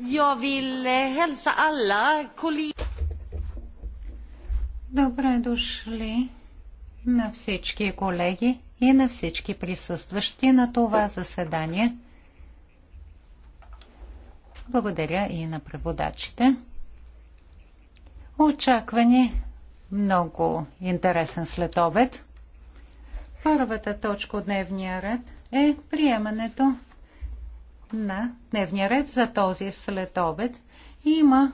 Jag vill eh, hälsa alla kollegor. Добре дошли на всички колеги и на всички присъстващи на това заседание. Благодаря и на преводачите. Очаквани много интересен след обед. Първата точка от дневния ред е приемането на дневния ред за този следобед. Има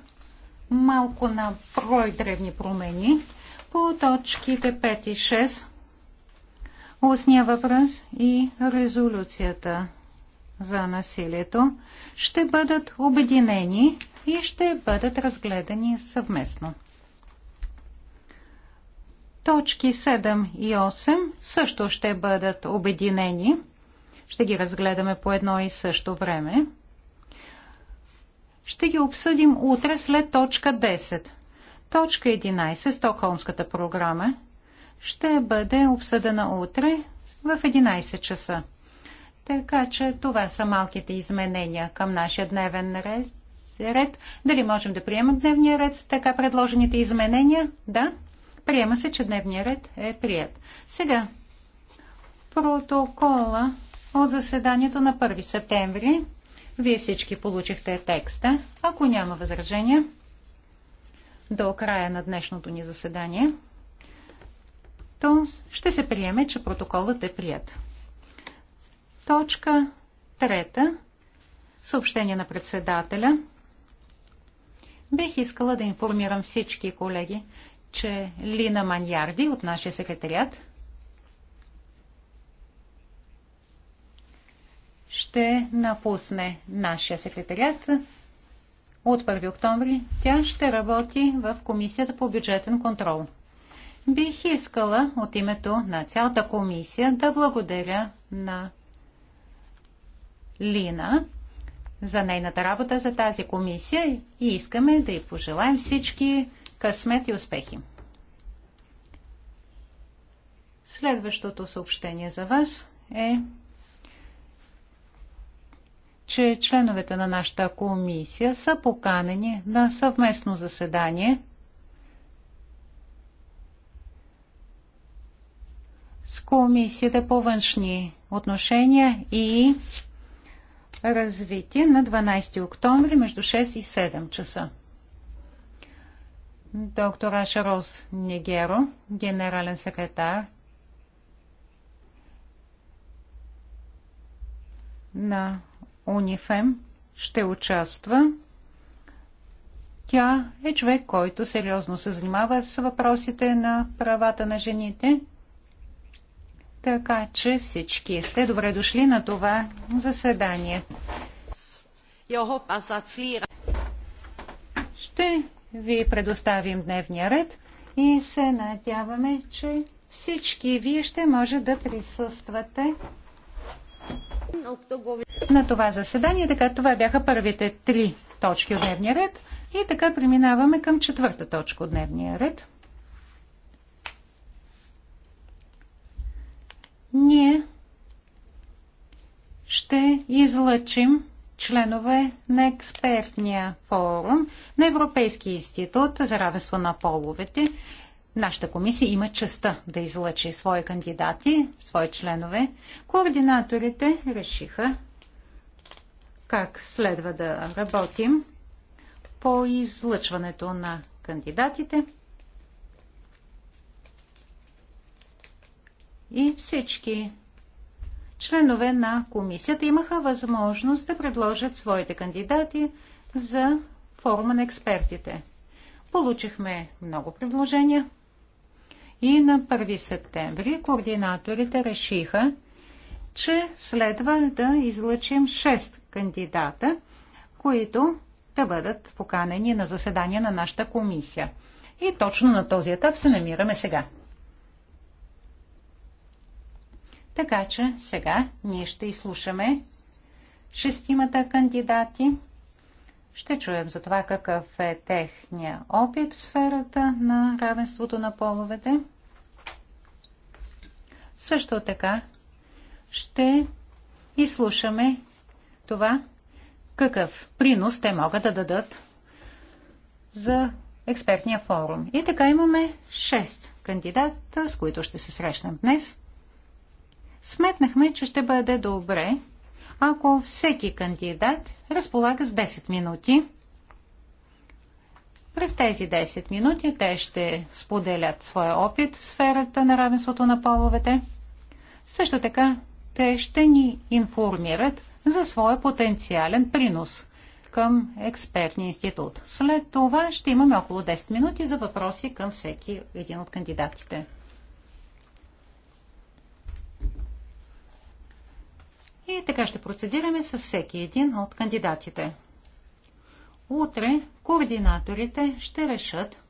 малко на брой древни промени по точките 5 и 6, устния въпрос и резолюцията за насилието ще бъдат обединени и ще бъдат разгледани съвместно. Точки 7 и 8 също ще бъдат обединени. Ще ги разгледаме по едно и също време. Ще ги обсъдим утре след точка 10. Точка 11, Стокхолмската програма, ще бъде обсъдена утре в 11 часа. Така че това са малките изменения към нашия дневен ред. ред. Дали можем да приемем дневния ред с така предложените изменения? Да. Приема се, че дневния ред е прият. Сега протокола от заседанието на 1 септември. Вие всички получихте текста. Ако няма възражения, до края на днешното ни заседание, то ще се приеме, че протоколът е прият. Точка трета. Съобщение на председателя. Бих искала да информирам всички колеги, че Лина Маньярди от нашия секретариат ще напусне нашия секретарят. От 1 октомври тя ще работи в Комисията по бюджетен контрол. Бих искала от името на цялата комисия да благодаря на Лина за нейната работа за тази комисия и искаме да й пожелаем всички късмет и успехи. Следващото съобщение за вас е че членовете на нашата комисия са поканени на съвместно заседание с Комисията по външни отношения и развитие на 12 октомври между 6 и 7 часа. Доктор Рос Негеро, генерален секретар на Унифем ще участва. Тя е човек, който сериозно се занимава с въпросите на правата на жените. Така че всички сте добре дошли на това заседание. Ще ви предоставим дневния ред и се надяваме, че всички вие ще може да присъствате на това заседание. Така, това бяха първите три точки от дневния ред. И така преминаваме към четвърта точка от дневния ред. Ние ще излъчим членове на експертния форум на Европейския институт за равенство на половете Нашата комисия има частта да излъчи свои кандидати, свои членове. Координаторите решиха как следва да работим по излъчването на кандидатите. И всички членове на комисията имаха възможност да предложат своите кандидати за форма на експертите. Получихме много предложения. И на 1 септември координаторите решиха, че следва да излъчим 6 кандидата, които да бъдат поканени на заседание на нашата комисия. И точно на този етап се намираме сега. Така че сега ние ще изслушаме шестимата кандидати – ще чуем за това какъв е техния опит в сферата на равенството на половете. Също така ще изслушаме това какъв принос те могат да дадат за експертния форум. И така имаме 6 кандидата, с които ще се срещнем днес. Сметнахме, че ще бъде добре ако всеки кандидат разполага с 10 минути. През тези 10 минути те ще споделят своя опит в сферата на равенството на половете. Също така, те ще ни информират за своя потенциален принос към експертния институт. След това ще имаме около 10 минути за въпроси към всеки един от кандидатите. И така ще процедираме с всеки един от кандидатите. Утре координаторите ще решат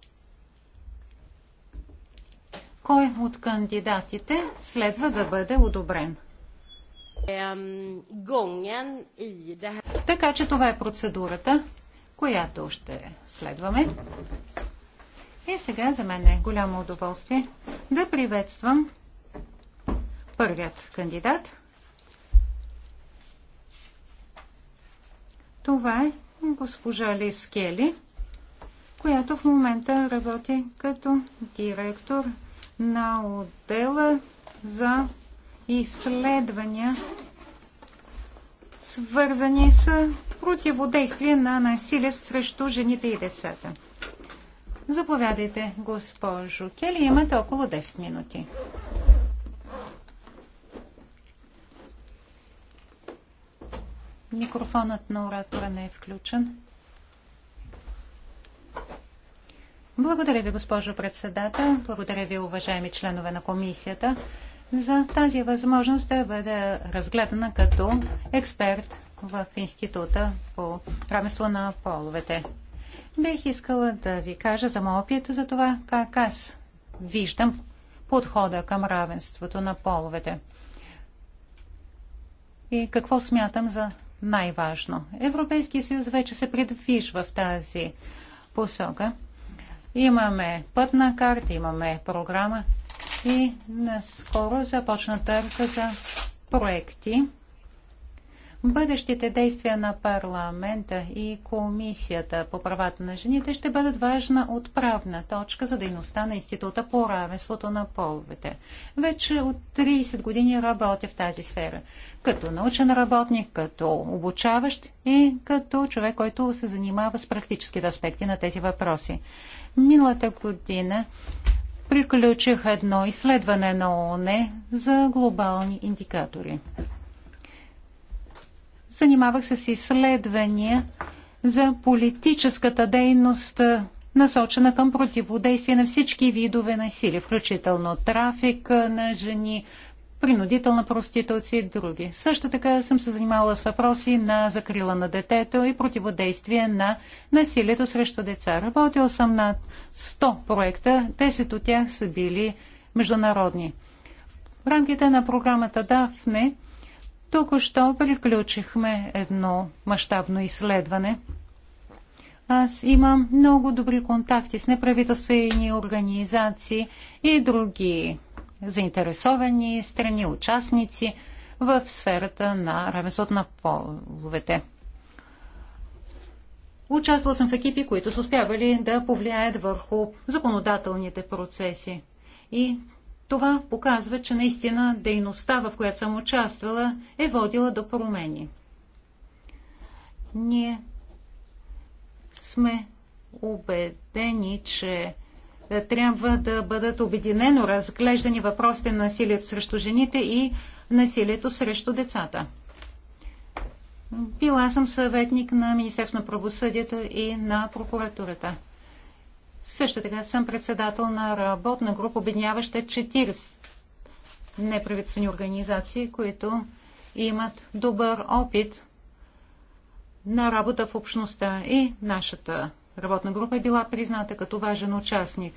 кой от кандидатите следва да бъде одобрен. Така че това е процедурата, която ще следваме. И сега за мен е голямо удоволствие да приветствам първият кандидат – Това е госпожа Лис Кели, която в момента работи като директор на отдела за изследвания, свързани с противодействие на насилие срещу жените и децата. Заповядайте, госпожо Кели, имате около 10 минути. Микрофонът на оратора не е включен. Благодаря ви, госпожо председател. Благодаря ви, уважаеми членове на комисията, за тази възможност да бъде разгледана като експерт в Института по равенство на половете. Бих искала да ви кажа за моя опит за това, как аз виждам подхода към равенството на половете и какво смятам за най-важно. Европейския съюз вече се предвижва в тази посока. Имаме пътна карта, имаме програма и наскоро започна търка за проекти бъдещите действия на парламента и комисията по правата на жените ще бъдат важна отправна точка за дейността на Института по равенството на половете. Вече от 30 години работя в тази сфера. Като научен работник, като обучаващ и като човек, който се занимава с практическите аспекти на тези въпроси. Миналата година приключих едно изследване на ООН за глобални индикатори занимавах се с изследвания за политическата дейност, насочена към противодействие на всички видове насилие, включително трафик на жени, принудителна проституция и други. Също така съм се занимавала с въпроси на закрила на детето и противодействие на насилието срещу деца. Работила съм над 100 проекта, 10 от тях са били международни. В рамките на програмата DAFNE Току-що приключихме едно мащабно изследване. Аз имам много добри контакти с неправителствени организации и други заинтересовани страни, участници в сферата на равенството на половете. Участвал съм в екипи, които са успявали да повлияят върху законодателните процеси. И това показва, че наистина дейността, в която съм участвала, е водила до промени. Ние сме убедени, че е, трябва да бъдат обединено разглеждани въпросите на насилието срещу жените и насилието срещу децата. Била съм съветник на Министерство на правосъдието и на прокуратурата. Също така съм председател на работна група, обедняваща 40 неправителствени организации, които имат добър опит на работа в общността и нашата работна група е била призната като важен участник.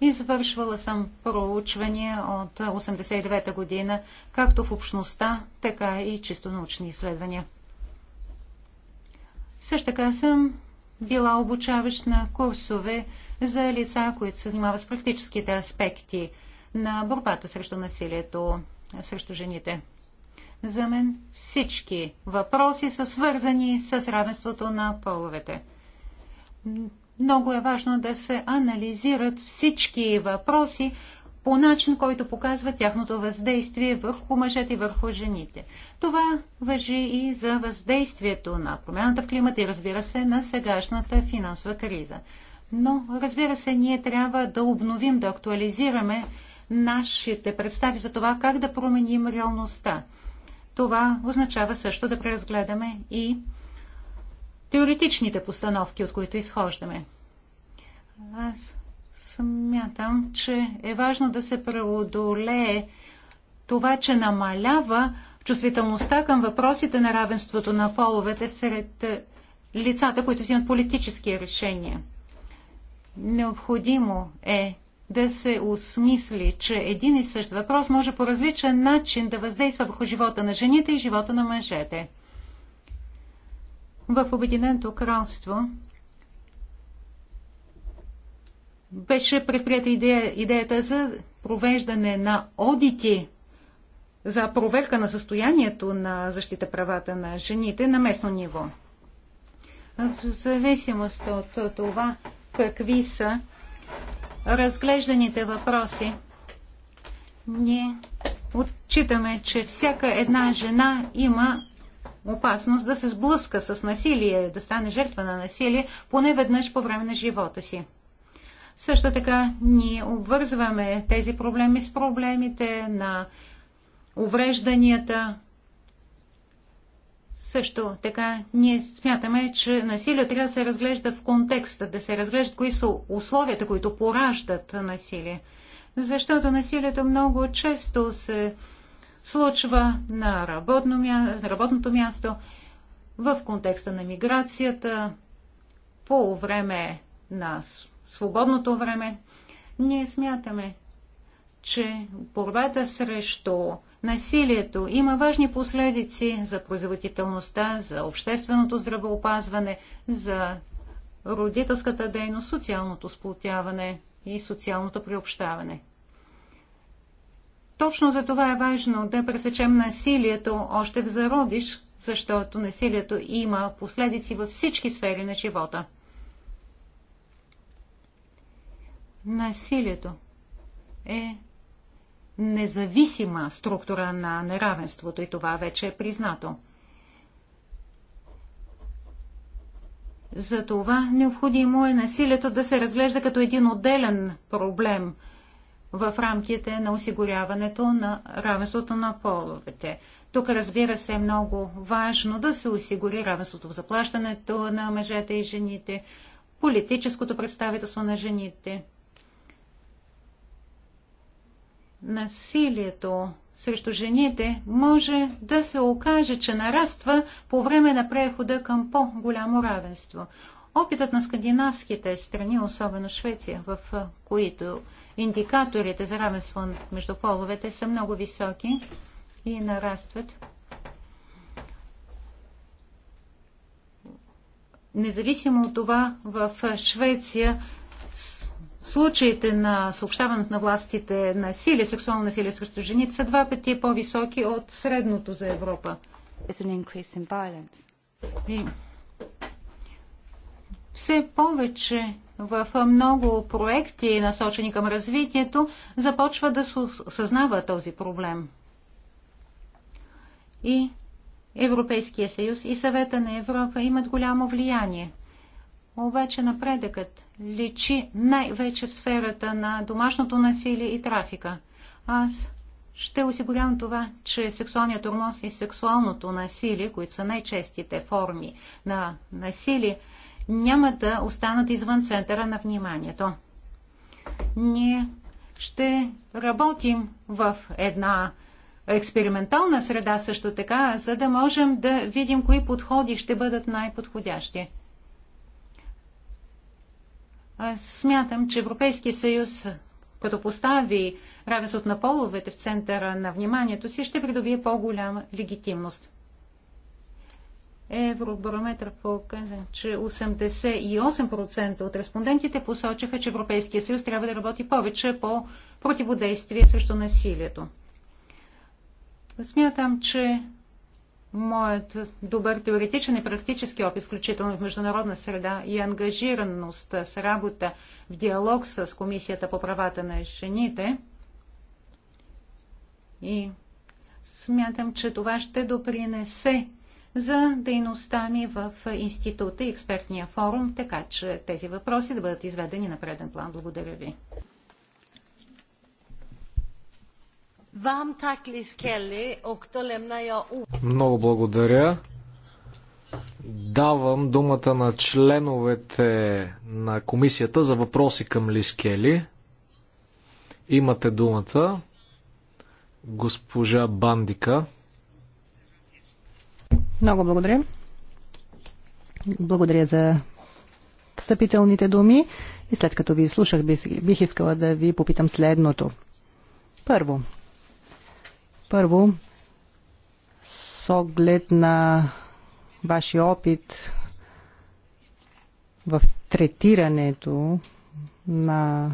Извършвала съм проучвания от 1989 година, както в общността, така и чисто научни изследвания. Също така съм била обучаващ на курсове за лица, които се занимават с практическите аспекти на борбата срещу насилието срещу жените. За мен всички въпроси са свързани с равенството на половете. Много е важно да се анализират всички въпроси по начин, който показва тяхното въздействие върху мъжете и върху жените. Това въжи и за въздействието на промяната в климата и разбира се на сегашната финансова криза. Но разбира се, ние трябва да обновим, да актуализираме нашите представи за това как да променим реалността. Това означава също да преразгледаме и теоретичните постановки, от които изхождаме. Аз смятам, че е важно да се преодолее това, че намалява чувствителността към въпросите на равенството на половете сред е, лицата, които взимат политически решения. Необходимо е да се осмисли, че един и същ въпрос може по различен начин да въздейства върху живота на жените и живота на мъжете. В Обединеното кралство беше предприята идея, идеята за провеждане на одити за проверка на състоянието на защита правата на жените на местно ниво. В зависимост от това какви са разглежданите въпроси, ние отчитаме, че всяка една жена има опасност да се сблъска с насилие, да стане жертва на насилие поне веднъж по време на живота си. Също така ние обвързваме тези проблеми с проблемите на уврежданията. Също така ние смятаме, че насилие трябва да се разглежда в контекста, да се разглеждат кои са условията, които пораждат насилие. Защото насилието много често се случва на, работно, на работното място, в контекста на миграцията, по време на свободното време. Ние смятаме, че борбата срещу насилието има важни последици за производителността, за общественото здравеопазване, за родителската дейност, социалното сплотяване и социалното приобщаване. Точно за това е важно да пресечем насилието още в зародиш, защото насилието има последици във всички сфери на живота. Насилието е независима структура на неравенството и това вече е признато. Затова необходимо е насилието да се разглежда като един отделен проблем в рамките на осигуряването на равенството на половете. Тук, разбира се, е много важно да се осигури равенството в заплащането на мъжете и жените, политическото представителство на жените – насилието срещу жените може да се окаже, че нараства по време на прехода към по-голямо равенство. Опитът на скандинавските страни, особено Швеция, в които индикаторите за равенство между половете са много високи и нарастват, независимо от това в Швеция случаите на съобщаването на властите на сили, сексуално насилие срещу жените са два пъти по-високи от средното за Европа. И все повече в много проекти, насочени към развитието, започва да се съзнава този проблем. И Европейския съюз и съвета на Европа имат голямо влияние – обаче напредъкът лечи най-вече в сферата на домашното насилие и трафика. Аз ще осигурявам това, че сексуалният тормоз и сексуалното насилие, които са най-честите форми на насилие, няма да останат извън центъра на вниманието. Ние ще работим в една експериментална среда също така, за да можем да видим кои подходи ще бъдат най-подходящи. Аз смятам, че Европейския съюз, като постави равенството на половете в центъра на вниманието си, ще придобие по-голяма легитимност. Евробарометър показа, че 88% от респондентите посочиха, че Европейския съюз трябва да работи повече по противодействие срещу насилието. Смятам, че моят добър теоретичен и практически опит, включително в международна среда и ангажираност с работа в диалог с Комисията по правата на жените. И смятам, че това ще допринесе за дейността ми в института и експертния форум, така че тези въпроси да бъдат изведени на преден план. Благодаря ви. Много благодаря. Давам думата на членовете на комисията за въпроси към Лис Кели. Имате думата. Госпожа Бандика. Много благодаря. Благодаря за встъпителните думи и след като ви слушах, бих искала да ви попитам следното. Първо, първо, с оглед на вашия опит в третирането на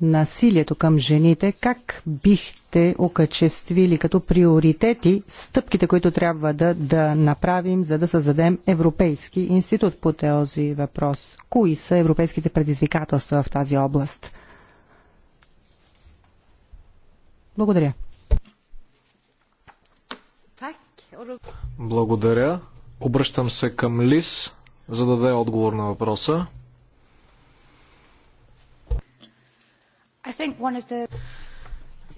насилието към жените, как бихте окачествили като приоритети стъпките, които трябва да, да направим, за да създадем Европейски институт по този въпрос? Кои са европейските предизвикателства в тази област? Благодаря. Благодаря. Обръщам се към Лис, за да даде отговор на въпроса.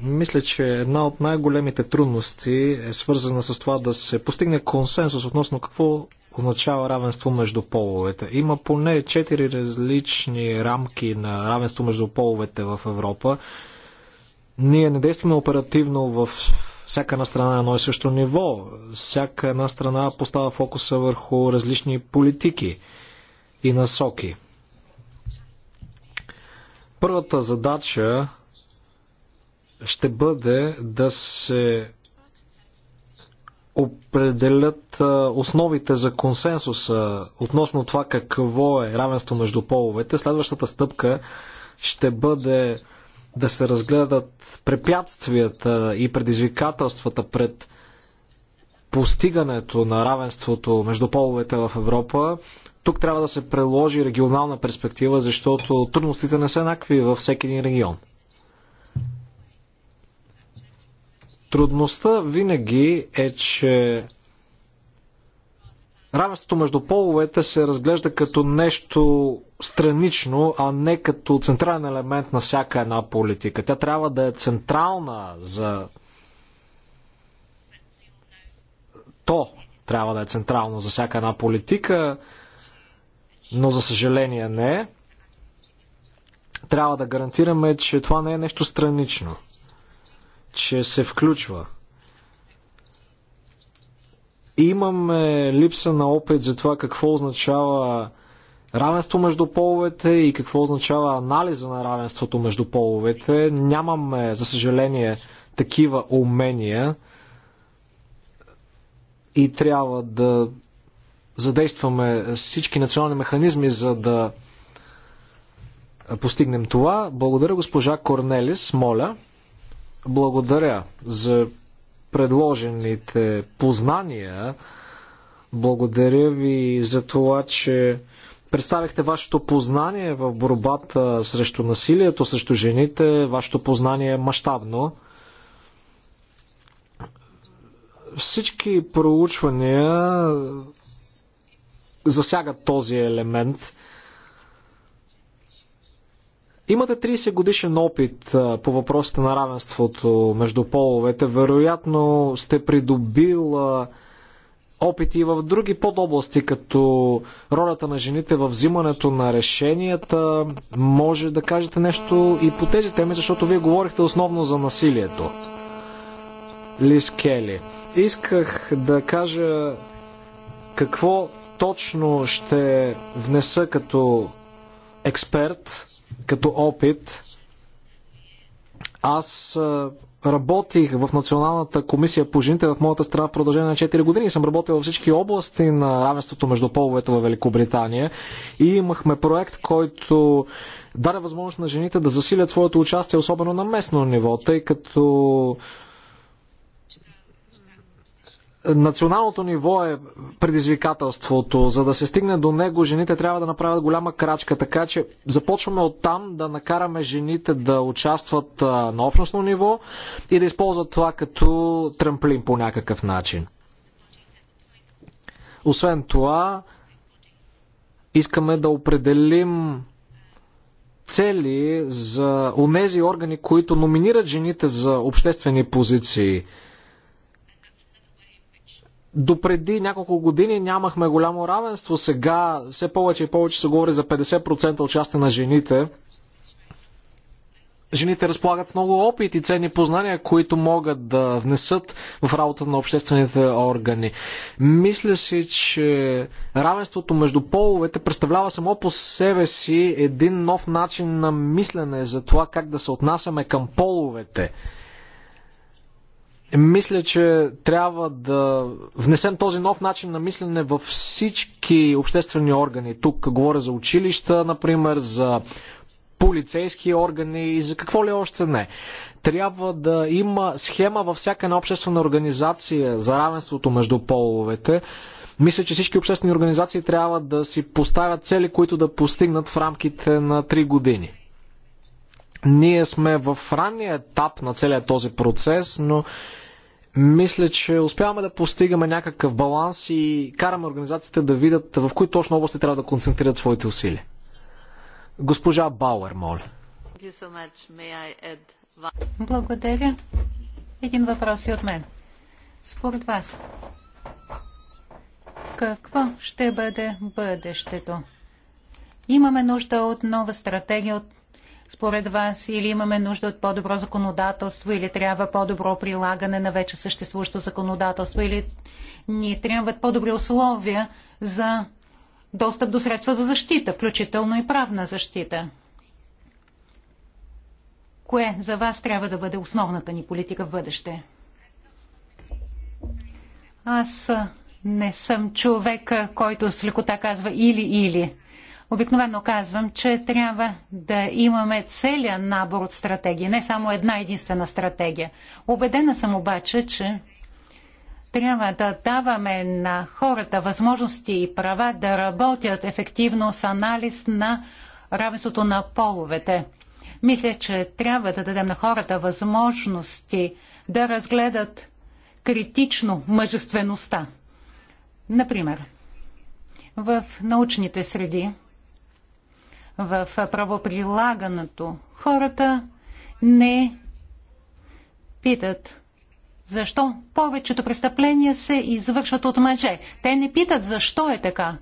Мисля, че една от най-големите трудности е свързана с това да се постигне консенсус относно какво означава равенство между половете. Има поне четири различни рамки на равенство между половете в Европа. Ние не действаме оперативно в всяка една страна е едно и също ниво. Всяка една страна поставя фокуса върху различни политики и насоки. Първата задача ще бъде да се определят основите за консенсуса относно това какво е равенство между половете. Следващата стъпка ще бъде да се разгледат препятствията и предизвикателствата пред постигането на равенството между половете в Европа. Тук трябва да се приложи регионална перспектива, защото трудностите не са еднакви във всеки един регион. Трудността винаги е, че равенството между половете се разглежда като нещо странично, а не като централен елемент на всяка една политика. Тя трябва да е централна за то трябва да е централно за всяка една политика, но за съжаление не е. Трябва да гарантираме, че това не е нещо странично, че се включва Имаме липса на опит за това какво означава равенство между половете и какво означава анализа на равенството между половете. Нямаме, за съжаление, такива умения и трябва да задействаме всички национални механизми, за да постигнем това. Благодаря госпожа Корнелис, моля. Благодаря за предложените познания. Благодаря ви за това, че представихте вашето познание в борбата срещу насилието, срещу жените. Вашето познание е мащабно. Всички проучвания засягат този елемент – Имате 30 годишен опит по въпросите на равенството между половете. Вероятно сте придобил опити и в други подобласти, като ролята на жените в взимането на решенията. Може да кажете нещо и по тези теми, защото вие говорихте основно за насилието. Лис Кели. Исках да кажа какво точно ще внеса като експерт като опит. Аз работих в Националната комисия по жените в моята страна в продължение на 4 години. Съм работил във всички области на равенството между половете във Великобритания и имахме проект, който даде възможност на жените да засилят своето участие, особено на местно ниво, тъй като националното ниво е предизвикателството. За да се стигне до него, жените трябва да направят голяма крачка. Така че започваме от там да накараме жените да участват на общностно ниво и да използват това като трамплин по някакъв начин. Освен това, искаме да определим цели за онези органи, които номинират жените за обществени позиции – Допреди няколко години нямахме голямо равенство, сега все повече и повече се говори за 50% от части на жените. Жените разполагат с много опит и ценни познания, които могат да внесат в работа на обществените органи. Мисля си, че равенството между половете представлява само по себе си един нов начин на мислене за това как да се отнасяме към половете мисля, че трябва да внесем този нов начин на мислене във всички обществени органи. Тук говоря за училища, например, за полицейски органи и за какво ли още не. Трябва да има схема във всяка една обществена организация за равенството между половете. Мисля, че всички обществени организации трябва да си поставят цели, които да постигнат в рамките на 3 години. Ние сме в ранния етап на целият този процес, но мисля, че успяваме да постигаме някакъв баланс и караме организациите да видят в кои точно области трябва да концентрират своите усилия. Госпожа Бауер, моля. Благодаря. Един въпрос и от мен. Според вас, какво ще бъде бъдещето? Имаме нужда от нова стратегия, от според вас? Или имаме нужда от по-добро законодателство, или трябва по-добро прилагане на вече съществуващо законодателство, или ни трябват по-добри условия за достъп до средства за защита, включително и правна защита? Кое за вас трябва да бъде основната ни политика в бъдеще? Аз не съм човек, който с лекота казва или-или. Обикновено казвам, че трябва да имаме целият набор от стратегии, не само една единствена стратегия. Обедена съм обаче, че трябва да даваме на хората възможности и права да работят ефективно с анализ на равенството на половете. Мисля, че трябва да дадем на хората възможности да разгледат критично мъжествеността. Например, в научните среди в правоприлагането. Хората не питат защо повечето престъпления се извършват от мъже. Те не питат защо е така.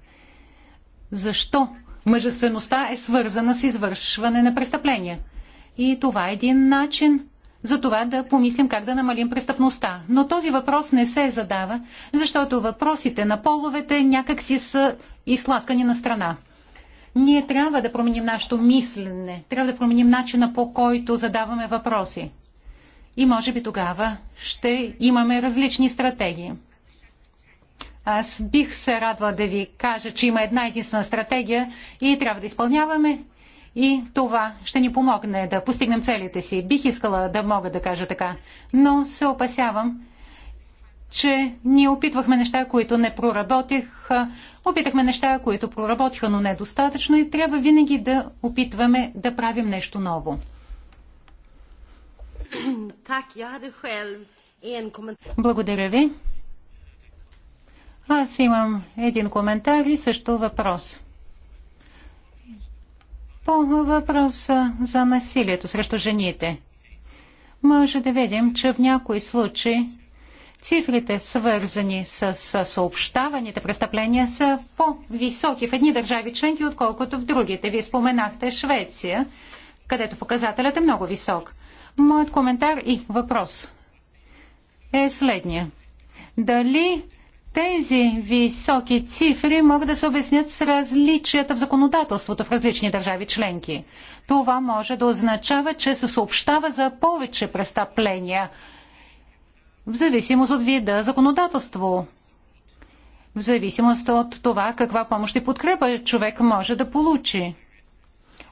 Защо мъжествеността е свързана с извършване на престъпления. И това е един начин за това да помислим как да намалим престъпността. Но този въпрос не се задава, защото въпросите на половете някакси са изтласкани на страна. Ние трябва да променим нашето мислене, трябва да променим начина по който задаваме въпроси. И може би тогава ще имаме различни стратегии. Аз бих се радвала да ви кажа, че има една единствена стратегия и трябва да изпълняваме и това ще ни помогне да постигнем целите си. Бих искала да мога да кажа така, но се опасявам, че ние опитвахме неща, които не проработиха, опитахме неща, които проработиха, но недостатъчно и трябва винаги да опитваме да правим нещо ново. Благодаря ви. Аз имам един коментар и също въпрос. По въпроса за насилието срещу жените. Може да видим, че в някои случаи Цифрите, свързани с съобщаваните престъпления, са по-високи в едни държави членки, отколкото в другите. Вие споменахте Швеция, където показателят е много висок. Моят коментар и въпрос е следния. Дали тези високи цифри могат да се обяснят с различията в законодателството в различни държави членки. Това може да означава, че се съобщава за повече престъпления в зависимост от вида законодателство, в зависимост от това каква помощ и подкрепа човек може да получи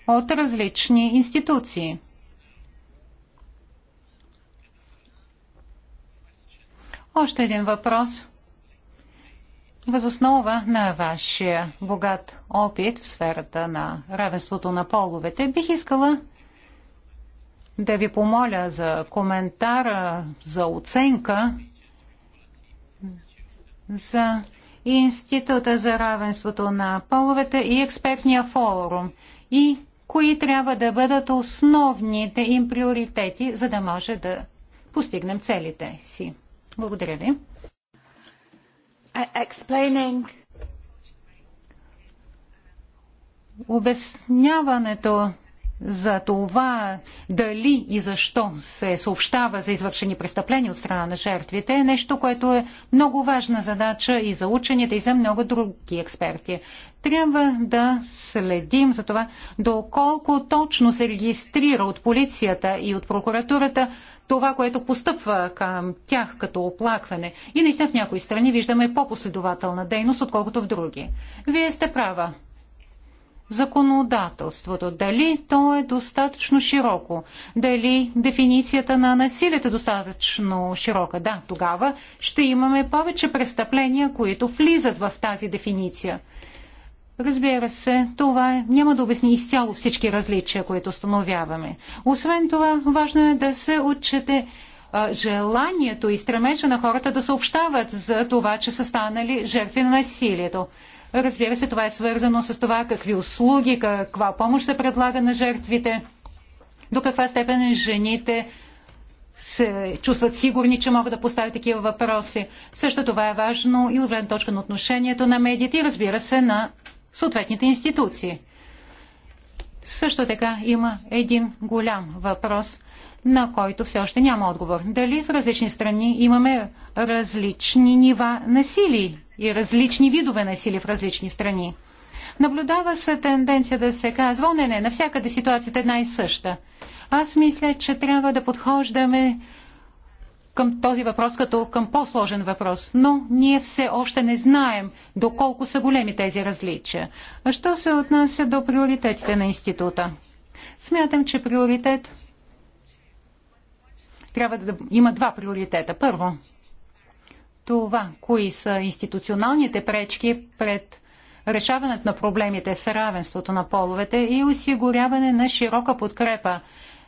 от различни институции. Още един въпрос. Възоснова на вашия богат опит в сферата на равенството на половете, бих искала да ви помоля за коментара, за оценка за Института за равенството на половете и експертния форум и кои трябва да бъдат основните им приоритети, за да може да постигнем целите си. Благодаря ви. Explaining. Обясняването за това дали и защо се съобщава за извършени престъпления от страна на жертвите е нещо, което е много важна задача и за учените, и за много други експерти. Трябва да следим за това доколко точно се регистрира от полицията и от прокуратурата това, което постъпва към тях като оплакване. И наистина в някои страни виждаме по-последователна дейност, отколкото в други. Вие сте права законодателството, дали то е достатъчно широко, дали дефиницията на насилието е достатъчно широка. Да, тогава ще имаме повече престъпления, които влизат в тази дефиниция. Разбира се, това е- няма да обясни изцяло всички различия, които установяваме. Освен това, важно е да се отчете желанието и стремежа на хората да съобщават за това, че са станали жертви на насилието. Разбира се, това е свързано с това какви услуги, каква помощ се предлага на жертвите, до каква степен жените се чувстват сигурни, че могат да поставят такива въпроси. Също това е важно и от гледна точка на отношението на медиите и разбира се на съответните институции. Също така има един голям въпрос, на който все още няма отговор. Дали в различни страни имаме различни нива насилие и различни видове насилие в различни страни. Наблюдава се тенденция да се казва, не, не, навсякъде ситуацията е една и съща. Аз мисля, че трябва да подхождаме към този въпрос като към по-сложен въпрос, но ние все още не знаем доколко са големи тези различия. А що се отнася до приоритетите на института? Смятам, че приоритет трябва да има два приоритета. Първо, това, кои са институционалните пречки пред решаването на проблемите с равенството на половете и осигуряване на широка подкрепа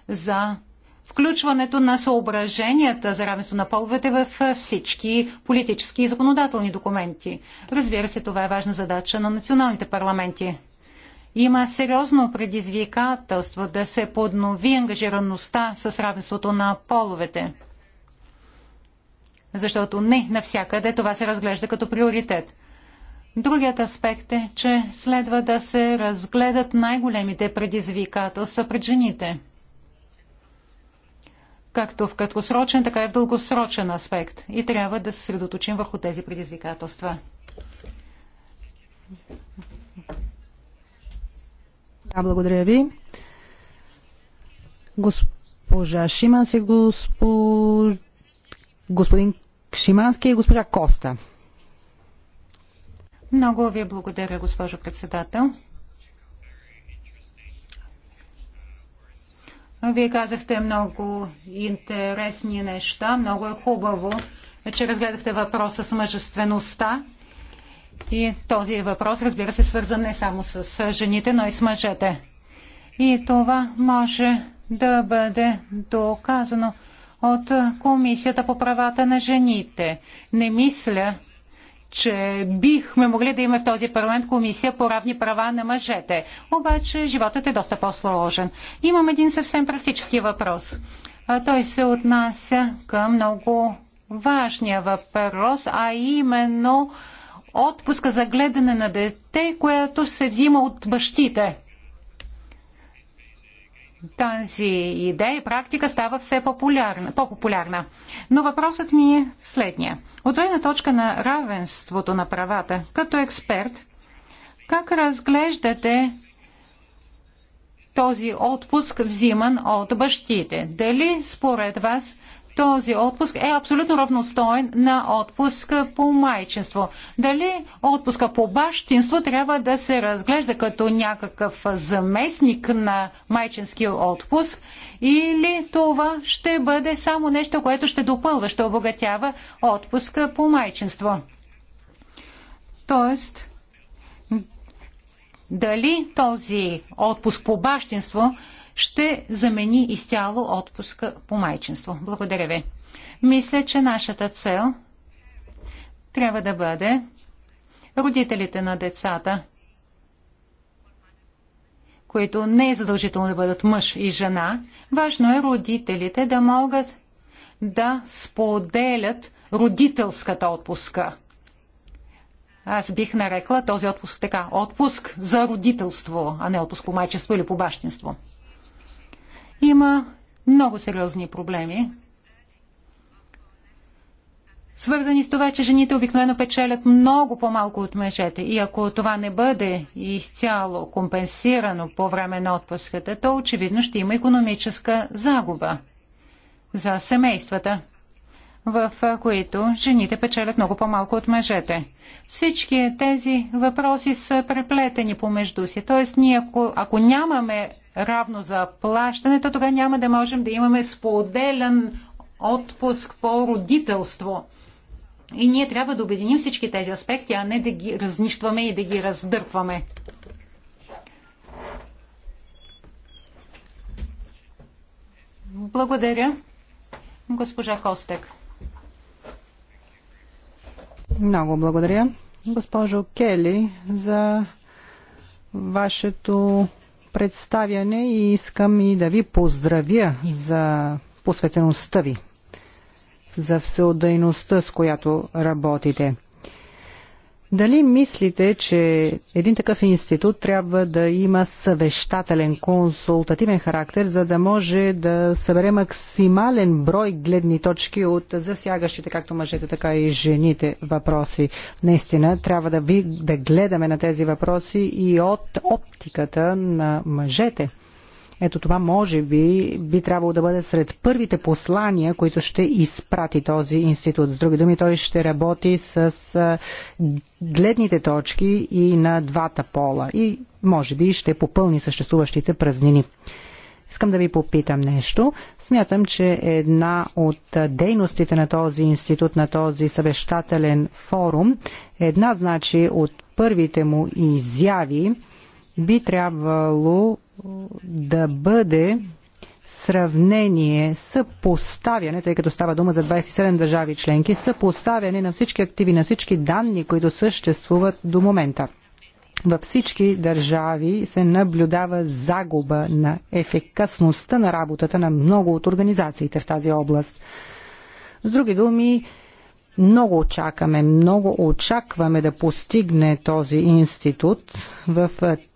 за включването на съображенията за равенство на половете в всички политически и законодателни документи. Разбира се, това е важна задача на националните парламенти. Има сериозно предизвикателство да се поднови ангажираността с равенството на половете защото не навсякъде това се разглежда като приоритет. Другият аспект е, че следва да се разгледат най-големите предизвикателства пред жените. Както в краткосрочен, така и в дългосрочен аспект. И трябва да се средоточим върху тези предизвикателства. Да, благодаря ви. Госпожа Шиманс и госпожа господин Шимански и госпожа Коста. Много ви благодаря, госпожо председател. Вие казахте много интересни неща. Много е хубаво, че разгледахте въпроса с мъжествеността. И този въпрос, разбира се, е свързан не само с жените, но и с мъжете. И това може да бъде доказано от Комисията по правата на жените. Не мисля, че бихме могли да имаме в този парламент комисия по равни права на мъжете. Обаче животът е доста по-сложен. Имам един съвсем практически въпрос. Той се отнася към много важния въпрос, а именно отпуска за гледане на дете, което се взима от бащите тази идея и практика става все популярна, по-популярна. Но въпросът ми е следния. От гледна точка на равенството на правата, като експерт, как разглеждате този отпуск взиман от бащите? Дали според вас този отпуск е абсолютно равностоен на отпуска по майчинство. Дали отпуска по бащинство трябва да се разглежда като някакъв заместник на майчинския отпуск или това ще бъде само нещо, което ще допълва, ще обогатява отпуска по майчинство. Тоест, дали този отпуск по бащинство ще замени изцяло отпуска по майчинство. Благодаря ви. Мисля, че нашата цел трябва да бъде родителите на децата, които не е задължително да бъдат мъж и жена, важно е родителите да могат да споделят родителската отпуска. Аз бих нарекла този отпуск така. Отпуск за родителство, а не отпуск по майчество или по бащинство. Има много сериозни проблеми, свързани с това, че жените обикновено печелят много по-малко от мъжете. И ако това не бъде изцяло компенсирано по време на отпуската, то очевидно ще има економическа загуба за семействата, в които жените печелят много по-малко от мъжете. Всички тези въпроси са преплетени помежду си. Тоест, ние ако, ако нямаме равно за то тогава няма да можем да имаме споделен отпуск по родителство. И ние трябва да обединим всички тези аспекти, а не да ги разнищваме и да ги раздърпваме. Благодаря, госпожа Хостек. Много благодаря, госпожо Кели, за вашето представяне и искам и да ви поздравя за посветеността ви, за всеотдайността, с която работите. Дали мислите, че един такъв институт трябва да има съвещателен, консултативен характер, за да може да събере максимален брой гледни точки от засягащите както мъжете, така и жените въпроси? Наистина, трябва да, ви, да гледаме на тези въпроси и от оптиката на мъжете. Ето това може би би трябвало да бъде сред първите послания, които ще изпрати този институт. С други думи, той ще работи с гледните точки и на двата пола и може би ще попълни съществуващите празнини. Искам да ви попитам нещо. Смятам, че една от дейностите на този институт, на този съвещателен форум, една значи от първите му изяви би трябвало да бъде сравнение, съпоставяне, тъй като става дума за 27 държави членки, съпоставяне на всички активи, на всички данни, които съществуват до момента. Във всички държави се наблюдава загуба на ефикасността на работата на много от организациите в тази област. С други думи, много очакваме, много очакваме да постигне този институт в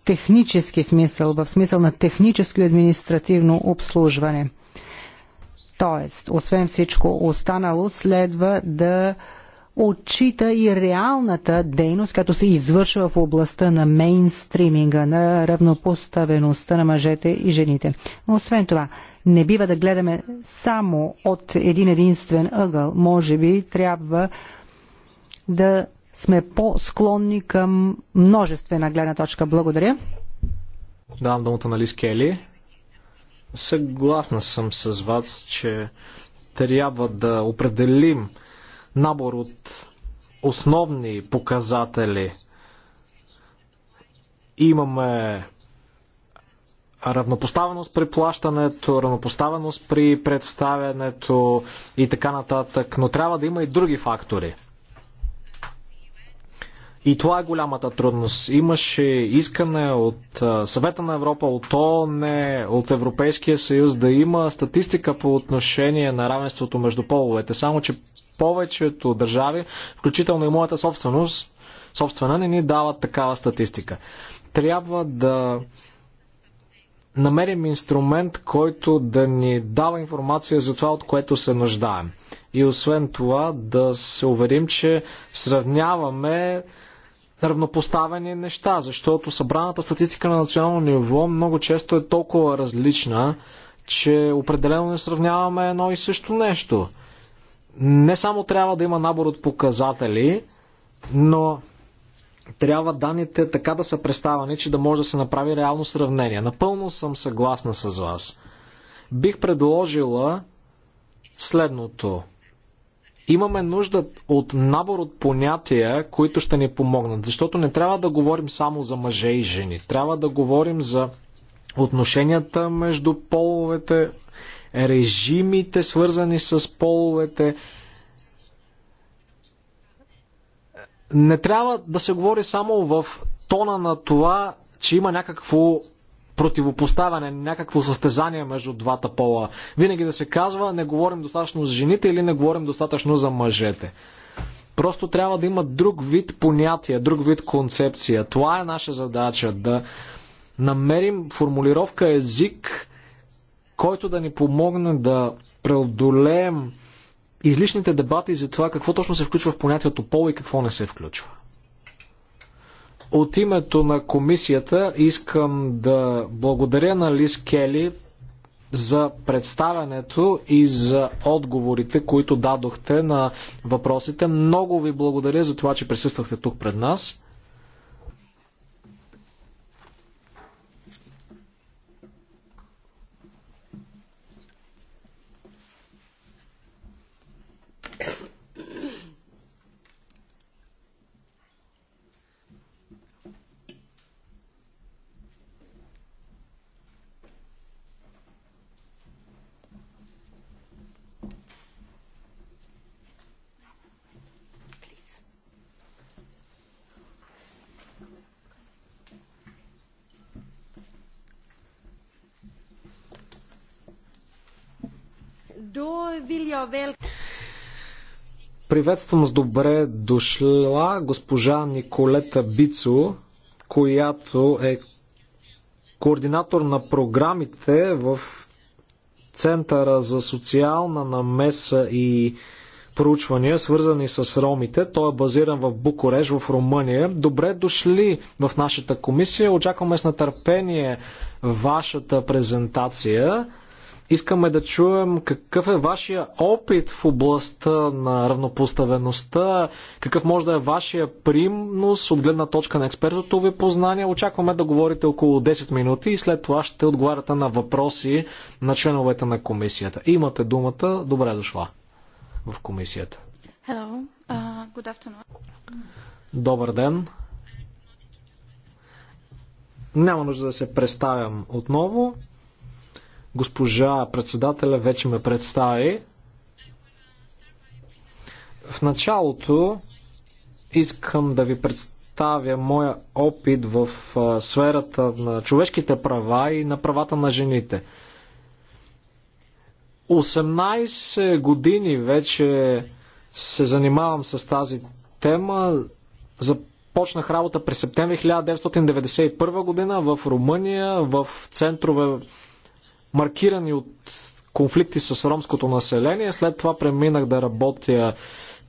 технически смисъл, в смисъл на техническо и административно обслужване. Тоест, освен всичко останало, следва да отчита и реалната дейност, като се извършва в областта на мейнстриминга, на равнопоставеността на мъжете и жените. Но освен това, не бива да гледаме само от един единствен ъгъл. Може би трябва да сме по-склонни към множествена гледна точка. Благодаря. Давам думата на Лис Кели. Съгласна съм с вас, че трябва да определим набор от основни показатели. Имаме равнопоставеност при плащането, равнопоставеност при представянето и така нататък, но трябва да има и други фактори. И това е голямата трудност. Имаше искане от Съвета на Европа, от ООН, от Европейския съюз да има статистика по отношение на равенството между половете. Само, че повечето държави, включително и моята собственост, собствена, не ни дават такава статистика. Трябва да намерим инструмент, който да ни дава информация за това, от което се нуждаем. И освен това да се уверим, че сравняваме равнопоставени неща, защото събраната статистика на национално ниво много често е толкова различна, че определено не сравняваме едно и също нещо. Не само трябва да има набор от показатели, но трябва данните така да са представени, че да може да се направи реално сравнение. Напълно съм съгласна с вас. Бих предложила следното – Имаме нужда от набор от понятия, които ще ни помогнат, защото не трябва да говорим само за мъже и жени. Трябва да говорим за отношенията между половете, режимите, свързани с половете. Не трябва да се говори само в тона на това, че има някакво противопоставяне, някакво състезание между двата пола. Винаги да се казва, не говорим достатъчно за жените или не говорим достатъчно за мъжете. Просто трябва да има друг вид понятия, друг вид концепция. Това е наша задача да намерим формулировка език, който да ни помогне да преодолеем излишните дебати за това какво точно се включва в понятието пол и какво не се включва. От името на комисията искам да благодаря на Лис Кели за представянето и за отговорите, които дадохте на въпросите. Много ви благодаря за това, че присъствахте тук пред нас. Приветствам с добре дошла госпожа Николета Бицо, която е координатор на програмите в Центъра за социална намеса и проучвания, свързани с ромите. Той е базиран в Букуреж, в Румъния. Добре дошли в нашата комисия. Очакваме с нетърпение вашата презентация. Искаме да чуем какъв е вашия опит в областта на равнопоставеността, какъв може да е вашия примнос от гледна точка на експертното ви познание. Очакваме да говорите около 10 минути и след това ще отговаряте на въпроси на членовете на комисията. Имате думата. Добре дошла в комисията. Hello. Uh, good afternoon. Добър ден. Няма нужда да се представям отново. Госпожа председателя вече ме представи. В началото искам да ви представя моя опит в сферата на човешките права и на правата на жените. 18 години вече се занимавам с тази тема. Започнах работа през септември 1991 година в Румъния, в центрове маркирани от конфликти с ромското население. След това преминах да работя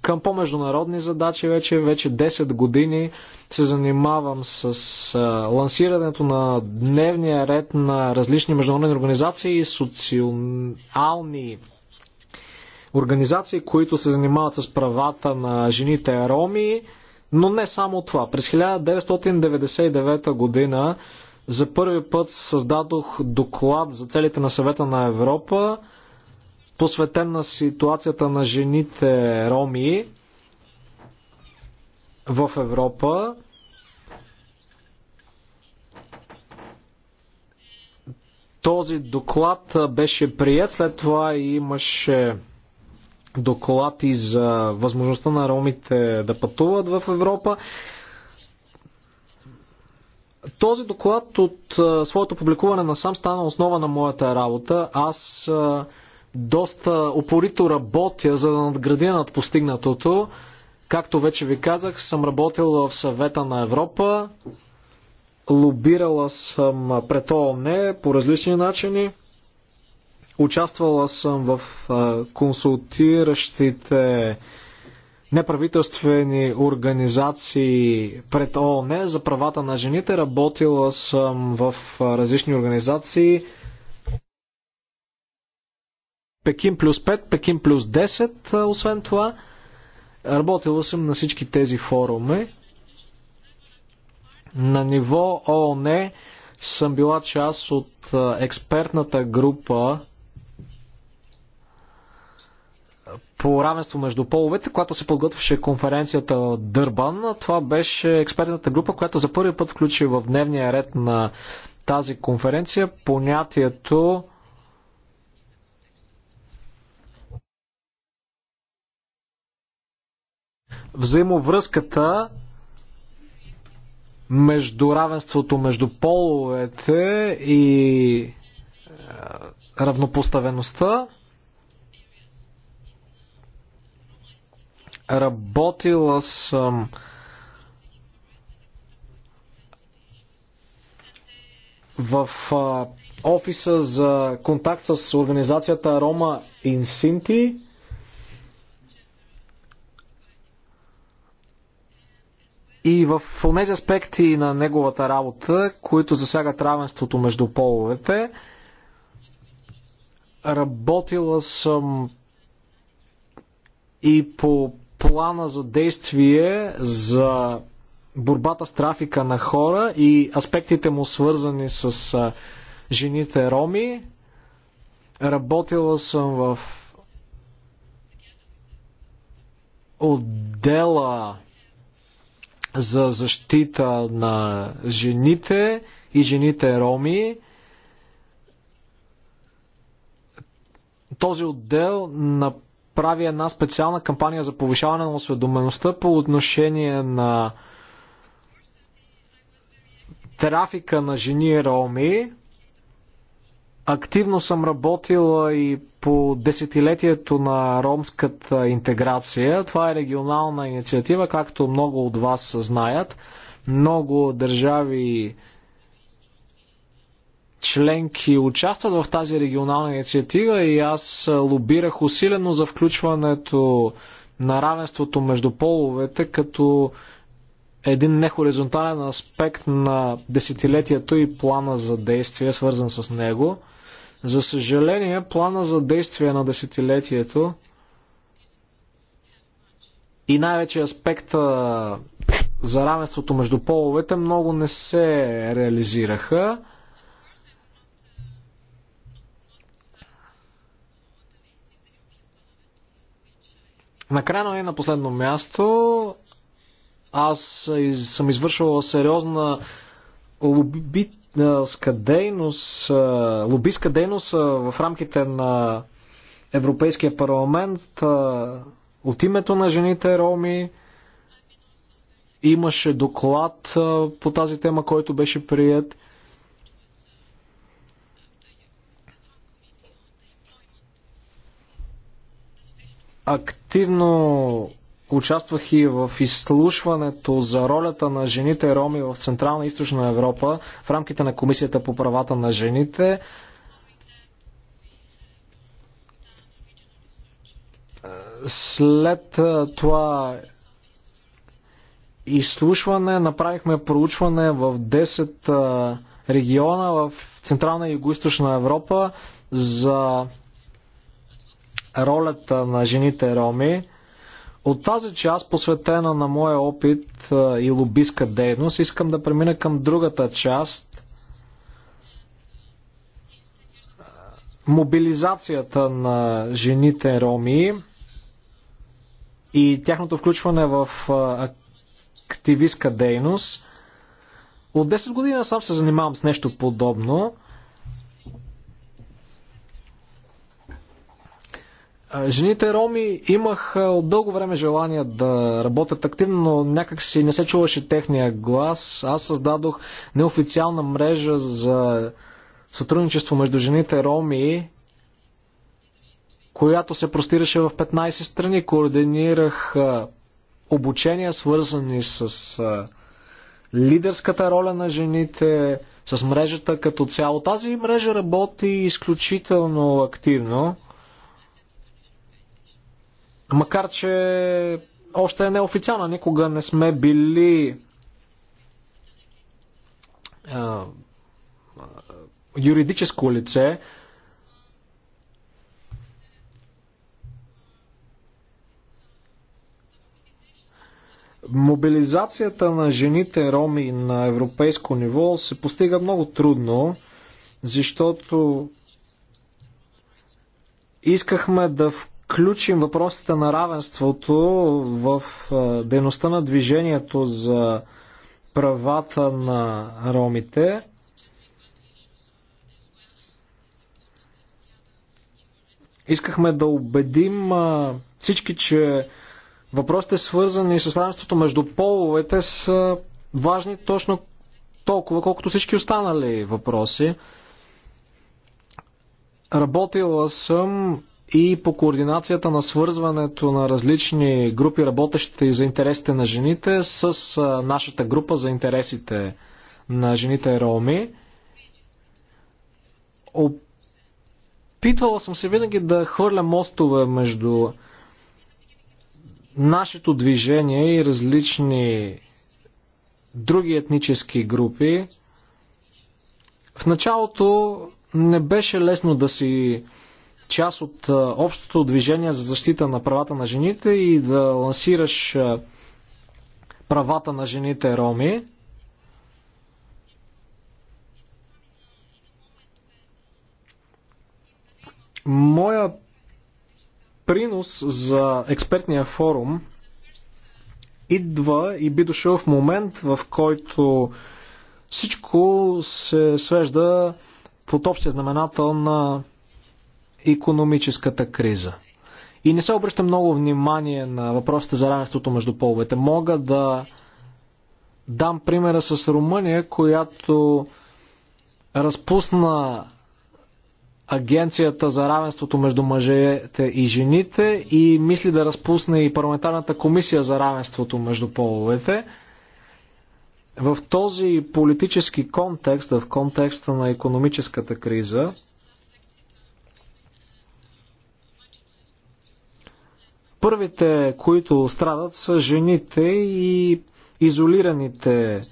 към по-международни задачи вече. Вече 10 години се занимавам с а, лансирането на дневния ред на различни международни организации и социални организации, които се занимават с правата на жените роми. Но не само това. През 1999 година за първи път създадох доклад за целите на съвета на Европа, посветен на ситуацията на жените роми в Европа. Този доклад беше прият, след това имаше доклад и за възможността на ромите да пътуват в Европа. Този доклад от своето публикуване на сам стана основа на моята работа. Аз доста опорито работя, за да надградя над постигнатото. Както вече ви казах, съм работил в съвета на Европа. Лобирала съм пред ООН по различни начини. Участвала съм в консултиращите неправителствени организации пред ООН за правата на жените. Работила съм в различни организации. Пекин плюс 5, Пекин плюс 10, освен това. Работила съм на всички тези форуми. На ниво ООН съм била част от експертната група по равенство между половете, когато се подготвяше конференцията Дърбан. Това беше експертната група, която за първи път включи в дневния ред на тази конференция понятието взаимовръзката между равенството между половете и е, равнопоставеността. Работила съм в а, офиса за контакт с организацията Рома Инсинти. И в тези аспекти на неговата работа, които засягат равенството между половете, работила съм и по плана за действие за борбата с трафика на хора и аспектите му свързани с жените роми. Работила съм в отдела за защита на жените и жените роми. Този отдел на прави една специална кампания за повишаване на осведомеността по отношение на трафика на жени роми. Активно съм работила и по десетилетието на ромската интеграция. Това е регионална инициатива, както много от вас знаят. Много държави членки участват в тази регионална инициатива и аз лобирах усилено за включването на равенството между половете като един нехоризонтален аспект на десетилетието и плана за действие, свързан с него. За съжаление, плана за действие на десетилетието и най-вече аспекта за равенството между половете много не се реализираха. Накрая, но и нали, на последно място, аз съм извършвал сериозна лобистка дейност, лобистка дейност в рамките на Европейския парламент от името на жените роми. Имаше доклад по тази тема, който беше прият. Активно участвах и в изслушването за ролята на жените роми в Централна и Източна Европа в рамките на Комисията по правата на жените. След това изслушване направихме проучване в 10 региона в Централна и Юго-Источна Европа за ролята на жените роми. От тази част, посветена на моя опит и лобистка дейност, искам да премина към другата част мобилизацията на жените роми и тяхното включване в активистка дейност. От 10 години аз сам се занимавам с нещо подобно. Жените роми имах от дълго време желание да работят активно, но някак си не се чуваше техния глас. Аз създадох неофициална мрежа за сътрудничество между жените роми, която се простираше в 15 страни. Координирах обучения, свързани с лидерската роля на жените, с мрежата като цяло. Тази мрежа работи изключително активно. Макар, че още е неофициална, никога не сме били а, юридическо лице. Мобилизацията на жените роми на европейско ниво се постига много трудно, защото искахме да вкараме включим въпросите на равенството в дейността на движението за правата на ромите, искахме да убедим всички, че въпросите свързани с равенството между половете са важни точно толкова, колкото всички останали въпроси. Работила съм и по координацията на свързването на различни групи работещи за интересите на жените с нашата група за интересите на жените роми. Опитвала съм се винаги да хвърля мостове между нашето движение и различни други етнически групи. В началото не беше лесно да си част от общото движение за защита на правата на жените и да лансираш правата на жените роми. Моя принос за експертния форум идва и би дошъл в момент, в който всичко се свежда под общия знаменател на економическата криза. И не се обръща много внимание на въпросите за равенството между половете. Мога да дам примера с Румъния, която разпусна Агенцията за равенството между мъжете и жените и мисли да разпусне и парламентарната комисия за равенството между половете. В този политически контекст, в контекста на економическата криза, Първите, които страдат, са жените и изолираните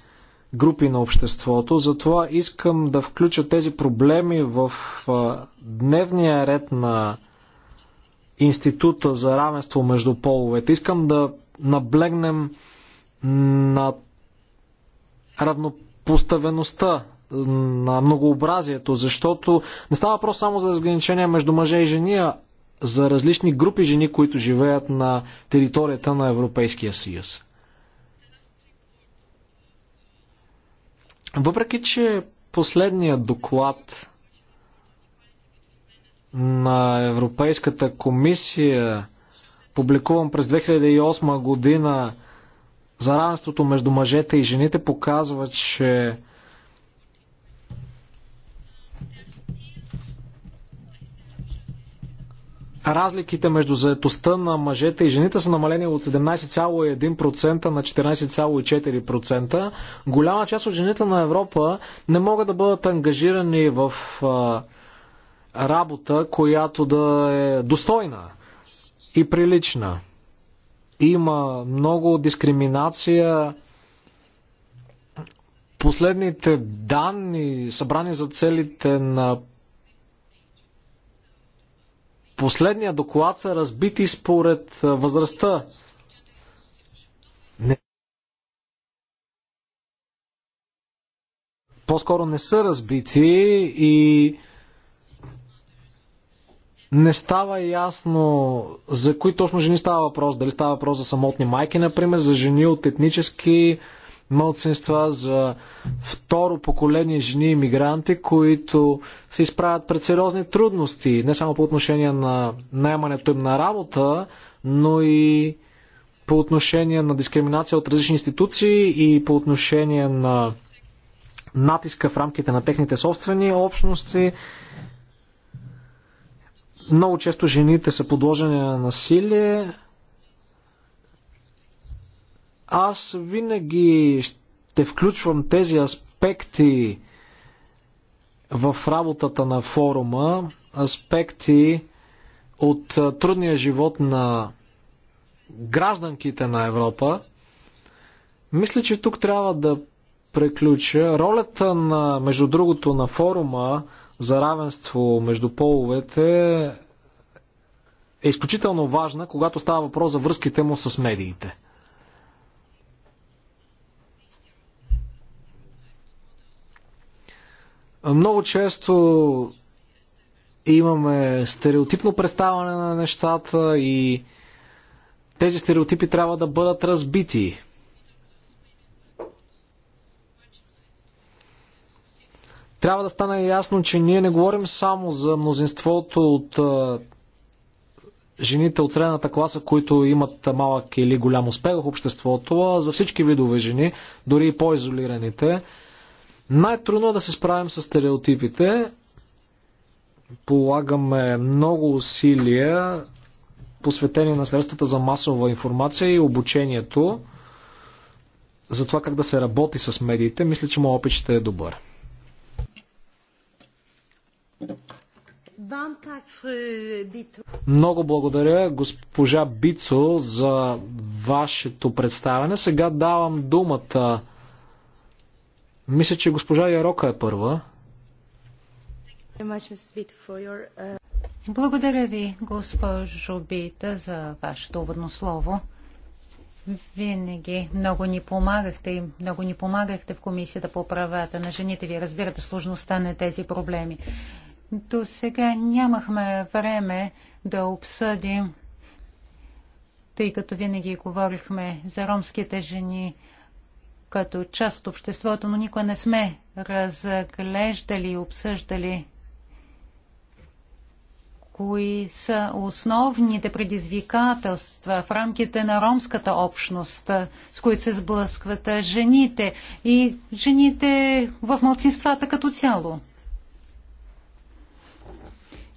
групи на обществото. Затова искам да включа тези проблеми в дневния ред на Института за равенство между половете. Искам да наблегнем на равнопоставеността, на многообразието, защото не става въпрос само за разграничение между мъже и жени, а за различни групи жени, които живеят на територията на Европейския съюз. Въпреки, че последният доклад на Европейската комисия, публикуван през 2008 година за равенството между мъжете и жените, показва, че разликите между заетостта на мъжете и жените са намалени от 17,1% на 14,4%. Голяма част от жените на Европа не могат да бъдат ангажирани в работа, която да е достойна и прилична. Има много дискриминация. Последните данни, събрани за целите на последния доклад са разбити според възрастта. Не... По-скоро не са разбити и не става ясно за кои точно жени става въпрос. Дали става въпрос за самотни майки, например, за жени от етнически мълцинства, за второ поколение жени иммигранти, които се изправят пред сериозни трудности, не само по отношение на найемането им на работа, но и по отношение на дискриминация от различни институции и по отношение на натиска в рамките на техните собствени общности. Много често жените са подложени на насилие, аз винаги ще включвам тези аспекти в работата на форума, аспекти от трудния живот на гражданките на Европа. Мисля, че тук трябва да преключа. Ролята на, между другото, на форума за равенство между половете е изключително важна, когато става въпрос за връзките му с медиите. Много често имаме стереотипно представане на нещата и тези стереотипи трябва да бъдат разбити. Трябва да стане ясно, че ние не говорим само за мнозинството от жените от средната класа, които имат малък или голям успех в обществото, а за всички видове жени, дори и по-изолираните. Най-трудно е да се справим с стереотипите. Полагаме много усилия, посветени на средствата за масова информация и обучението за това как да се работи с медиите. Мисля, че моят опит ще е добър. Много благодаря, госпожа Бицо, за вашето представяне. Сега давам думата мисля, че госпожа Ярока е първа. Благодаря ви, госпожо Бита, за вашето уводно слово. Винаги много ни помагахте и много ни помагахте в Комисията по правата на жените. Вие разбирате сложността на тези проблеми. До сега нямахме време да обсъдим, тъй като винаги говорихме за ромските жени, като част от обществото, но никога не сме разглеждали и обсъждали кои са основните предизвикателства в рамките на ромската общност, с които се сблъскват жените и жените в младсинствата като цяло.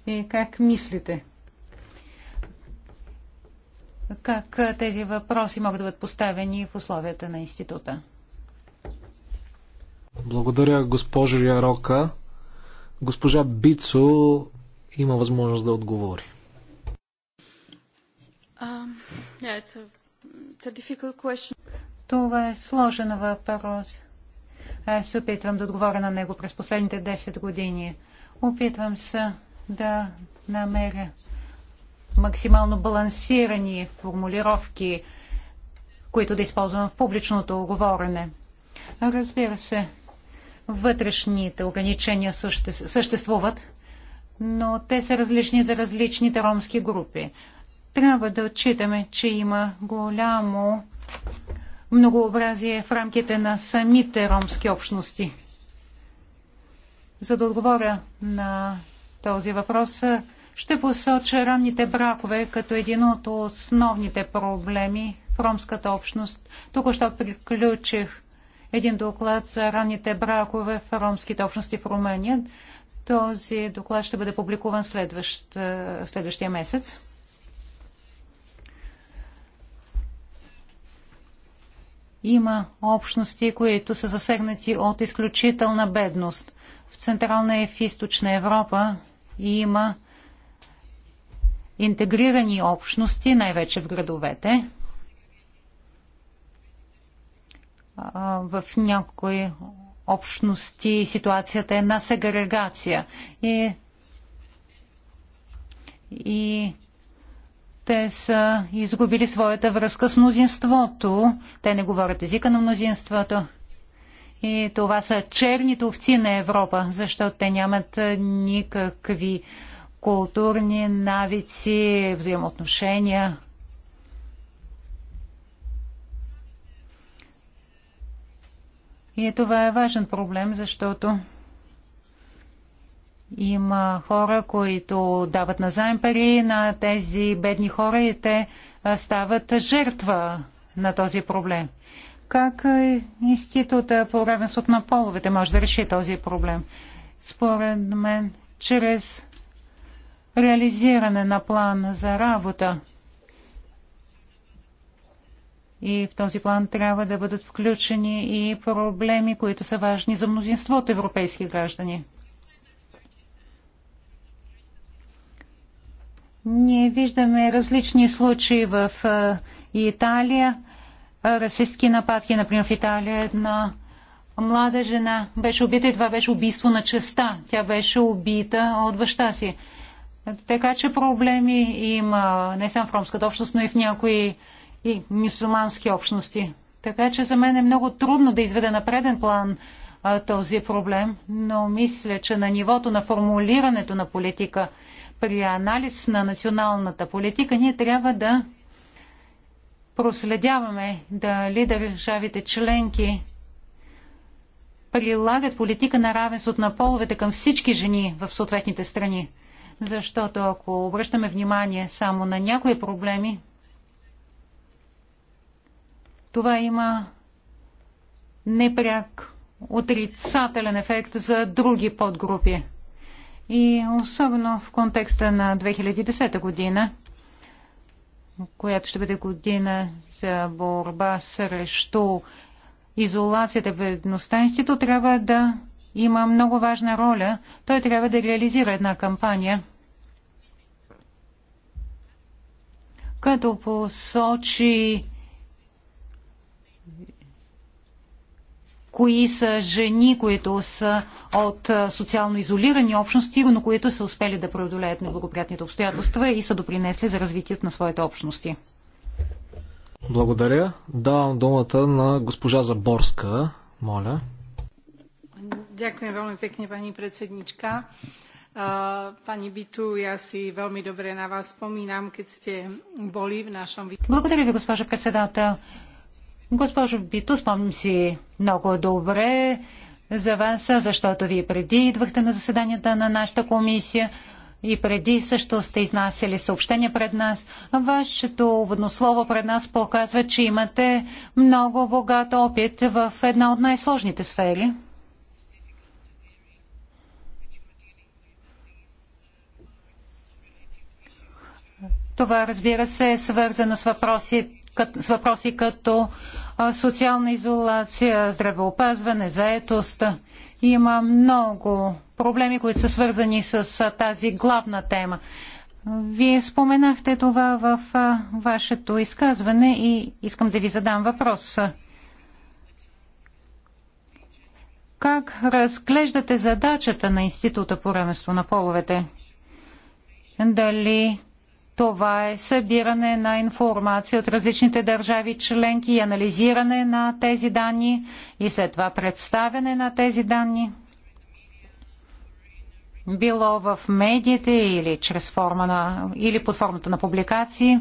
И е, как мислите? Как тези въпроси могат да бъдат поставени в условията на института? Благодаря, госпожо Ярока. Госпожа Бицо има възможност да отговори. Um, yeah, it's a, it's a Това е сложен въпрос. Аз се опитвам да отговоря на него през последните 10 години. Опитвам се да намеря максимално балансирани формулировки, които да използвам в публичното оговорене. Разбира се, вътрешните ограничения съществуват, но те са различни за различните ромски групи. Трябва да отчитаме, че има голямо многообразие в рамките на самите ромски общности. За да отговоря на този въпрос, ще посоча ранните бракове като един от основните проблеми в ромската общност. Тук още приключих един доклад за ранните бракове в ромските общности в Румъния. Този доклад ще бъде публикуван следващ, следващия месец. Има общности, които са засегнати от изключителна бедност. В Централна и в Източна Европа има интегрирани общности, най-вече в градовете. в някои общности ситуацията е на сегрегация. И, и те са изгубили своята връзка с мнозинството. Те не говорят езика на мнозинството. И това са черните овци на Европа, защото те нямат никакви културни навици, взаимоотношения. И това е важен проблем, защото има хора, които дават назаем пари на тези бедни хора и те стават жертва на този проблем. Как Института по равенството на половете може да реши този проблем? Според мен, чрез реализиране на план за работа и в този план трябва да бъдат включени и проблеми, които са важни за мнозинство от европейски граждани. Ние виждаме различни случаи в Италия. Расистски нападки, например, в Италия една млада жена беше убита и това беше убийство на честа. Тя беше убита от баща си. Така че проблеми има не само в ромската общност, но и в някои и мюсулмански общности. Така че за мен е много трудно да изведа на преден план а, този проблем, но мисля, че на нивото на формулирането на политика при анализ на националната политика ние трябва да проследяваме дали държавите членки прилагат политика на равенството на половете към всички жени в съответните страни. Защото ако обръщаме внимание само на някои проблеми, това има непряк отрицателен ефект за други подгрупи. И особено в контекста на 2010 година, която ще бъде година за борба срещу изолацията, бедността, институт трябва да има много важна роля. Той трябва да реализира една кампания, като посочи кои са жени, които са от социално изолирани общности, но които са успели да преодолеят неблагоприятните обстоятелства и са допринесли за развитието на своите общности. Благодаря. Давам думата на госпожа Заборска. Моля. Ďakujem veľmi pekne, pani predsednička. Pani Bitu, ja si veľmi dobre na vás spomínam, keď ste boli v našom... Благодаря ви, госпожа председател. Госпожо Бито, спомням си много добре за вас, защото вие преди идвахте на заседанията на нашата комисия и преди също сте изнасяли съобщения пред нас. Вашето воднослово пред нас показва, че имате много богат опит в една от най-сложните сфери. Това, разбира се, е свързано с въпроси, с въпроси като социална изолация, здравеопазване, заетост. Има много проблеми, които са свързани с тази главна тема. Вие споменахте това в вашето изказване и искам да ви задам въпрос. Как разглеждате задачата на Института по равенство на половете? Дали това е събиране на информация от различните държави членки и анализиране на тези данни и след това представяне на тези данни. Било в медиите или, чрез форма на, или под формата на публикации.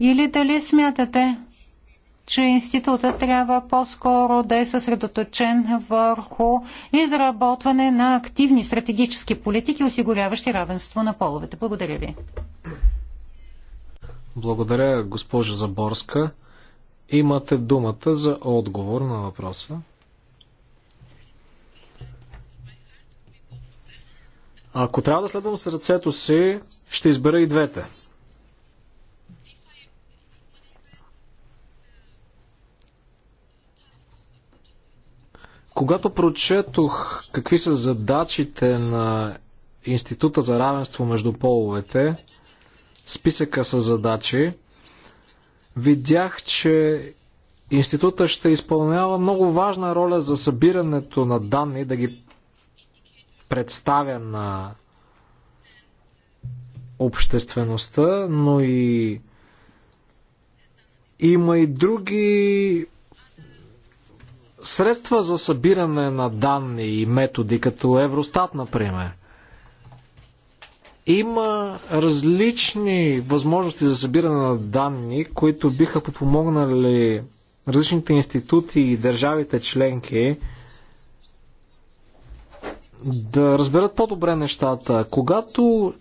Или дали смятате, че институтът трябва по-скоро да е съсредоточен върху изработване на активни стратегически политики, осигуряващи равенство на половете. Благодаря ви. Благодаря, госпожо Заборска. Имате думата за отговор на въпроса. Ако трябва да следвам сърцето си, ще избера и двете. Когато прочетох какви са задачите на Института за равенство между половете, списъка с задачи, видях, че Института ще изпълнява много важна роля за събирането на данни, да ги представя на обществеността, но и има и други средства за събиране на данни и методи, като Евростат, например, има различни възможности за събиране на данни, които биха подпомогнали различните институти и държавите членки да разберат по-добре нещата. Когато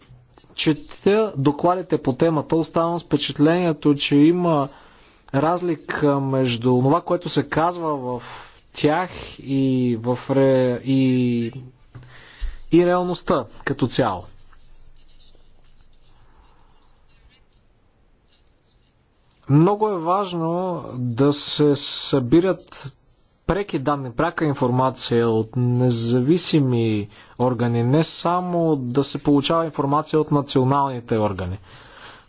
чета докладите по темата, оставам с впечатлението, че има разлика между това, което се казва в тях и, в ре... и... и реалността като цяло. Много е важно да се събират преки данни, пряка информация от независими органи, не само да се получава информация от националните органи.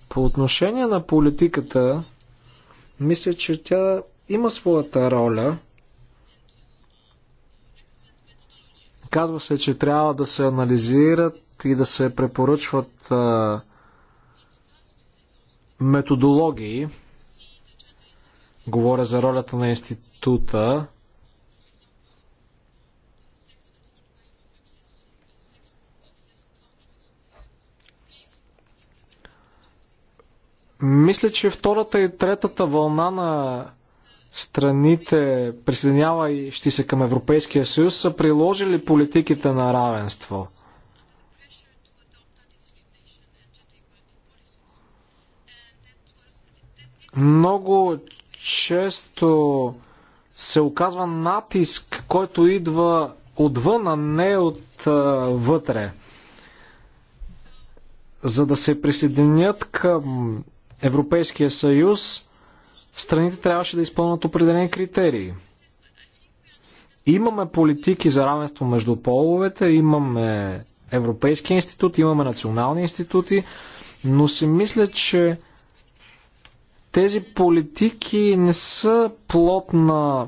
По отношение на политиката, мисля, че тя има своята роля – Казва се, че трябва да се анализират и да се препоръчват а, методологии. Говоря за ролята на института. Мисля, че втората и третата вълна на страните, присъединяващи се към Европейския съюз, са приложили политиките на равенство. Много често се оказва натиск, който идва отвън, а не от вътре. За да се присъединят към Европейския съюз, страните трябваше да изпълнат определени критерии. Имаме политики за равенство между половете, имаме Европейски институт, имаме национални институти, но си мисля, че тези политики не са плод на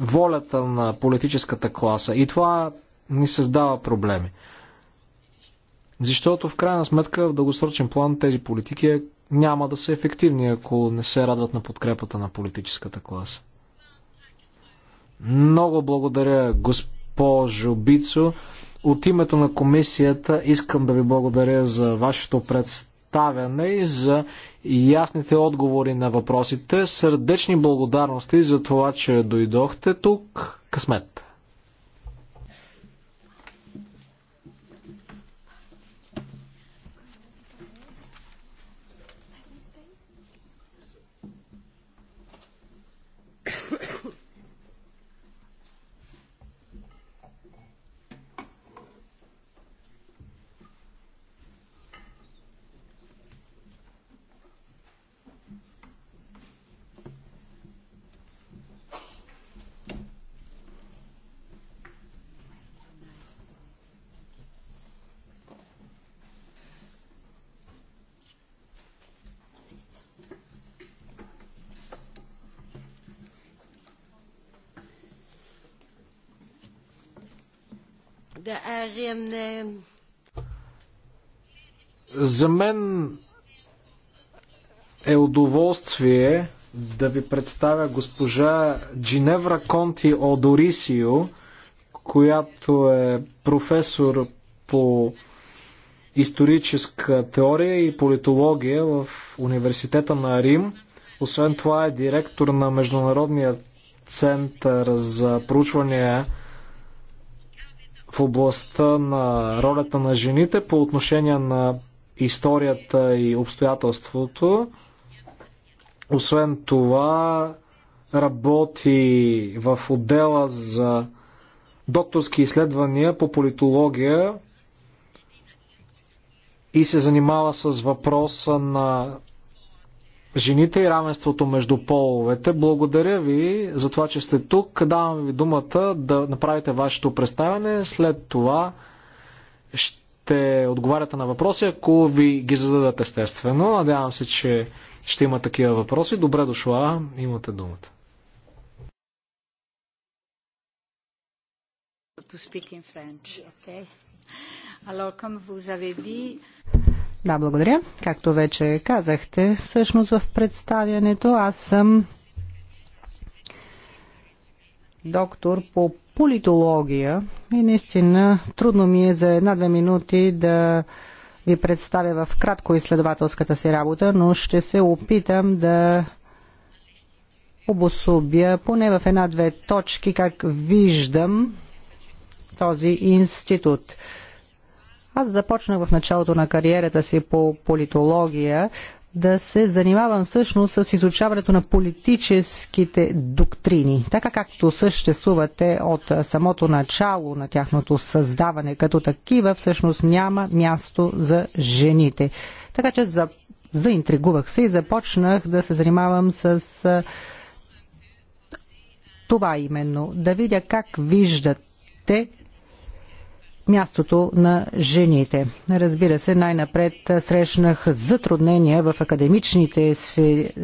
волята на политическата класа и това ни създава проблеми. Защото в крайна сметка в дългосрочен план тези политики е няма да са ефективни, ако не се радват на подкрепата на политическата класа. Много благодаря, госпожо Бицо. От името на комисията искам да ви благодаря за вашето представяне и за ясните отговори на въпросите. Сърдечни благодарности за това, че дойдохте тук. Късмет! приемне. За мен е удоволствие да ви представя госпожа Джиневра Конти Одорисио, която е професор по историческа теория и политология в Университета на Рим. Освен това е директор на Международния център за проучвания в областта на ролята на жените по отношение на историята и обстоятелството. Освен това, работи в отдела за докторски изследвания по политология и се занимава с въпроса на жените и равенството между половете. Благодаря ви за това, че сте тук. Давам ви думата да направите вашето представяне. След това ще отговаряте на въпроси, ако ви ги зададат естествено. Надявам се, че ще има такива въпроси. Добре дошла, имате думата. to speak in French. Okay. Alors, comme vous avez dit, да, благодаря. Както вече казахте, всъщност в представянето аз съм доктор по политология и наистина трудно ми е за една-две минути да ви представя в кратко изследователската си работа, но ще се опитам да обособя поне в една-две точки как виждам този институт. Аз започнах в началото на кариерата си по политология да се занимавам всъщност с изучаването на политическите доктрини, така както съществувате от самото начало на тяхното създаване като такива, всъщност няма място за жените. Така че за, заинтригувах се и започнах да се занимавам с това именно, да видя как виждат те мястото на жените. Разбира се, най-напред срещнах затруднения в академичните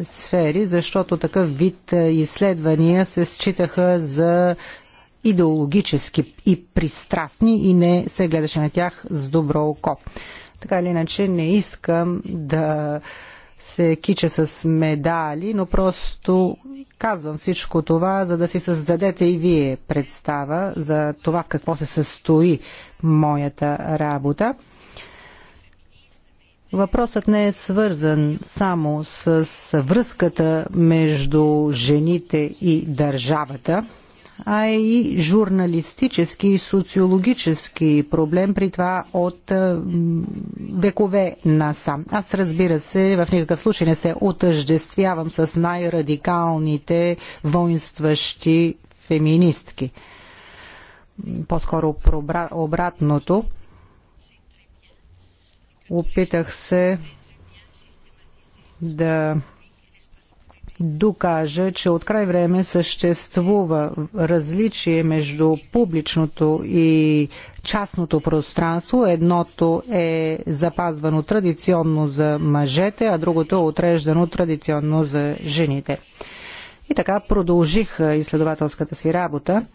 сфери, защото такъв вид изследвания се считаха за идеологически и пристрастни и не се гледаше на тях с добро око. Така или иначе не искам да се кича с медали, но просто казвам всичко това, за да си създадете и вие представа за това в какво се състои моята работа. Въпросът не е свързан само с връзката между жените и държавата, а е и журналистически и социологически проблем, при това от векове насам. Аз разбира се, в никакъв случай не се отъждествявам с най-радикалните воинстващи феминистки. По-скоро обратното. Опитах се да докаже, че от край време съществува различие между публичното и частното пространство. Едното е запазвано традиционно за мъжете, а другото е отреждано традиционно за жените. И така продължих изследователската си работа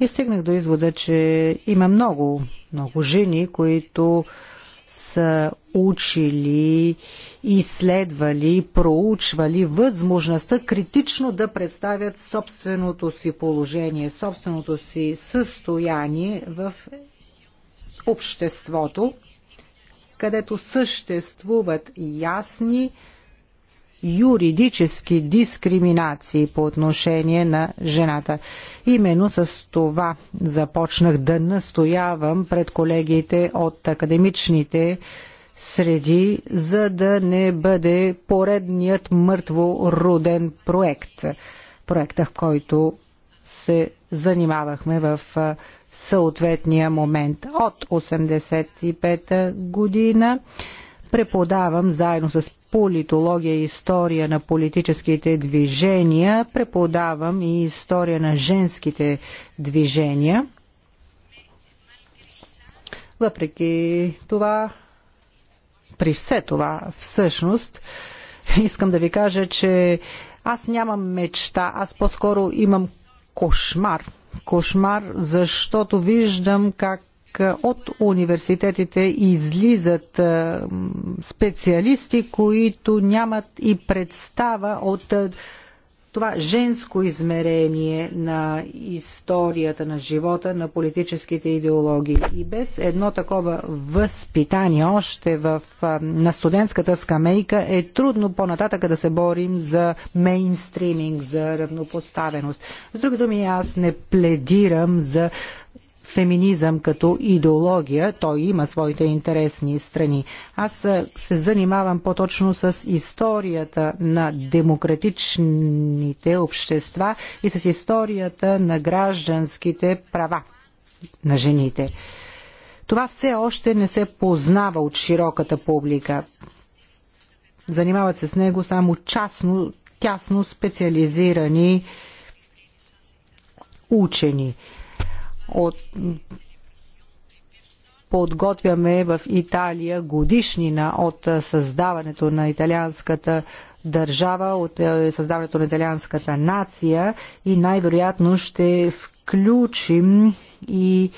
и стигнах до извода, че има много, много жени, които са учили, изследвали, проучвали възможността критично да представят собственото си положение, собственото си състояние в обществото, където съществуват ясни юридически дискриминации по отношение на жената. Именно с това започнах да настоявам пред колегите от академичните среди, за да не бъде поредният мъртво роден проект. Проекта, в който се занимавахме в съответния момент от 85-та година преподавам заедно с политология и история на политическите движения, преподавам и история на женските движения. Въпреки това, при все това, всъщност, искам да ви кажа, че аз нямам мечта, аз по-скоро имам кошмар. Кошмар, защото виждам как от университетите излизат специалисти, които нямат и представа от това женско измерение на историята на живота, на политическите идеологии. И без едно такова възпитание още в, на студентската скамейка е трудно по-нататъка да се борим за мейнстриминг, за равнопоставеност. С други думи, аз не пледирам за феминизъм като идеология, той има своите интересни страни. Аз се занимавам по-точно с историята на демократичните общества и с историята на гражданските права на жените. Това все още не се познава от широката публика. Занимават се с него само частно, тясно специализирани учени от подготвяме в Италия годишнина от създаването на италианската държава, от създаването на италианската нация и най-вероятно ще включим и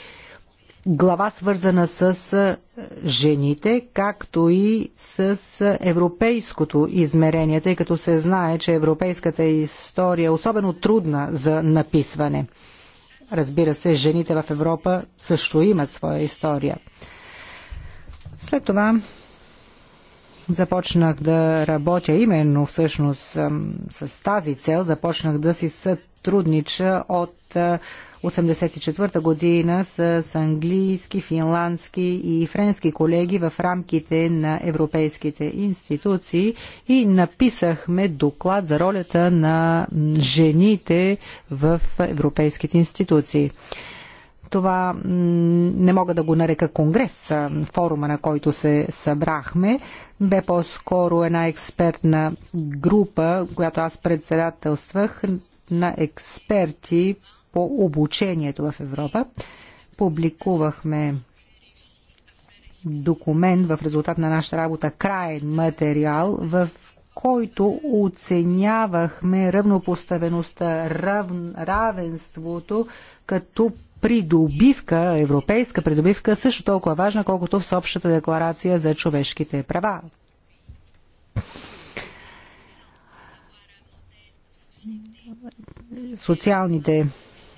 глава свързана с жените, както и с европейското измерение, тъй като се знае, че европейската история е особено трудна за написване. Разбира се, жените в Европа също имат своя история. След това започнах да работя именно всъщност с тази цел, започнах да си сътруднича от 1984 година с английски, финландски и френски колеги в рамките на европейските институции и написахме доклад за ролята на жените в европейските институции това не мога да го нарека конгрес, форума на който се събрахме, бе по-скоро една експертна група, която аз председателствах на експерти по обучението в Европа. Публикувахме документ в резултат на нашата работа, краен материал, в който оценявахме равнопоставеността, равенството като придобивка, европейска придобивка, също толкова важна, колкото в Съобщата декларация за човешките права. Социалните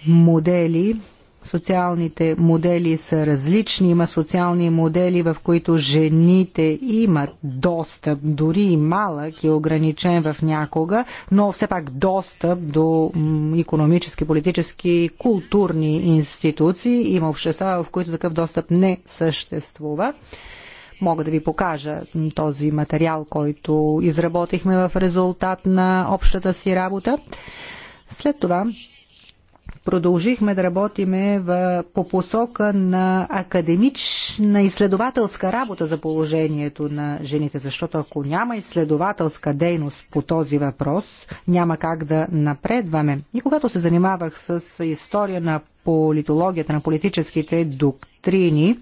модели социалните модели са различни. Има социални модели, в които жените имат достъп, дори и малък и ограничен в някога, но все пак достъп до економически, политически, културни институции. Има общества, в които такъв достъп не съществува. Мога да ви покажа този материал, който изработихме в резултат на общата си работа. След това продължихме да работиме в, по посока на академична изследователска работа за положението на жените, защото ако няма изследователска дейност по този въпрос, няма как да напредваме. И когато се занимавах с история на политологията, на политическите доктрини,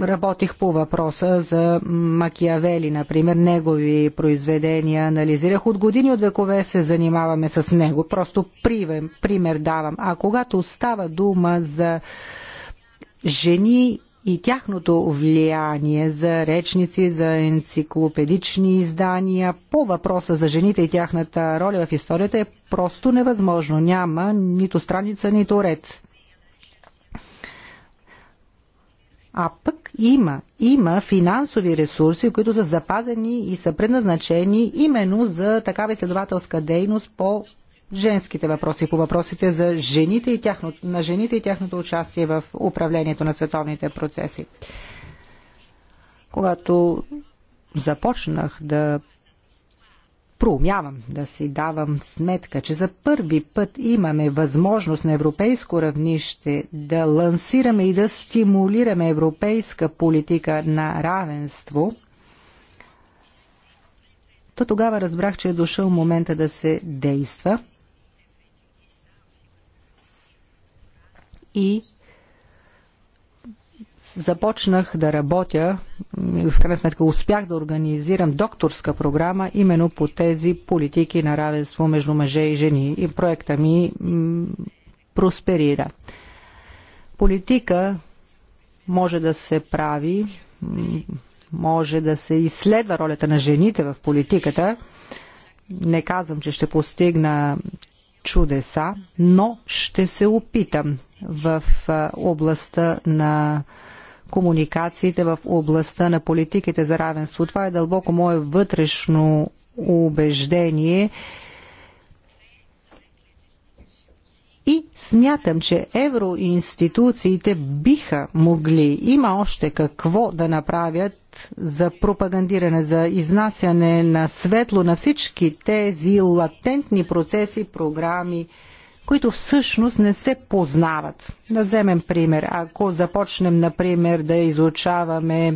Работих по въпроса за Макиавели, например, негови произведения анализирах. От години от векове се занимаваме с него. Просто привен, пример давам. А когато става дума за жени и тяхното влияние за речници, за енциклопедични издания по въпроса за жените и тяхната роля в историята е просто невъзможно. Няма нито страница, нито ред. А пък има, има финансови ресурси, които са запазени и са предназначени именно за такава изследователска дейност по женските въпроси, по въпросите за жените и тяхно, на жените и тяхното участие в управлението на световните процеси. Когато започнах да проумявам, да си давам сметка, че за първи път имаме възможност на европейско равнище да лансираме и да стимулираме европейска политика на равенство, то тогава разбрах, че е дошъл момента да се действа и започнах да работя, в крайна сметка успях да организирам докторска програма именно по тези политики на равенство между мъже и жени и проекта ми просперира. Политика може да се прави, може да се изследва ролята на жените в политиката. Не казвам, че ще постигна чудеса, но ще се опитам в областта на комуникациите в областта на политиките за равенство. Това е дълбоко мое вътрешно убеждение. И смятам, че евроинституциите биха могли, има още какво да направят за пропагандиране, за изнасяне на светло на всички тези латентни процеси, програми, които всъщност не се познават. Да вземем пример. Ако започнем, например, да изучаваме е,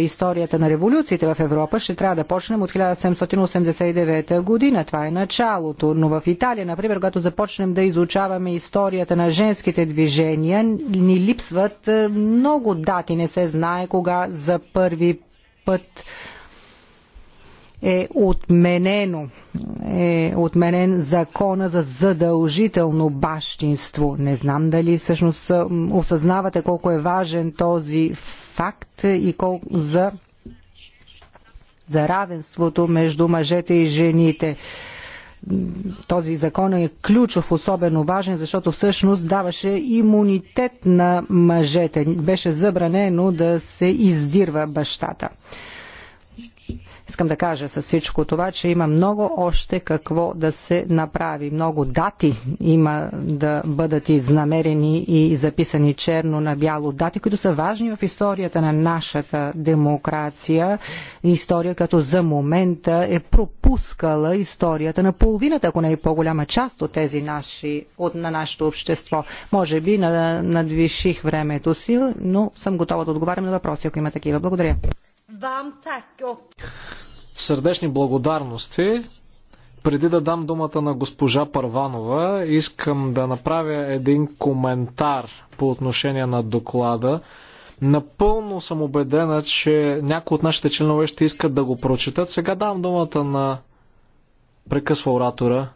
историята на революциите в Европа, ще трябва да почнем от 1789 година. Това е началото. Но в Италия, например, когато започнем да изучаваме историята на женските движения, ни липсват е, много дати. Не се знае кога за първи път е отменено е отменен закона за задължително бащинство. Не знам дали всъщност осъзнавате колко е важен този факт и колко за, за равенството между мъжете и жените този закон е ключов, особено важен, защото всъщност даваше имунитет на мъжете. Беше забранено да се издирва бащата. Искам да кажа с всичко това, че има много още какво да се направи. Много дати има да бъдат изнамерени и записани черно на бяло. Дати, които са важни в историята на нашата демокрация. История, като за момента е пропускала историята на половината, ако не е по-голяма част от тези наши, от, на нашето общество. Може би надвиших времето си, но съм готова да отговарям на въпроси, ако има такива. Благодаря. Сърдечни благодарности. Преди да дам думата на госпожа Парванова, искам да направя един коментар по отношение на доклада. Напълно съм убедена, че някои от нашите членове ще искат да го прочитат. Сега давам думата на прекъсва оратора.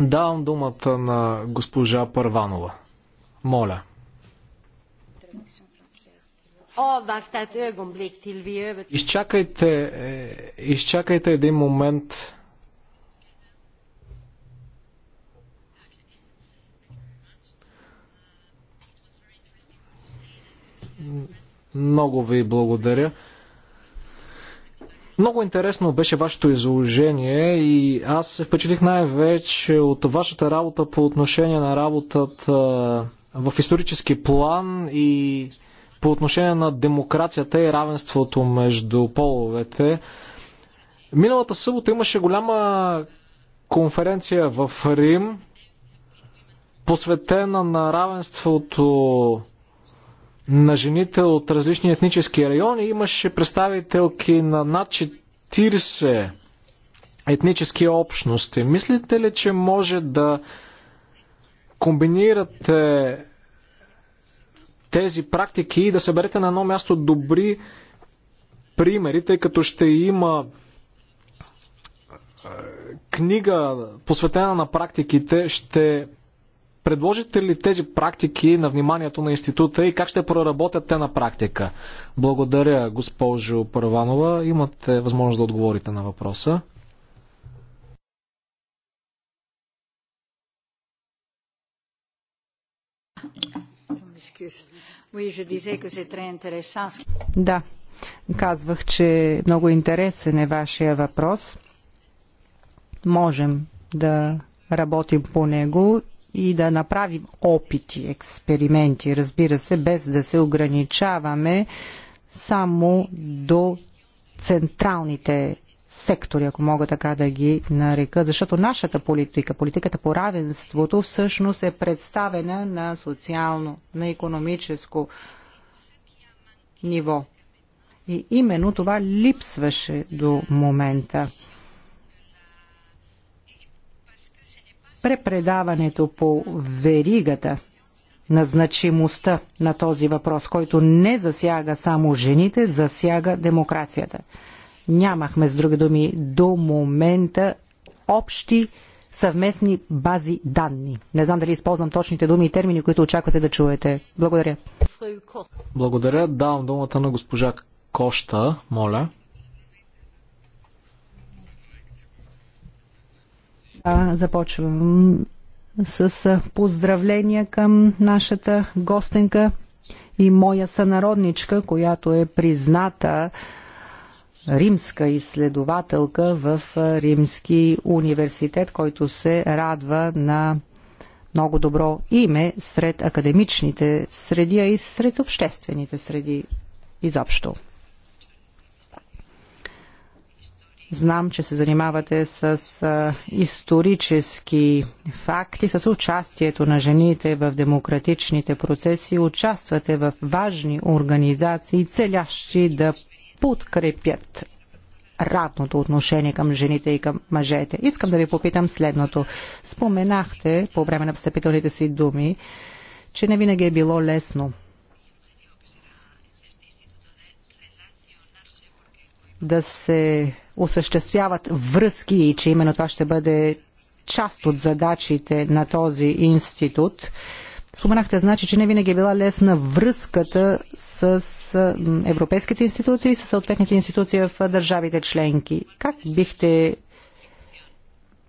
Давам думата на госпожа Първанова. Моля. Изчакайте, е, изчакайте един момент. Много ви благодаря. Много интересно беше вашето изложение и аз се впечатлих най-вече от вашата работа по отношение на работата в исторически план и по отношение на демокрацията и равенството между половете. Миналата събота имаше голяма конференция в Рим, посветена на равенството на жените от различни етнически райони. Имаше представителки на над 40 етнически общности. Мислите ли, че може да комбинирате тези практики и да съберете на едно място добри примери, тъй като ще има книга, посветена на практиките, ще Предложите ли тези практики на вниманието на института и как ще проработят те на практика? Благодаря, госпожо Първанова. Имате възможност да отговорите на въпроса. Да, казвах, че много интересен е вашия въпрос. Можем да работим по него и да направим опити, експерименти, разбира се, без да се ограничаваме само до централните сектори, ако мога така да ги нарека, защото нашата политика, политиката по равенството всъщност е представена на социално, на економическо ниво. И именно това липсваше до момента. препредаването по веригата на значимостта на този въпрос, който не засяга само жените, засяга демокрацията. Нямахме, с други думи, до момента общи съвместни бази данни. Не знам дали използвам точните думи и термини, които очаквате да чуете. Благодаря. Благодаря. Давам думата на госпожа Кошта, моля. Сега започвам с поздравления към нашата гостенка и моя сънародничка, която е призната римска изследователка в Римски университет, който се радва на много добро име сред академичните среди, а и сред обществените среди изобщо. Знам, че се занимавате с исторически факти, с участието на жените в демократичните процеси, участвате в важни организации, целящи да подкрепят равното отношение към жените и към мъжете. Искам да ви попитам следното. Споменахте по време на встъпителните си думи, че не винаги е било лесно да се осъществяват връзки и че именно това ще бъде част от задачите на този институт. Споменахте, значи, че не винаги е била лесна връзката с европейските институции и с съответните институции в държавите членки. Как бихте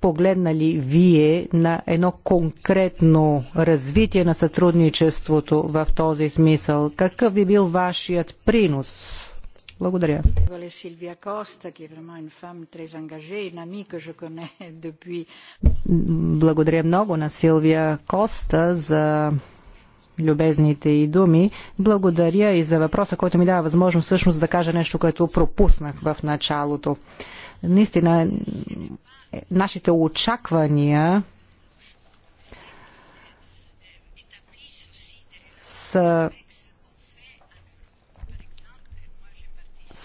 погледнали вие на едно конкретно развитие на сътрудничеството в този смисъл? Какъв би бил вашият принос благодаря. Благодаря много на Силвия Коста за любезните и думи. Благодаря и за въпроса, който ми дава възможност всъщност да кажа нещо, което пропуснах в началото. Наистина, нашите очаквания са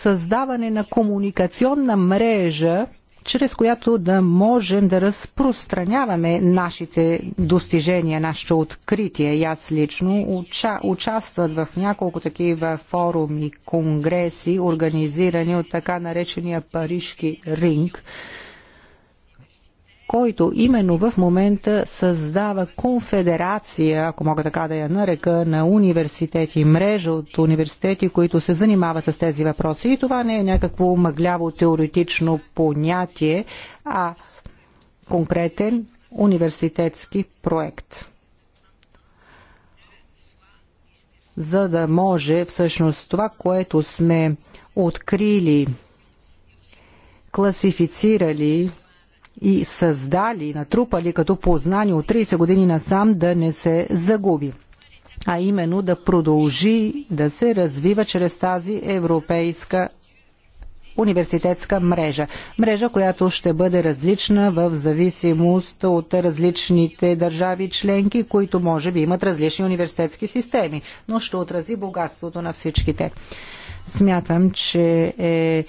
създаване на комуникационна мрежа, чрез която да можем да разпространяваме нашите достижения, нашите открития. И аз лично уча, участват в няколко такива форуми, конгреси, организирани от така наречения Парижки ринг, който именно в момента създава конфедерация, ако мога така да я нарека, на университети, мрежа от университети, които се занимават с тези въпроси. И това не е някакво мъгляво теоретично понятие, а конкретен университетски проект. За да може всъщност това, което сме открили, класифицирали и създали, натрупали като познание от 30 години насам да не се загуби а именно да продължи да се развива чрез тази европейска университетска мрежа. Мрежа, която ще бъде различна в зависимост от различните държави членки, които може би имат различни университетски системи, но ще отрази богатството на всичките. Смятам, че е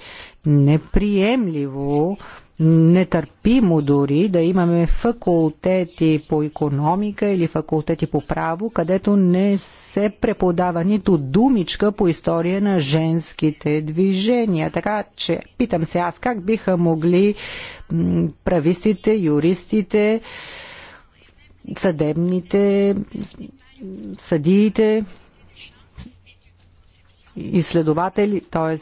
неприемливо нетърпимо дори да имаме факултети по економика или факултети по право, където не се преподава нито думичка по история на женските движения. Така че питам се аз как биха могли правистите, юристите, съдебните, съдиите, изследователи, т.е.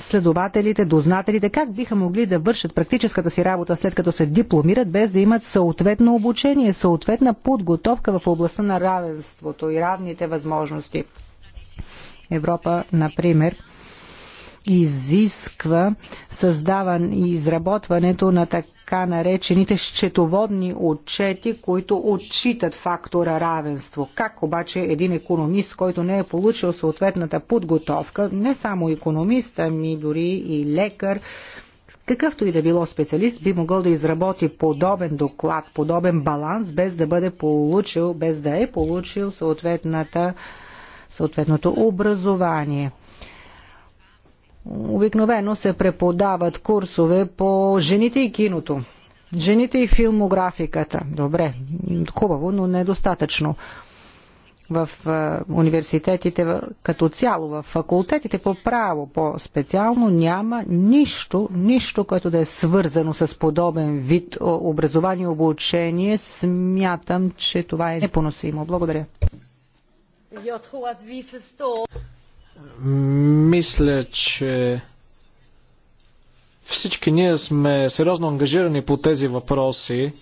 следователите, дознателите, как биха могли да вършат практическата си работа след като се дипломират, без да имат съответно обучение, съответна подготовка в областта на равенството и равните възможности. Европа, например, изисква създаване и изработването на така наречените счетоводни отчети, които отчитат фактора равенство. Как обаче един економист, който не е получил съответната подготовка, не само економист, ами дори и лекар, какъвто и да било специалист, би могъл да изработи подобен доклад, подобен баланс, без да бъде получил, без да е получил съответната, съответното образование обикновено се преподават курсове по жените и киното. Жените и филмографиката. Добре, хубаво, но недостатъчно. В университетите като цяло, в факултетите по право по-специално няма нищо, нищо, което да е свързано с подобен вид образование и обучение. Смятам, че това е непоносимо. Благодаря. Мисля, че всички ние сме сериозно ангажирани по тези въпроси.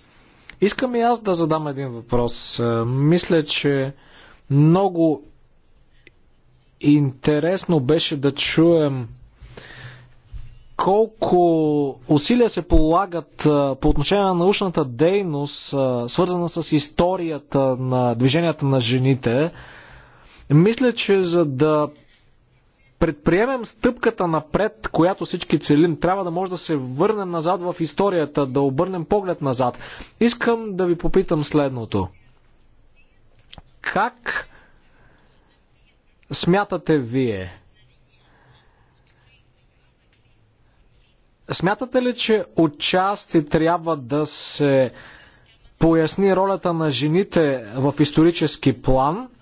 Искам и аз да задам един въпрос. Е, мисля, че много интересно беше да чуем колко усилия се полагат е, по отношение на научната дейност, е, свързана с историята на движенията на жените. Мисля, че за да предприемем стъпката напред, която всички целим, трябва да може да се върнем назад в историята, да обърнем поглед назад. Искам да ви попитам следното. Как смятате вие? Смятате ли, че отчасти трябва да се поясни ролята на жените в исторически план –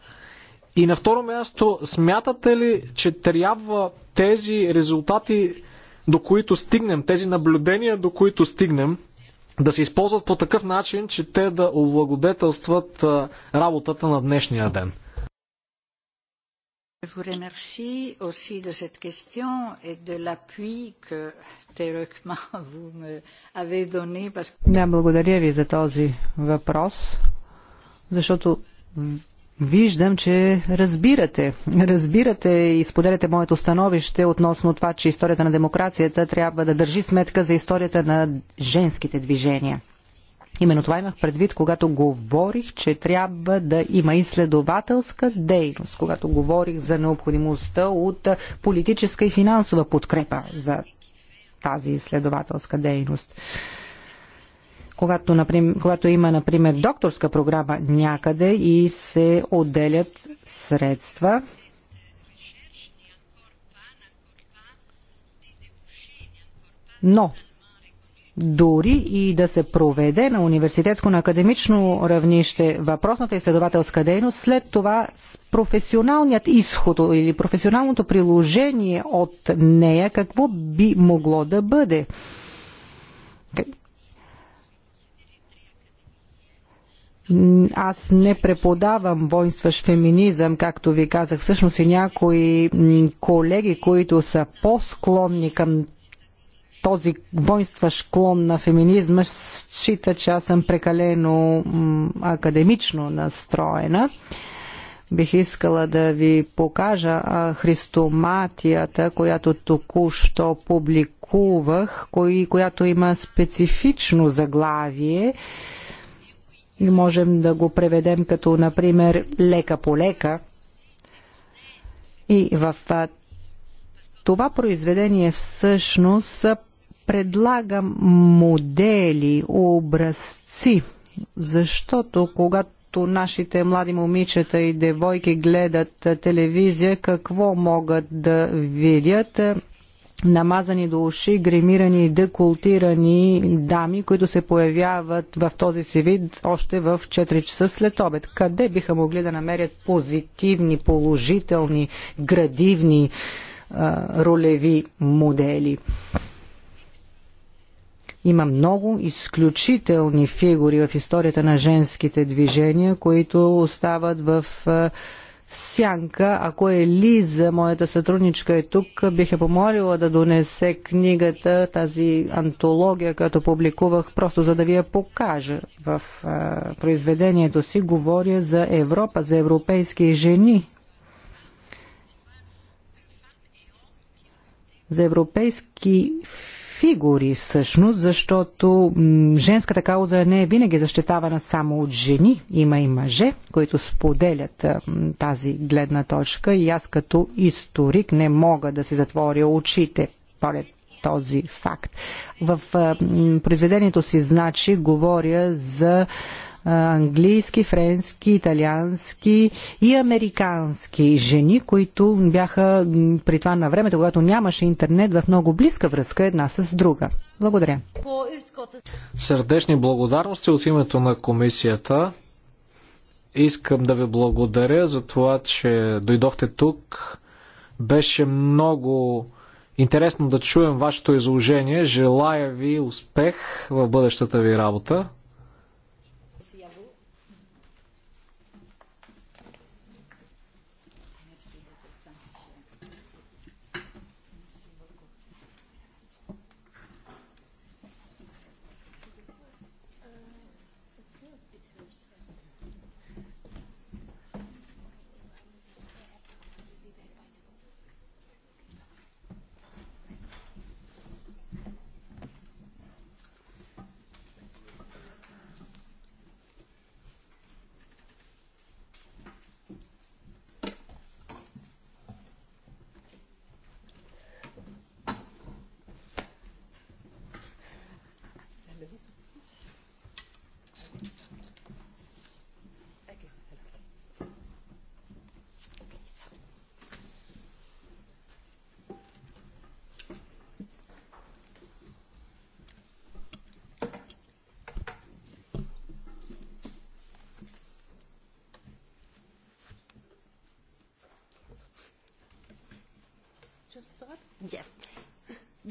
и на второ място, смятате ли, че трябва тези резултати, до които стигнем, тези наблюдения, до които стигнем, да се използват по такъв начин, че те да облагодетелстват работата на днешния ден? Je vous remercie aussi de cette question et de l'appui que théoriquement vous me avez donné. Parce... Да, благодаря ви за този въпрос, защото Виждам, че разбирате. Разбирате и споделяте моето становище относно това, че историята на демокрацията трябва да държи сметка за историята на женските движения. Именно това имах предвид, когато говорих, че трябва да има изследователска дейност, когато говорих за необходимостта от политическа и финансова подкрепа за тази изследователска дейност когато, например, когато има, например, докторска програма някъде и се отделят средства, но дори и да се проведе на университетско, на академично равнище въпросната изследователска дейност, след това професионалният изход или професионалното приложение от нея, какво би могло да бъде? Аз не преподавам воинстваш феминизъм, както ви казах. Всъщност и някои колеги, които са по-склонни към този воинстващ клон на феминизма, счита, че аз съм прекалено академично настроена бих искала да ви покажа христоматията, която току-що публикувах, която има специфично заглавие и можем да го преведем като, например, лека по лека. И в това произведение всъщност предлага модели, образци, защото когато когато нашите млади момичета и девойки гледат телевизия, какво могат да видят? намазани до уши, гримирани, декултирани дами, които се появяват в този си вид още в 4 часа след обед. Къде биха могли да намерят позитивни, положителни, градивни а, ролеви модели? Има много изключителни фигури в историята на женските движения, които остават в а, сянка. Ако е Лиза, моята сътрудничка е тук, бих я е помолила да донесе книгата, тази антология, която публикувах, просто за да ви я покажа в а, произведението си. Говоря за Европа, за европейски жени. За европейски фигури всъщност, защото женската кауза не е винаги защитавана само от жени. Има и мъже, които споделят тази гледна точка и аз като историк не мога да си затворя очите пред този факт. В произведението си, значи, говоря за английски, френски, италиански и американски жени, които бяха при това на времето, когато нямаше интернет, в много близка връзка една с друга. Благодаря. Сърдечни благодарности от името на комисията. Искам да ви благодаря за това, че дойдохте тук. Беше много интересно да чуем вашето изложение. Желая ви успех в бъдещата ви работа.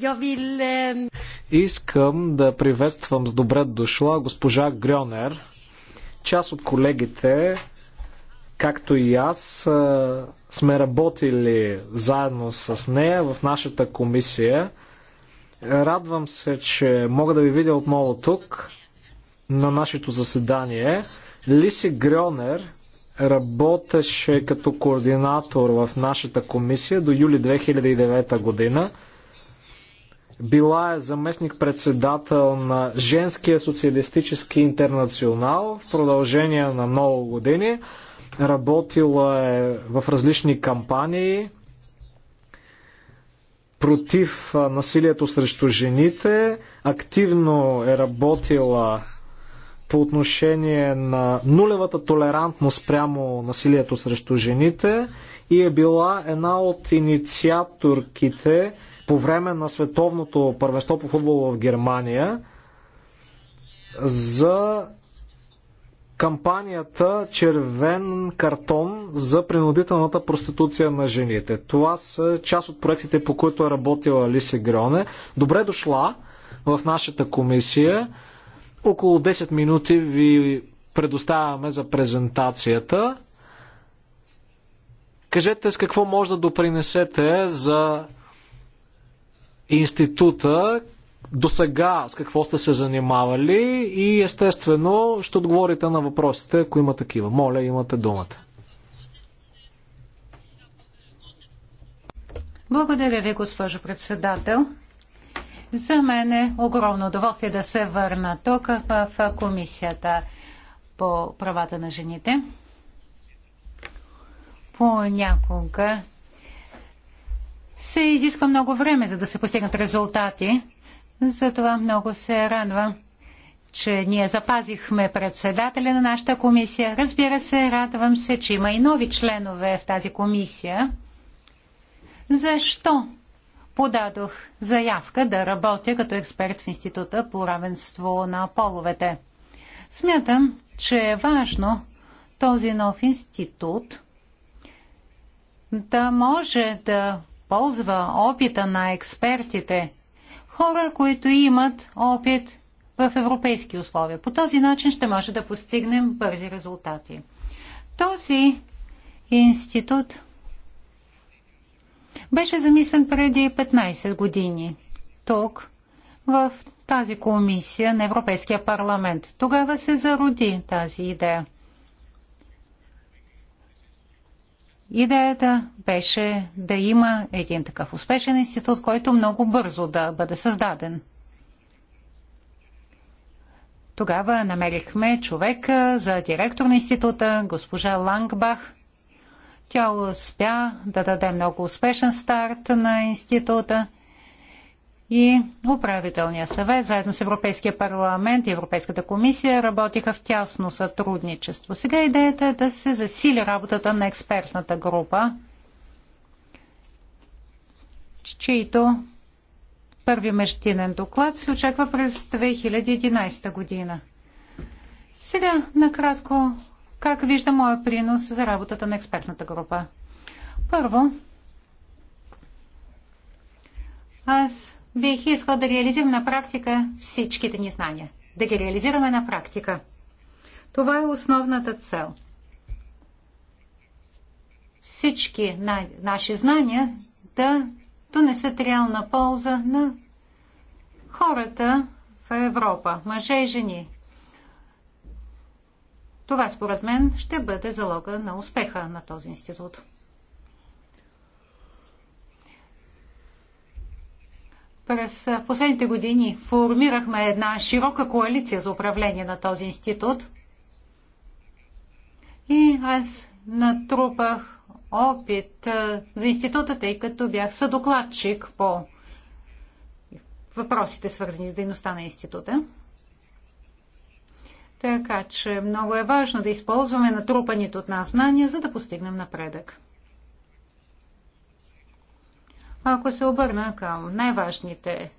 Ehm, Искам да приветствам с добре дошла госпожа Грюнер. Част от колегите, както и аз, сме работили заедно с нея в нашата комисия. Радвам се, че мога да ви видя отново тук на нашето заседание. Лиси Грюнер работеше като координатор в нашата комисия до юли 2009 година. Била е заместник-председател на Женския социалистически интернационал в продължение на много години. Работила е в различни кампании против насилието срещу жените. Активно е работила по отношение на нулевата толерантност прямо насилието срещу жените и е била една от инициаторките по време на световното първенство по футбол в Германия за кампанията Червен картон за принудителната проституция на жените. Това са част от проектите, по които е работила Лиси Грьоне. Добре дошла в нашата комисия. Около 10 минути ви предоставяме за презентацията. Кажете с какво може да допринесете за института, до сега с какво сте се занимавали и естествено ще отговорите на въпросите, ако има такива. Моля, имате думата. Благодаря ви, госпожо председател. За мен е огромно удоволствие да се върна тук в комисията по правата на жените. Понякога се изисква много време, за да се постигнат резултати. Затова много се радва, че ние запазихме председателя на нашата комисия. Разбира се, радвам се, че има и нови членове в тази комисия. Защо подадох заявка да работя като експерт в Института по равенство на половете? Смятам, че е важно този нов институт да може да ползва опита на експертите, хора, които имат опит в европейски условия. По този начин ще може да постигнем бързи резултати. Този институт беше замислен преди 15 години. Тук, в тази комисия на Европейския парламент. Тогава се зароди тази идея. Идеята беше да има един такъв успешен институт, който много бързо да бъде създаден. Тогава намерихме човек за директор на института, госпожа Лангбах. Тя успя да даде много успешен старт на института и управителния съвет, заедно с Европейския парламент и Европейската комисия, работиха в тясно сътрудничество. Сега идеята е да се засили работата на експертната група, чието първи междинен доклад се очаква през 2011 година. Сега, накратко, как вижда моя принос за работата на експертната група? Първо, аз бих искал да реализирам на практика всичките ни знания. Да ги реализираме на практика. Това е основната цел. Всички на... наши знания да донесат реална полза на хората в Европа, мъже и жени. Това според мен ще бъде залога на успеха на този институт. През последните години формирахме една широка коалиция за управление на този институт и аз натрупах опит за института, тъй като бях съдокладчик по въпросите, свързани с дейността на института. Така че много е важно да използваме натрупаните от нас знания, за да постигнем напредък. Ако се обърна към най-важните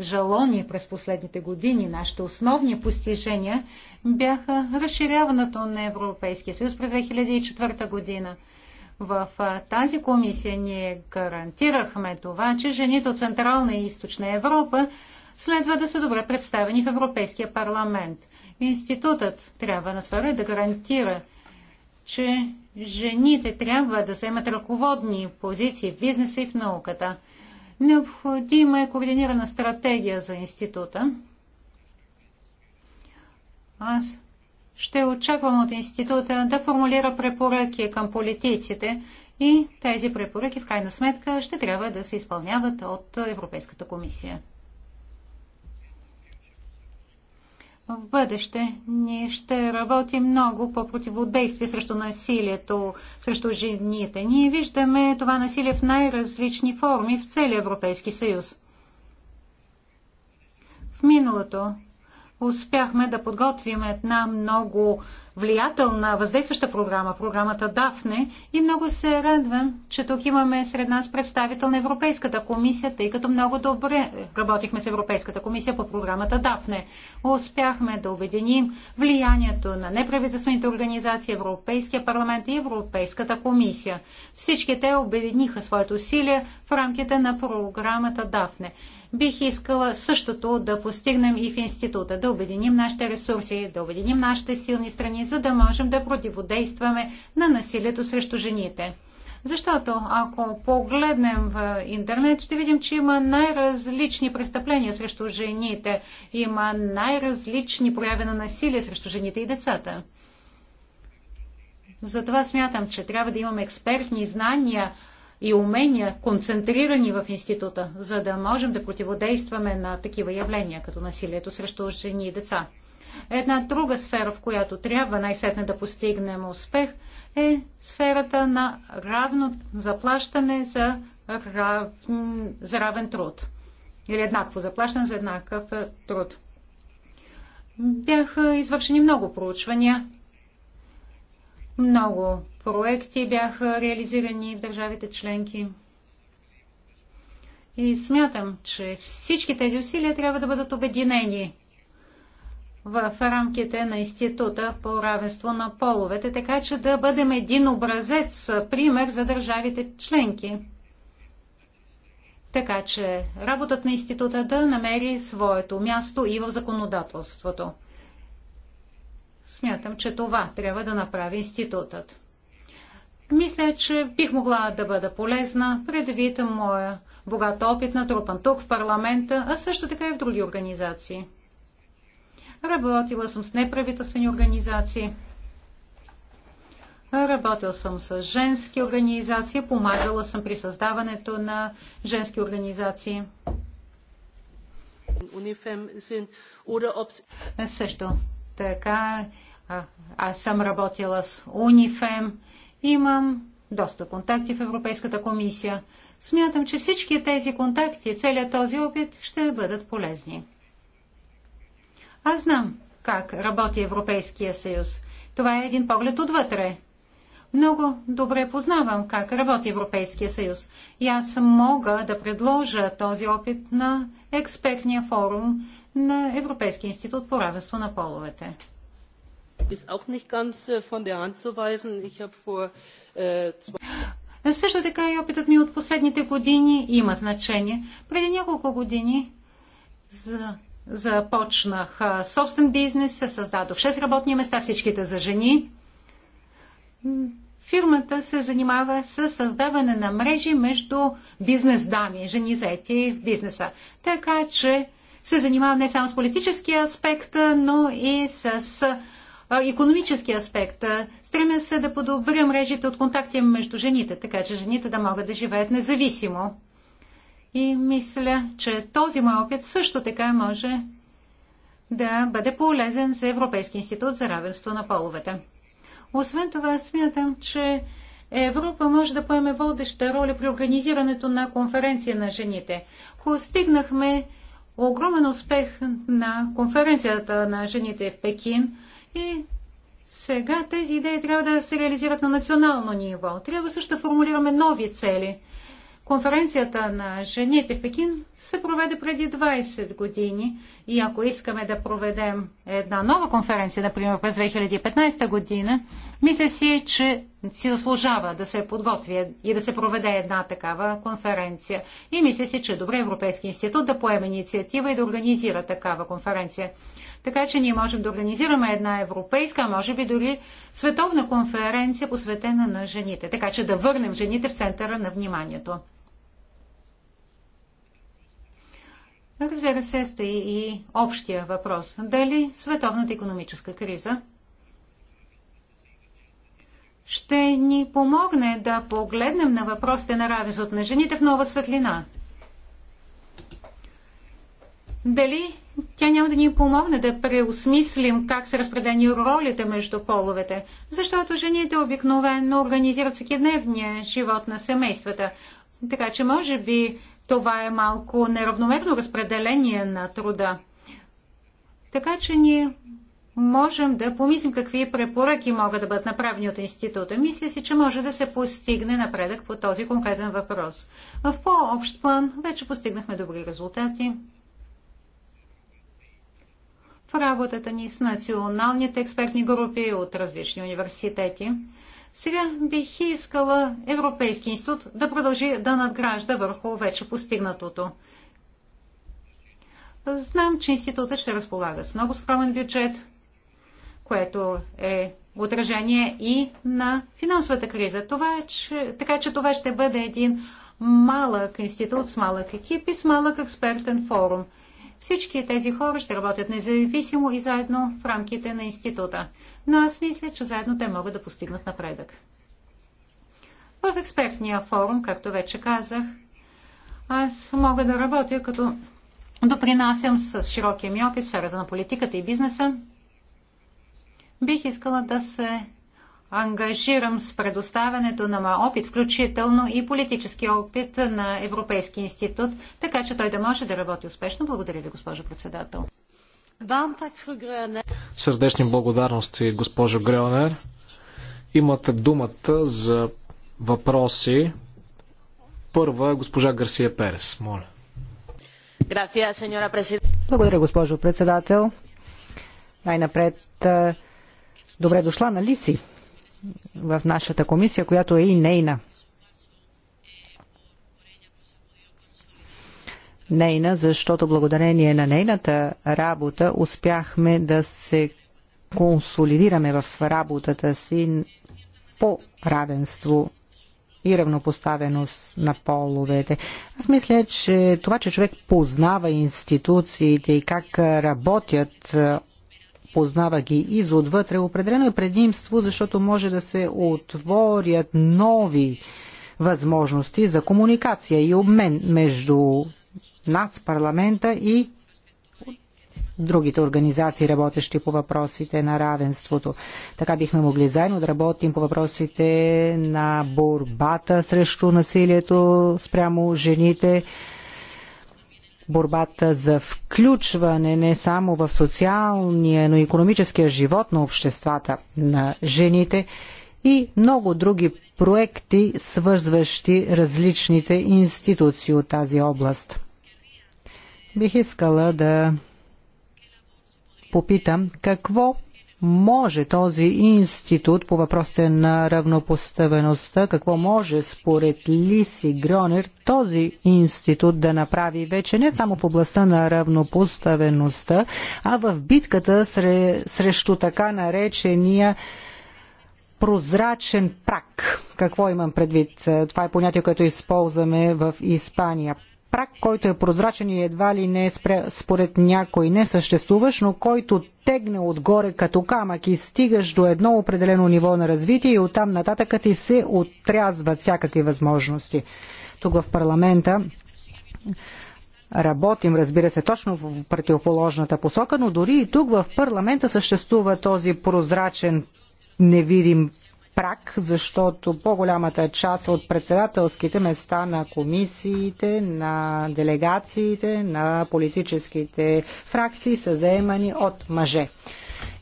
жалони през последните години, нашите основни постижения бяха разширяването на Европейския съюз през 2004 година. В тази комисия ние гарантирахме това, че жените от Централна и Източна Европа следва да са добре представени в Европейския парламент. Институтът трябва на своя да гарантира, че жените трябва да вземат ръководни позиции в бизнеса и в науката. Необходима е координирана стратегия за института. Аз ще очаквам от института да формулира препоръки към политиците и тези препоръки в крайна сметка ще трябва да се изпълняват от Европейската комисия. в бъдеще ние ще работим много по противодействие срещу насилието, срещу жените. Ние виждаме това насилие в най-различни форми в целия Европейски съюз. В миналото успяхме да подготвим една много влиятелна, въздействаща програма, програмата Дафне. И много се радвам, че тук имаме сред нас представител на Европейската комисия, тъй като много добре работихме с Европейската комисия по програмата Дафне. Успяхме да обединим влиянието на неправителствените организации, Европейския парламент и Европейската комисия. Всички те обединиха своите усилия в рамките на програмата Дафне. Бих искала същото да постигнем и в института, да обединим нашите ресурси, да обединим нашите силни страни, за да можем да противодействаме на насилието срещу жените. Защото ако погледнем в интернет, ще видим, че има най-различни престъпления срещу жените, има най-различни прояви на насилие срещу жените и децата. Затова смятам, че трябва да имаме експертни знания, и умения, концентрирани в института, за да можем да противодействаме на такива явления, като насилието срещу жени и деца. Една друга сфера, в която трябва най-сетне да постигнем успех, е сферата на равно заплащане за, рав... за равен труд. Или еднакво заплащане за еднакъв е, труд. Бяха извършени много проучвания много проекти бяха реализирани в държавите членки. И смятам, че всички тези усилия трябва да бъдат обединени в рамките на Института по равенство на половете, така че да бъдем един образец, пример за държавите членки. Така че работата на института да намери своето място и в законодателството. Смятам, че това трябва да направи институтът. Мисля, че бих могла да бъда полезна предвид моя богат опит на трупан тук в парламента, а също така и в други организации. Работила съм с неправителствени организации. Работил съм с женски организации, помагала съм при създаването на женски организации. Също така аз съм работила с УНИФЕМ, имам доста контакти в Европейската комисия. Смятам, че всички тези контакти, и целият този опит ще бъдат полезни. Аз знам как работи Европейския съюз. Това е един поглед отвътре. Много добре познавам как работи Европейския съюз и аз мога да предложа този опит на експертния форум на Европейския институт по равенство на половете. Äh, äh, Също така и опитът ми от последните години има значение. Преди няколко години за започнах собствен бизнес, създадох 6 работни места, всичките за жени. Фирмата се занимава с създаване на мрежи между бизнес дами, жени заети в бизнеса. Така че се занимава не само с политическия аспект, но и с економически аспект. Стремя се да подобря мрежите от контакти между жените, така че жените да могат да живеят независимо. И мисля, че този мой опит също така може да бъде полезен за Европейски институт за равенство на половете. Освен това, смятам, че Европа може да поеме водеща роля при организирането на конференция на жените. Постигнахме огромен успех на конференцията на жените в Пекин и сега тези идеи трябва да се реализират на национално ниво. Трябва също да формулираме нови цели – Конференцията на жените в Пекин се проведе преди 20 години и ако искаме да проведем една нова конференция, например през 2015 година, мисля си, че си заслужава да се подготви и да се проведе една такава конференция. И мисля си, че е добре Европейски институт да поеме инициатива и да организира такава конференция. Така че ние можем да организираме една европейска, а може би дори световна конференция, посветена на жените. Така че да върнем жените в центъра на вниманието. Разбира се, стои и общия въпрос. Дали световната економическа криза ще ни помогне да погледнем на въпросите на равенството на жените в нова светлина? Дали тя няма да ни помогне да преосмислим как са разпределени ролите между половете, защото жените обикновено организират всекидневния живот на семействата. Така че, може би, това е малко неравномерно разпределение на труда. Така че ние можем да помислим какви препоръки могат да бъдат направени от института. Мисля си, че може да се постигне напредък по този конкретен въпрос. В по-общ план вече постигнахме добри резултати в работата ни с националните експертни групи от различни университети. Сега бих искала Европейски институт да продължи да надгражда върху вече постигнатото. Знам, че институтът ще разполага с много скромен бюджет, което е отражение и на финансовата криза. Това, че, така че това ще бъде един малък институт с малък екип и с малък експертен форум – всички тези хора ще работят независимо и заедно в рамките на института. Но аз мисля, че заедно те могат да постигнат напредък. В експертния форум, както вече казах, аз мога да работя като допринасям с широкия ми опит в сферата на политиката и бизнеса. Бих искала да се ангажирам с предоставянето на моя опит, включително и политически опит на Европейски институт, така че той да може да работи успешно. Благодаря ви, госпожо председател. Сърдечни благодарности, госпожо Греонер. Имате думата за въпроси. Първа е госпожа Гарсия Перес. Моля. Благодаря, госпожо председател. Най-напред, е, добре дошла на Лиси в нашата комисия, която е и нейна. Нейна, защото благодарение на нейната работа успяхме да се консолидираме в работата си по равенство и равнопоставеност на половете. Аз мисля, че това, че човек познава институциите и как работят познава ги изотвътре, определено е предимство, защото може да се отворят нови възможности за комуникация и обмен между нас, парламента и другите организации, работещи по въпросите на равенството. Така бихме могли заедно да работим по въпросите на борбата срещу насилието спрямо жените, борбата за включване не само в социалния, но и економическия живот на обществата на жените и много други проекти, свързващи различните институции от тази област. Бих искала да попитам какво може този институт по въпросите на равнопоставеността, какво може според Лиси Гронер този институт да направи вече не само в областта на равнопоставеността, а в битката срещу така наречения прозрачен прак. Какво имам предвид? Това е понятие, което използваме в Испания прак, който е прозрачен и едва ли не е според някой не съществуващ, но който тегне отгоре като камък и стигаш до едно определено ниво на развитие и оттам нататък ти се отрязват всякакви възможности. Тук в парламента работим, разбира се, точно в противоположната посока, но дори и тук в парламента съществува този прозрачен невидим прак, защото по-голямата част от председателските места на комисиите, на делегациите, на политическите фракции са заемани от мъже.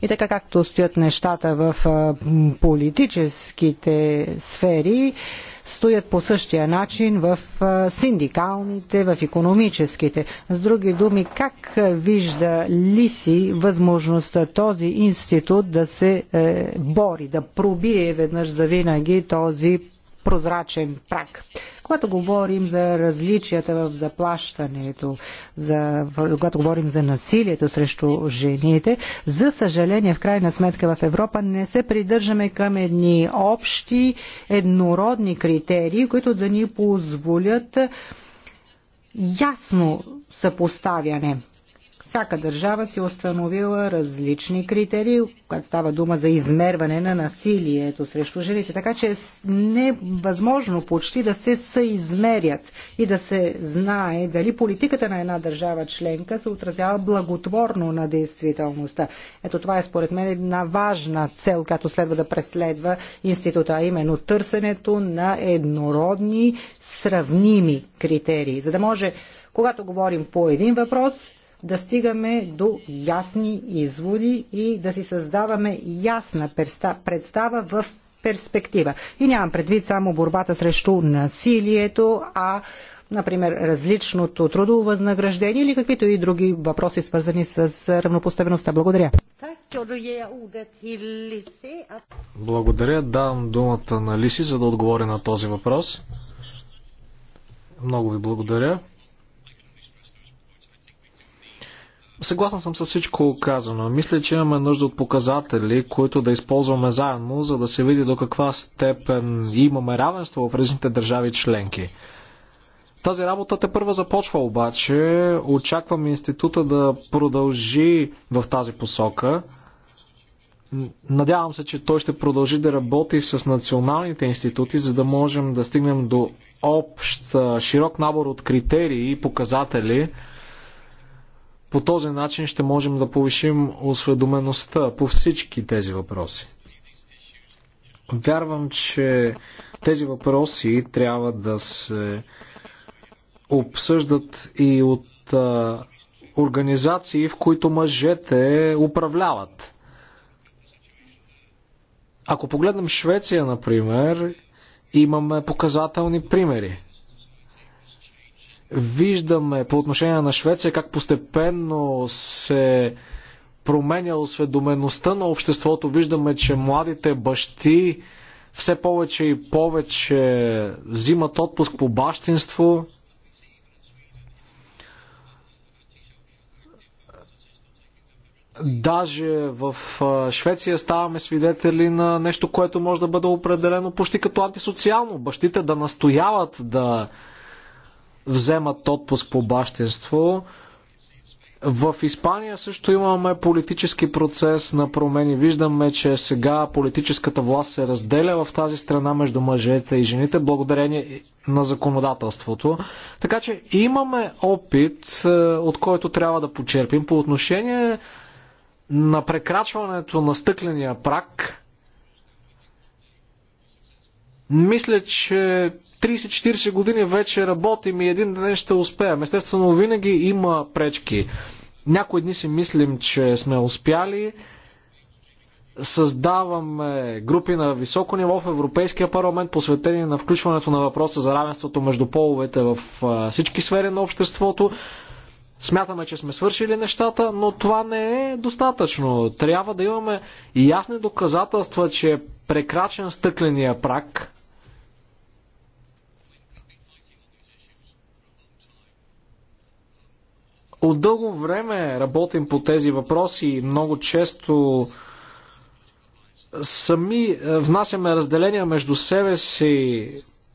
И така както стоят нещата в политическите сфери, стоят по същия начин в синдикалните, в економическите. С други думи, как вижда ли си възможността този институт да се е, бори, да пробие веднъж завинаги този прозрачен прак? Когато говорим за различията в заплащането, за, когато говорим за насилието срещу жените, за съжаление, в крайна сметка в Европа не се придържаме към едни общи, еднородни критерии, които да ни позволят ясно съпоставяне всяка държава си установила различни критерии, когато става дума за измерване на насилието срещу жените. Така че е невъзможно почти да се съизмерят и да се знае дали политиката на една държава членка се отразява благотворно на действителността. Ето това е според мен една важна цел, която следва да преследва института, а именно търсенето на еднородни сравними критерии, за да може когато говорим по един въпрос, да стигаме до ясни изводи и да си създаваме ясна представа в перспектива. И нямам предвид само борбата срещу насилието, а например, различното трудово възнаграждение или каквито и други въпроси, свързани с равнопоставеността. Благодаря. Благодаря. Давам думата на Лиси, за да отговоря на този въпрос. Много ви благодаря. Съгласен съм с всичко казано. Мисля, че имаме нужда от показатели, които да използваме заедно, за да се види до каква степен имаме равенство в различните държави членки. Тази работа те първа започва обаче. Очаквам института да продължи в тази посока. Надявам се, че той ще продължи да работи с националните институти, за да можем да стигнем до общ, широк набор от критерии и показатели, по този начин ще можем да повишим осведомеността по всички тези въпроси. Вярвам, че тези въпроси трябва да се обсъждат и от а, организации, в които мъжете управляват. Ако погледнем Швеция, например, имаме показателни примери виждаме по отношение на Швеция как постепенно се променя осведомеността на обществото. Виждаме, че младите бащи все повече и повече взимат отпуск по бащинство. Даже в Швеция ставаме свидетели на нещо, което може да бъде определено почти като антисоциално. Бащите да настояват да вземат отпуск по бащинство. В Испания също имаме политически процес на промени. Виждаме, че сега политическата власт се разделя в тази страна между мъжете и жените, благодарение на законодателството. Така че имаме опит, е, от който трябва да почерпим. По отношение на прекрачването на стъкления прак, мисля, че 30-40 години вече работим и един ден ще успеем. Естествено, винаги има пречки. Някои дни си мислим, че сме успяли, създаваме групи на високо ниво в Европейския парламент, посветени на включването на въпроса за равенството между половете в всички сфери на обществото. Смятаме, че сме свършили нещата, но това не е достатъчно. Трябва да имаме ясни доказателства, че е прекрачен стъкления прак, От дълго време работим по тези въпроси и много често сами е, внасяме разделения между себе си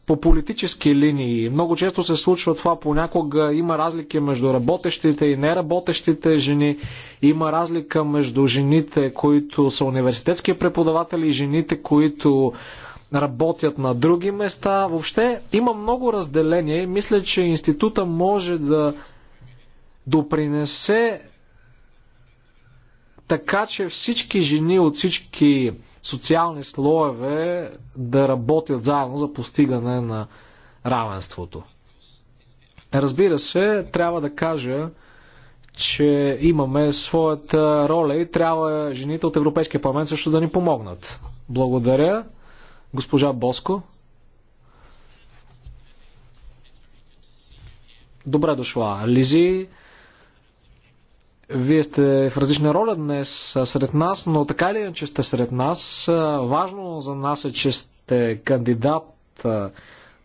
по политически линии. Много често се случва това. Понякога има разлики между работещите и неработещите жени. Има разлика между жените, които са университетски преподаватели и жените, които работят на други места. Въобще има много разделение. Мисля, че института може да допринесе така, че всички жени от всички социални слоеве да работят заедно за постигане на равенството. Разбира се, трябва да кажа, че имаме своята роля и трябва жените от Европейския парламент също да ни помогнат. Благодаря, госпожа Боско. Добре дошла, Лизи. Вие сте в различна роля днес сред нас, но така или че сте сред нас. Важно за нас е, че сте кандидат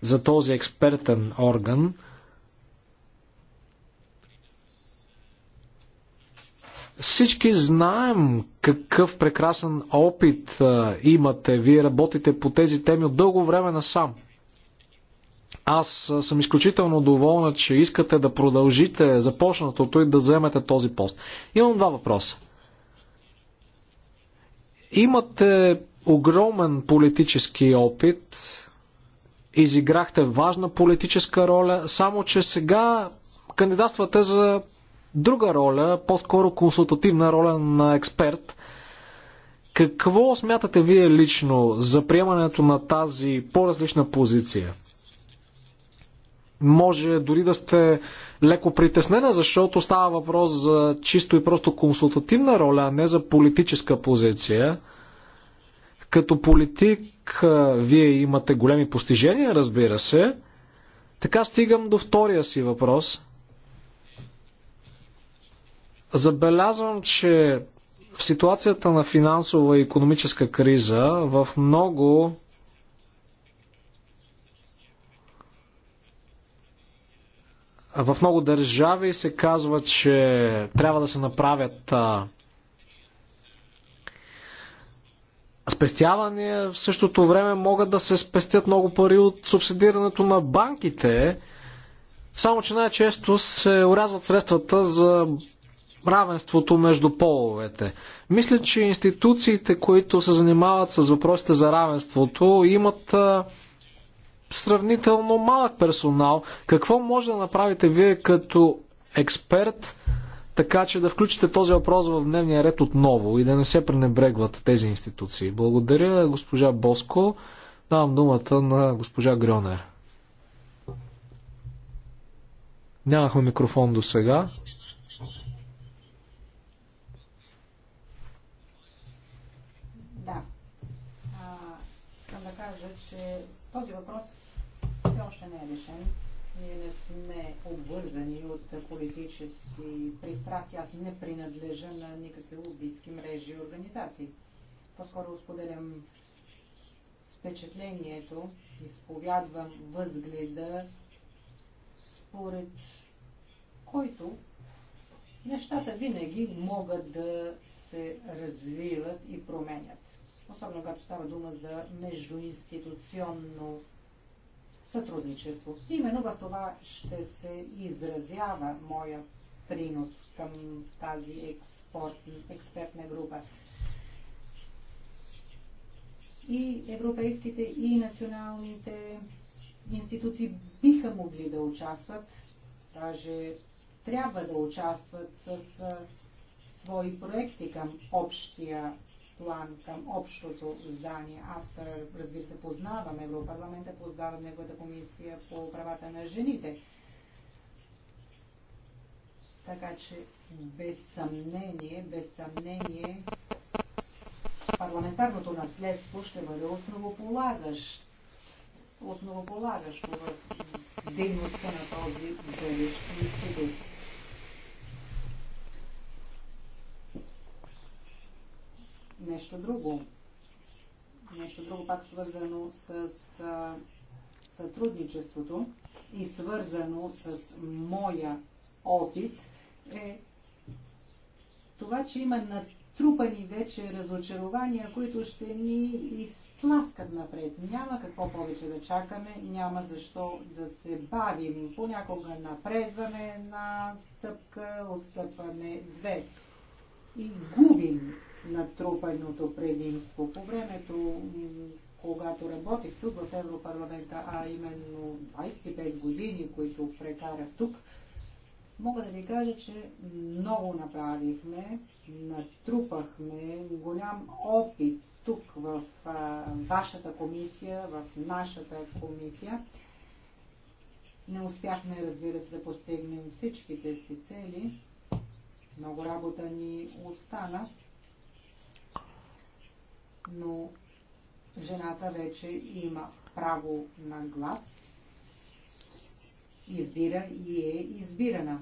за този експертен орган. Всички знаем какъв прекрасен опит имате. Вие работите по тези теми от дълго време насам. сам. Аз съм изключително доволна, че искате да продължите започнатото и да вземете този пост. Имам два въпроса. Имате огромен политически опит, изиграхте важна политическа роля, само че сега кандидатствате за друга роля, по-скоро консултативна роля на експерт. Какво смятате вие лично за приемането на тази по-различна позиция? може дори да сте леко притеснена, защото става въпрос за чисто и просто консултативна роля, а не за политическа позиция. Като политик, вие имате големи постижения, разбира се. Така стигам до втория си въпрос. Забелязвам, че в ситуацията на финансова и економическа криза в много В много държави се казва, че трябва да се направят спестявания. В същото време могат да се спестят много пари от субсидирането на банките. Само, че най-често се урязват средствата за равенството между половете. Мисля, че институциите, които се занимават с въпросите за равенството, имат сравнително малък персонал. Какво може да направите вие като експерт, така че да включите този въпрос в дневния ред отново и да не се пренебрегват тези институции? Благодаря, госпожа Боско. Давам думата на госпожа Грионер. Нямахме микрофон до сега. свързани от политически пристрастия. Аз не принадлежа на никакви лобистки мрежи и организации. По-скоро споделям впечатлението, изповядвам възгледа, според който нещата винаги могат да се развиват и променят. Особено когато става дума за междуинституционно сътрудничество. Именно в това ще се изразява моя принос към тази експорт, експертна група. И европейските, и националните институции биха могли да участват, даже трябва да участват с свои проекти към общия план към общото здание. Аз, разбира се, познавам Европарламента, познавам неговата комисия по правата на жените. Така че, без съмнение, без съмнение, парламентарното наследство ще бъде основополагащ, основополагащо в дейността на този бъдещ институт. нещо друго. Нещо друго пак свързано с а, сътрудничеството и свързано с моя опит е това, че има натрупани вече разочарования, които ще ни изтласкат напред. Няма какво повече да чакаме, няма защо да се бавим. Понякога напредваме една стъпка, отстъпваме две и губим натрупаното предимство. По времето, когато работих тук в Европарламента, а именно 25 години, които прекарах тук, Мога да ви кажа, че много направихме, натрупахме голям опит тук в а, вашата комисия, в нашата комисия. Не успяхме, разбира се, да постигнем всичките си цели. Много работа ни остана, но жената вече има право на глас, избира и е избирана.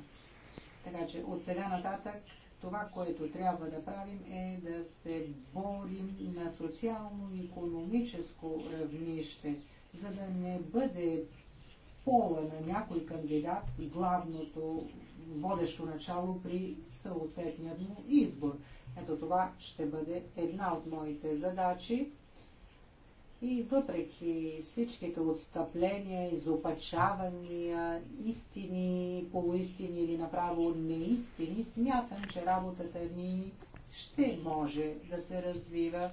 Така че от сега нататък това, което трябва да правим е да се борим на социално-економическо равнище, за да не бъде пола на някой кандидат главното водещо начало при съответният му избор. Ето това ще бъде една от моите задачи. И въпреки всичките отстъпления, изопачавания, истини, полуистини или направо неистини, смятам, че работата ни ще може да се развива.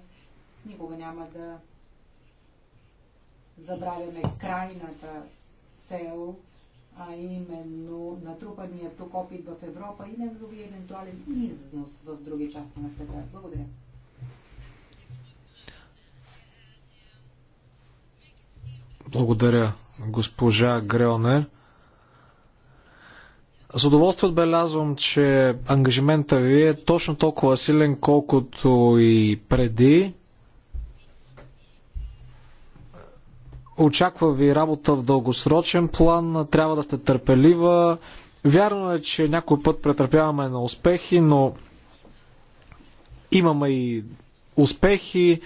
Никога няма да забравяме крайната цел а именно натрупания тук опит в Европа и неговия евентуален износ в други части на света. Благодаря. Благодаря, госпожа Греоне. С удоволствие отбелязвам, че ангажимента ви е точно толкова силен, колкото и преди. Очаква ви работа в дългосрочен план, трябва да сте търпелива. Вярно е, че някой път претърпяваме на успехи, но имаме и успехи.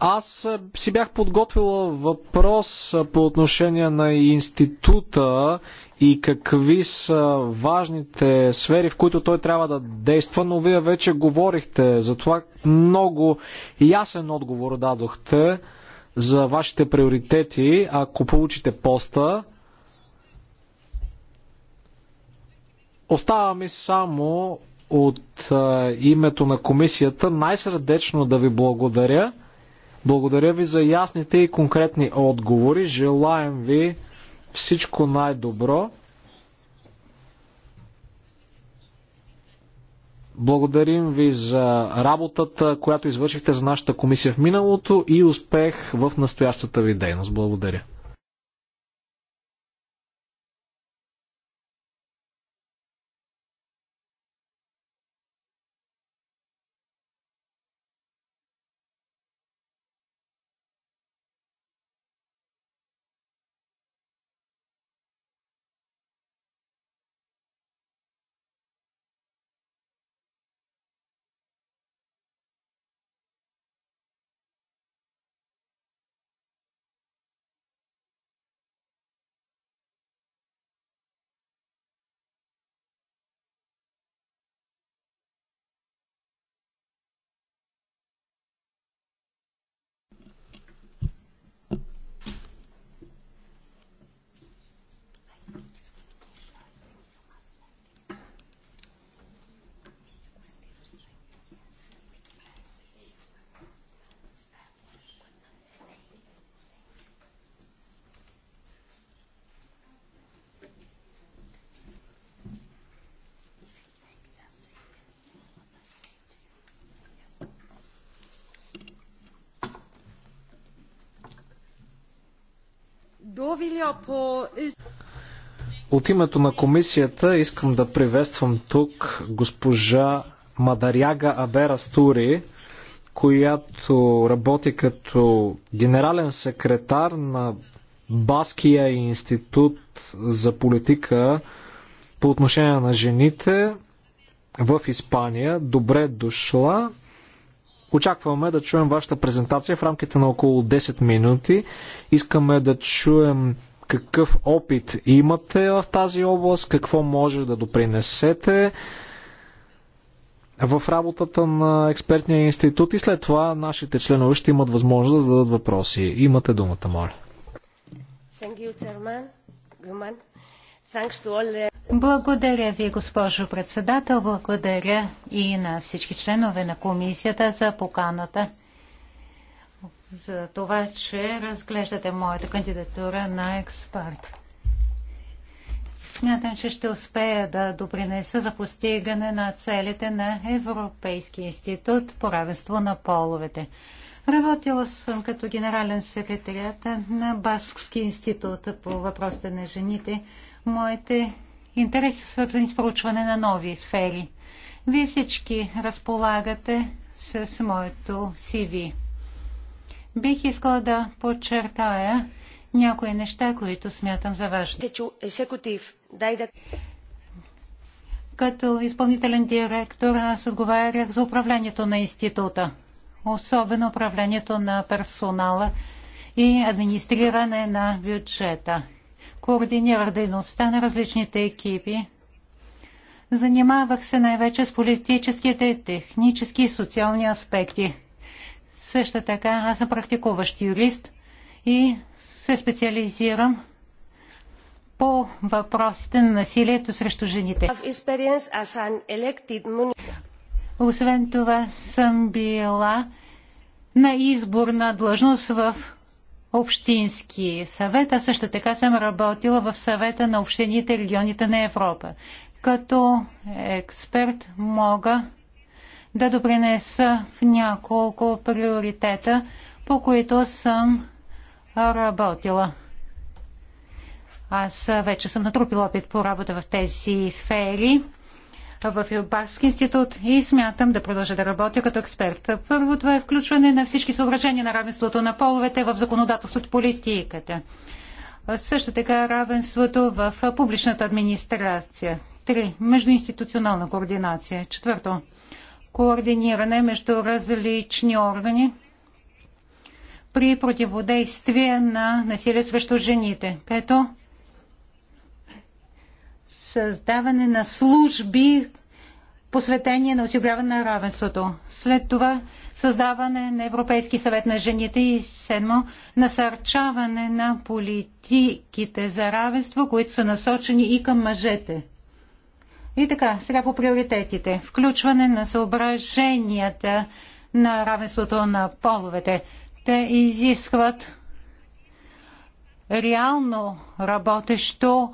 Аз си бях подготвила въпрос по отношение на института и какви са важните сфери, в които той трябва да действа, но вие вече говорихте за това много ясен отговор дадохте за вашите приоритети, ако получите поста. Остава ми само от а, името на комисията най-сърдечно да ви благодаря. Благодаря ви за ясните и конкретни отговори. Желаем ви всичко най-добро. Благодарим ви за работата, която извършихте за нашата комисия в миналото и успех в настоящата ви дейност. Благодаря. От името на комисията искам да приветствам тук госпожа Мадаряга Абера Стури, която работи като генерален секретар на Баския институт за политика по отношение на жените в Испания. Добре дошла. Очакваме да чуем вашата презентация в рамките на около 10 минути. Искаме да чуем какъв опит имате в тази област, какво може да допринесете в работата на експертния институт и след това нашите членове ще имат възможност да зададат въпроси. Имате думата, моля. Благодаря ви, госпожо председател. Благодаря и на всички членове на комисията за поканата за това, че разглеждате моята кандидатура на експерт. Смятам, че ще успея да допринеса за постигане на целите на Европейския институт по равенство на половете. Работила съм като генерален секретарят на Баскски институт по въпросите на жените. Моите интереси са свързани с проучване на нови сфери. Вие всички разполагате с моето CV. Бих искала да подчертая някои неща, които смятам за важни. Като изпълнителен директор аз отговарях за управлението на института, особено управлението на персонала и администриране на бюджета. Координирах дейността на различните екипи. Занимавах се най-вече с политическите, технически и социални аспекти. Също така аз съм практикуващ юрист и се специализирам по въпросите на насилието срещу жените. Освен това съм била на изборна длъжност в Общински съвет, а също така съм работила в съвета на общините и регионите на Европа. Като експерт мога да допринеса в няколко приоритета, по които съм работила. Аз вече съм натрупила опит по работа в тези сфери в Илбарски институт и смятам да продължа да работя като експерт. Първо това е включване на всички съображения на равенството на половете в законодателството политиката. Също така равенството в публичната администрация. Три. Междуинституционална координация. Четвърто координиране между различни органи при противодействие на насилие срещу жените. Пето, създаване на служби, посветение на осигуряване на равенството. След това създаване на Европейски съвет на жените и седмо насърчаване на политиките за равенство, които са насочени и към мъжете. И така, сега по приоритетите. Включване на съображенията на равенството на половете. Те изискват реално работещо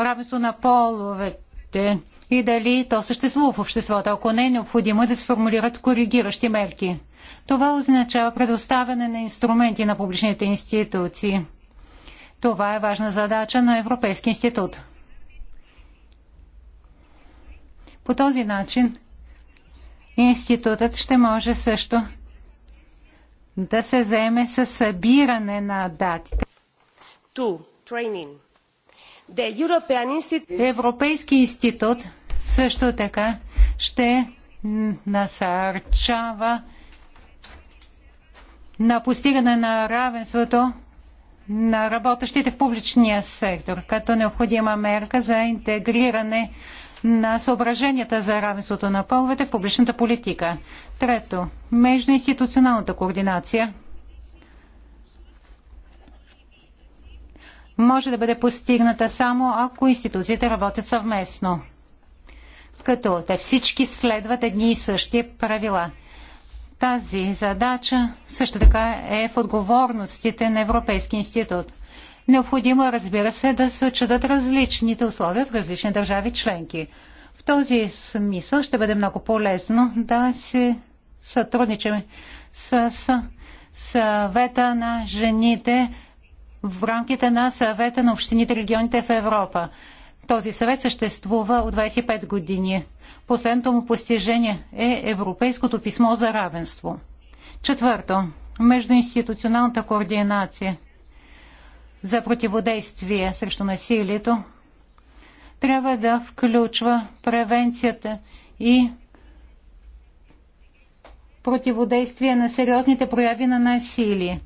равенство на половете и дали то съществува в обществото. Ако не е необходимо е да се формулират коригиращи мерки. Това означава предоставяне на инструменти на публичните институции. Това е важна задача на Европейски институт. По този начин институтът ще може също да се заеме с събиране на датите. Европейски институт също така ще насърчава на постигане на равенството на работещите в публичния сектор, като необходима мерка за интегриране на съображенията за равенството на половете в публичната политика. Трето, междуинституционалната координация може да бъде постигната само ако институциите работят съвместно, като те всички следват едни и същи правила. Тази задача също така е в отговорностите на Европейски институт – Необходимо е, разбира се, да се отчитат различните условия в различни държави членки. В този смисъл ще бъде много полезно да се сътрудничаме с съвета на жените в рамките на съвета на общините и регионите в Европа. Този съвет съществува от 25 години. Последното му постижение е Европейското писмо за равенство. Четвърто. Междуинституционалната координация за противодействие срещу насилието трябва да включва превенцията и противодействие на сериозните прояви на насилие.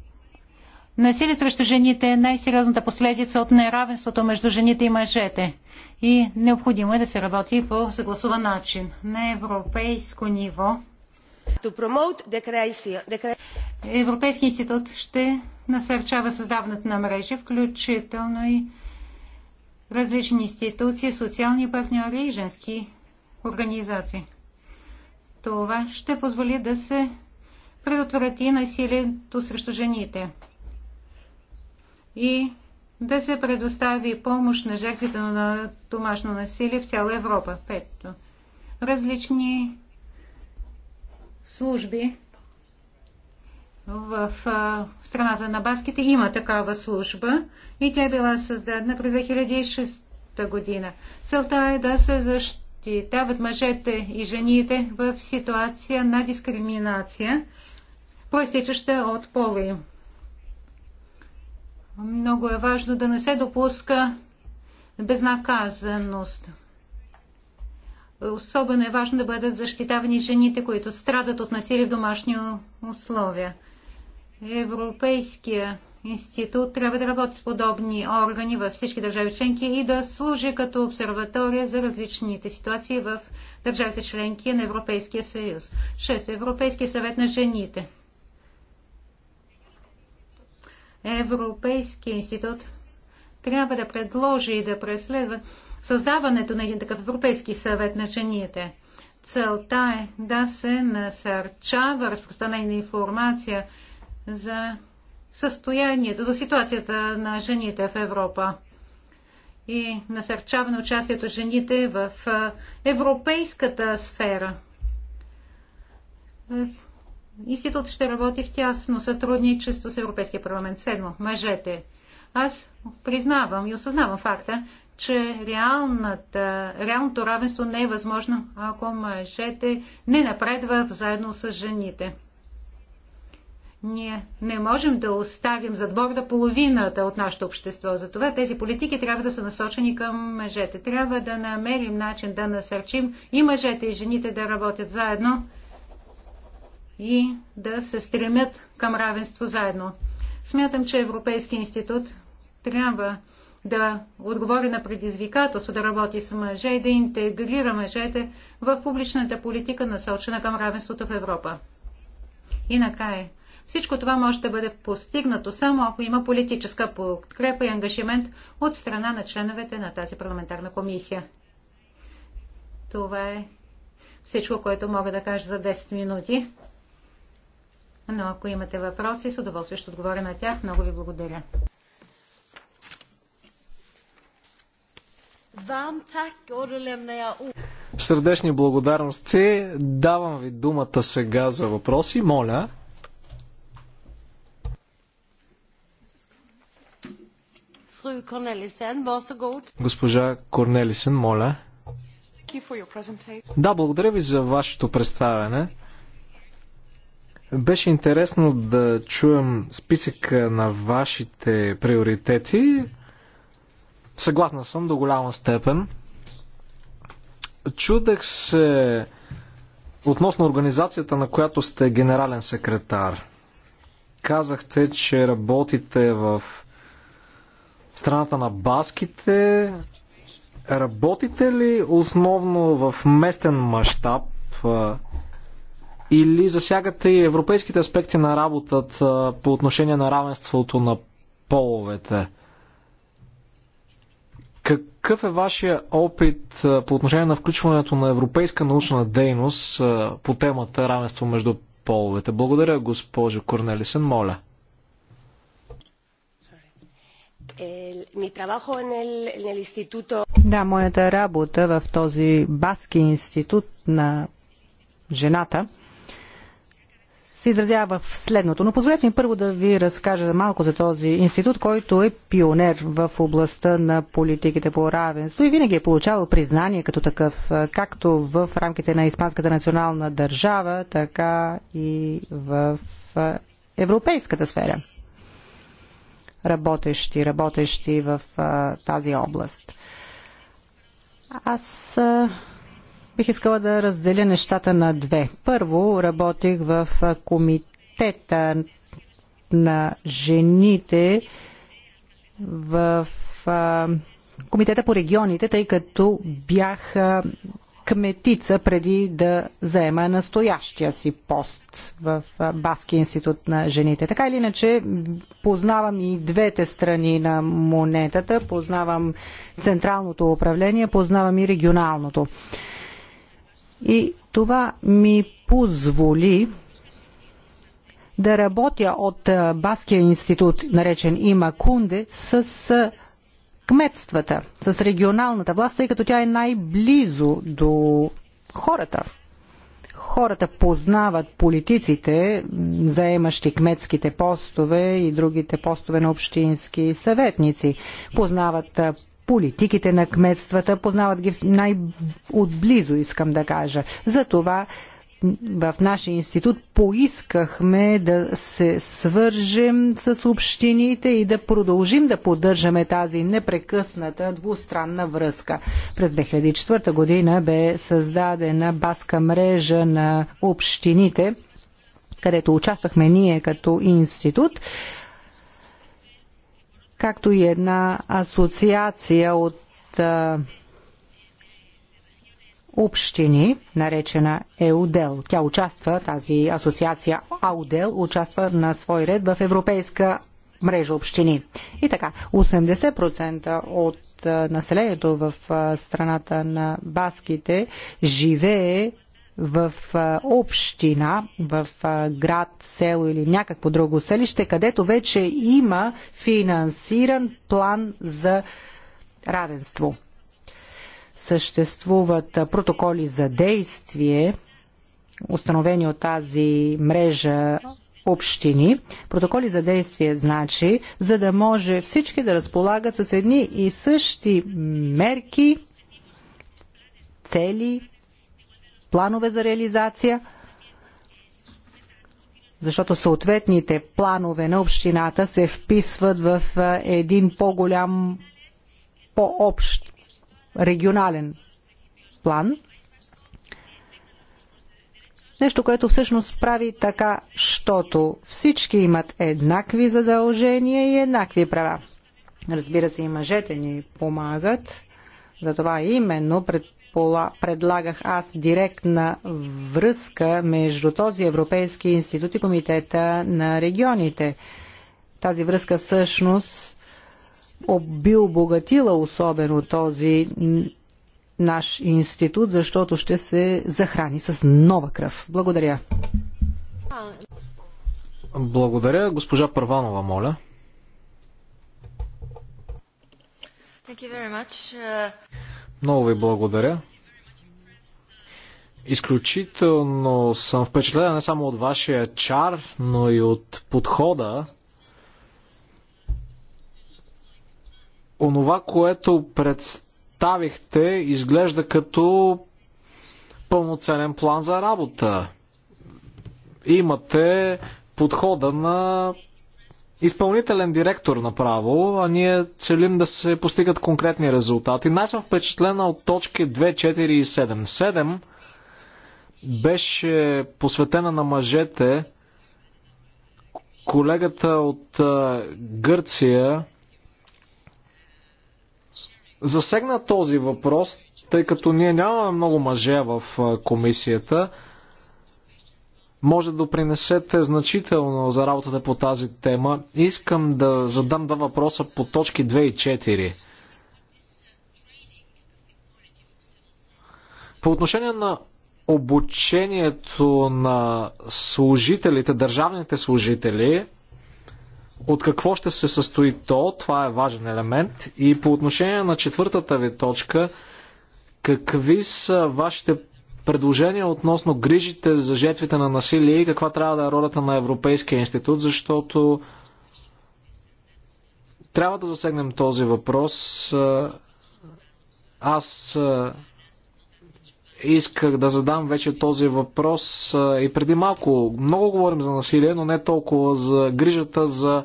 Насилие срещу жените е най-сериозната последица от неравенството между жените и мъжете. И необходимо е да се работи по съгласуван начин на европейско ниво. Европейски институт ще насърчава създаването на мрежи, включително и различни институции, социални партньори и женски организации. Това ще позволи да се предотврати насилието срещу жените и да се предостави помощ на жертвите на домашно насилие в цяла Европа. Пето. Различни служби в страната на баските има такава служба и тя е била създадена през 2006 година. Целта е да се защитават мъжете и жените в ситуация на дискриминация, проистичаща от пола им. Много е важно да не се допуска безнаказаност. Особено е важно да бъдат защитавани жените, които страдат от насилие в домашни условия. Европейския институт трябва да работи с подобни органи във всички държави членки и да служи като обсерватория за различните ситуации в държавите членки на Европейския съюз. Шесто. Европейския съвет на жените. Европейския институт трябва да предложи и да преследва създаването на един такъв Европейски съвет на жените. Целта е да се насърчава разпространение на информация – за състоянието, за ситуацията на жените в Европа и насърчаване участието жените в европейската сфера. Институт ще работи в тясно сътрудничество с Европейския парламент. Седмо, мъжете. Аз признавам и осъзнавам факта, че реалната, реалното равенство не е възможно, ако мъжете не напредват заедно с жените. Ние не можем да оставим зад борда половината от нашето общество. Затова тези политики трябва да са насочени към мъжете. Трябва да намерим начин да насърчим и мъжете и жените да работят заедно и да се стремят към равенство заедно. Смятам, че Европейски институт трябва да отговори на предизвикателство, да работи с мъже и да интегрира мъжете в публичната политика, насочена към равенството в Европа. И накрая, всичко това може да бъде постигнато само ако има политическа подкрепа и ангажимент от страна на членовете на тази парламентарна комисия. Това е всичко, което мога да кажа за 10 минути. Но ако имате въпроси, с удоволствие ще отговоря на тях. Много ви благодаря. Сърдечни благодарности. Давам ви думата сега за въпроси. Моля. Fru Корнелисен, Госпожа Корнелисен, моля. Да, благодаря ви за вашето представяне. Беше интересно да чуем списъка на вашите приоритети. Съгласна съм до голяма степен. Чудех се относно организацията, на която сте генерален секретар. Казахте, че работите в страната на баските. Работите ли основно в местен мащаб или засягате и европейските аспекти на работата по отношение на равенството на половете? Какъв е вашия опит по отношение на включването на европейска научна дейност по темата равенство между половете? Благодаря, госпожо Корнелисен, моля. Да, моята работа в този Баски институт на жената се изразява в следното. Но позволете ми първо да ви разкажа малко за този институт, който е пионер в областта на политиките по равенство и винаги е получавал признание като такъв, както в рамките на Испанската национална държава, така и в европейската сфера работещи, работещи в а, тази област. Аз а, бих искала да разделя нещата на две. Първо, работих в комитета на жените в а, Комитета по регионите, тъй като бях кметица преди да заема настоящия си пост в Баски институт на жените. Така или иначе, познавам и двете страни на монетата, познавам централното управление, познавам и регионалното. И това ми позволи да работя от Баския институт, наречен Има Кунде, с кметствата, с регионалната власт, тъй като тя е най-близо до хората. Хората познават политиците, заемащи кметските постове и другите постове на общински съветници. Познават политиките на кметствата, познават ги най-отблизо, искам да кажа. Затова в нашия институт поискахме да се свържем с общините и да продължим да поддържаме тази непрекъсната двустранна връзка. През 2004 година бе създадена баска мрежа на общините, където участвахме ние като институт както и една асоциация от общини, наречена ЕУДЕЛ. Тя участва, тази асоциация АУДЕЛ участва на свой ред в Европейска мрежа общини. И така, 80% от населението в страната на баските живее в община, в град, село или някакво друго селище, където вече има финансиран план за равенство съществуват протоколи за действие, установени от тази мрежа общини. Протоколи за действие значи, за да може всички да разполагат с едни и същи мерки, цели, планове за реализация, защото съответните планове на общината се вписват в един по-голям, по-общ регионален план. Нещо, което всъщност прави така, щото всички имат еднакви задължения и еднакви права. Разбира се, и мъжете ни помагат. Затова именно предлагах аз директна връзка между този Европейски институт и Комитета на регионите. Тази връзка всъщност би обогатила особено този наш институт, защото ще се захрани с нова кръв. Благодаря. Благодаря. Госпожа Първанова, моля. Много ви благодаря. Изключително съм впечатлен не само от вашия чар, но и от подхода, онова, което представихте, изглежда като пълноценен план за работа. Имате подхода на изпълнителен директор направо, а ние целим да се постигат конкретни резултати. Най съм впечатлена от точки 2, 4 и 7. 7 беше посветена на мъжете. Колегата от Гърция засегна този въпрос, тъй като ние нямаме много мъже в комисията. Може да принесете значително за работата по тази тема. Искам да задам два въпроса по точки 2 и 4. По отношение на обучението на служителите, държавните служители, от какво ще се състои то? Това е важен елемент. И по отношение на четвъртата ви точка, какви са вашите предложения относно грижите за жертвите на насилие и каква трябва да е ролята на Европейския институт, защото трябва да засегнем този въпрос. Аз исках да задам вече този въпрос и преди малко. Много говорим за насилие, но не толкова за грижата за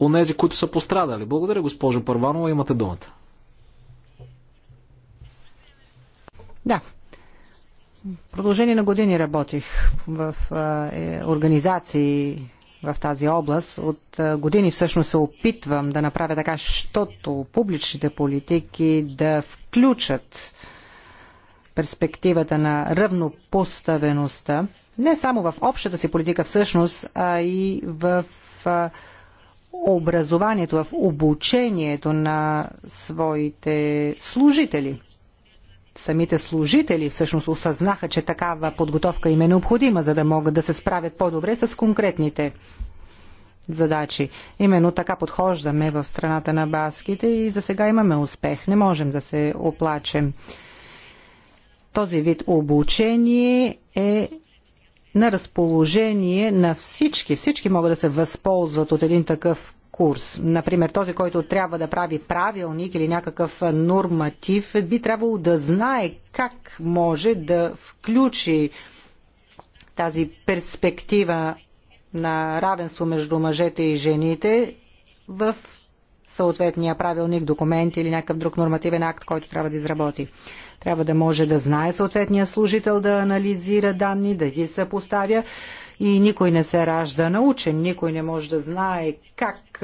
онези, които са пострадали. Благодаря, госпожо Първанова. Имате думата. Да. Продължение на години работих в е, организации в тази област. От години всъщност се опитвам да направя така, щото публичните политики да включат перспективата на равнопоставеността, не само в общата си политика всъщност, а и в образованието, в обучението на своите служители. Самите служители всъщност осъзнаха, че такава подготовка им е необходима, за да могат да се справят по-добре с конкретните задачи. Именно така подхождаме в страната на баските и за сега имаме успех. Не можем да се оплачем. Този вид обучение е на разположение на всички. Всички могат да се възползват от един такъв курс. Например, този, който трябва да прави правилник или някакъв норматив, би трябвало да знае как може да включи тази перспектива на равенство между мъжете и жените в съответния правилник, документ или някакъв друг нормативен акт, който трябва да изработи. Трябва да може да знае съответния служител да анализира данни, да ги съпоставя и никой не се ражда научен, никой не може да знае как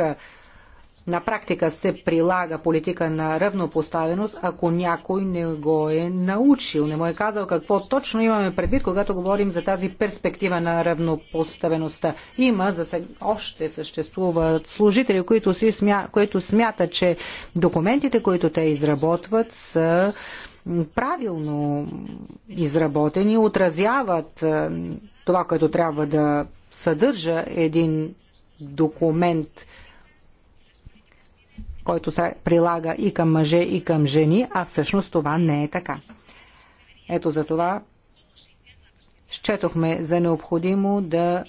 на практика се прилага политика на равнопоставеност, ако някой не го е научил, не му е казал какво точно имаме предвид, когато говорим за тази перспектива на равнопоставеността. Има, за сега, още съществуват служители, които, си смя... които смятат, че документите, които те изработват, са правилно изработени, отразяват е, това, което трябва да съдържа един документ, който се прилага и към мъже, и към жени, а всъщност това не е така. Ето за това счетохме за необходимо да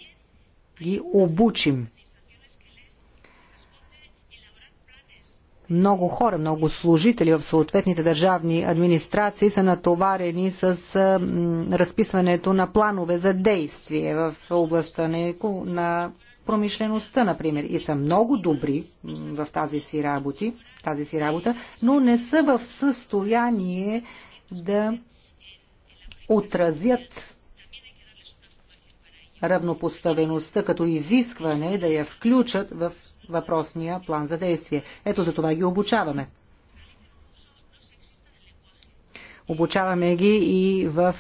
ги обучим много хора, много служители в съответните държавни администрации са натоварени с разписването на планове за действие в областта на промишлеността, например, и са много добри в тази си, работи, тази си работа, но не са в състояние да отразят равнопоставеността като изискване да я включат в въпросния план за действие. Ето за това ги обучаваме. Обучаваме ги и в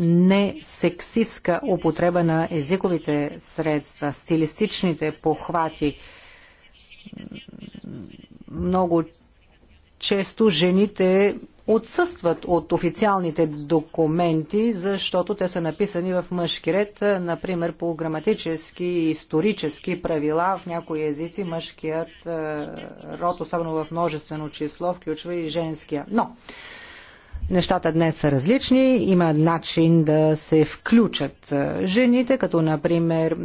несексистка употреба на езиковите средства, стилистичните похвати. Много често жените отсъстват от официалните документи, защото те са написани в мъжки ред, например по граматически и исторически правила в някои езици мъжкият е, род, особено в множествено число, включва и женския. Но Нещата днес са различни, има начин да се включат жените, като например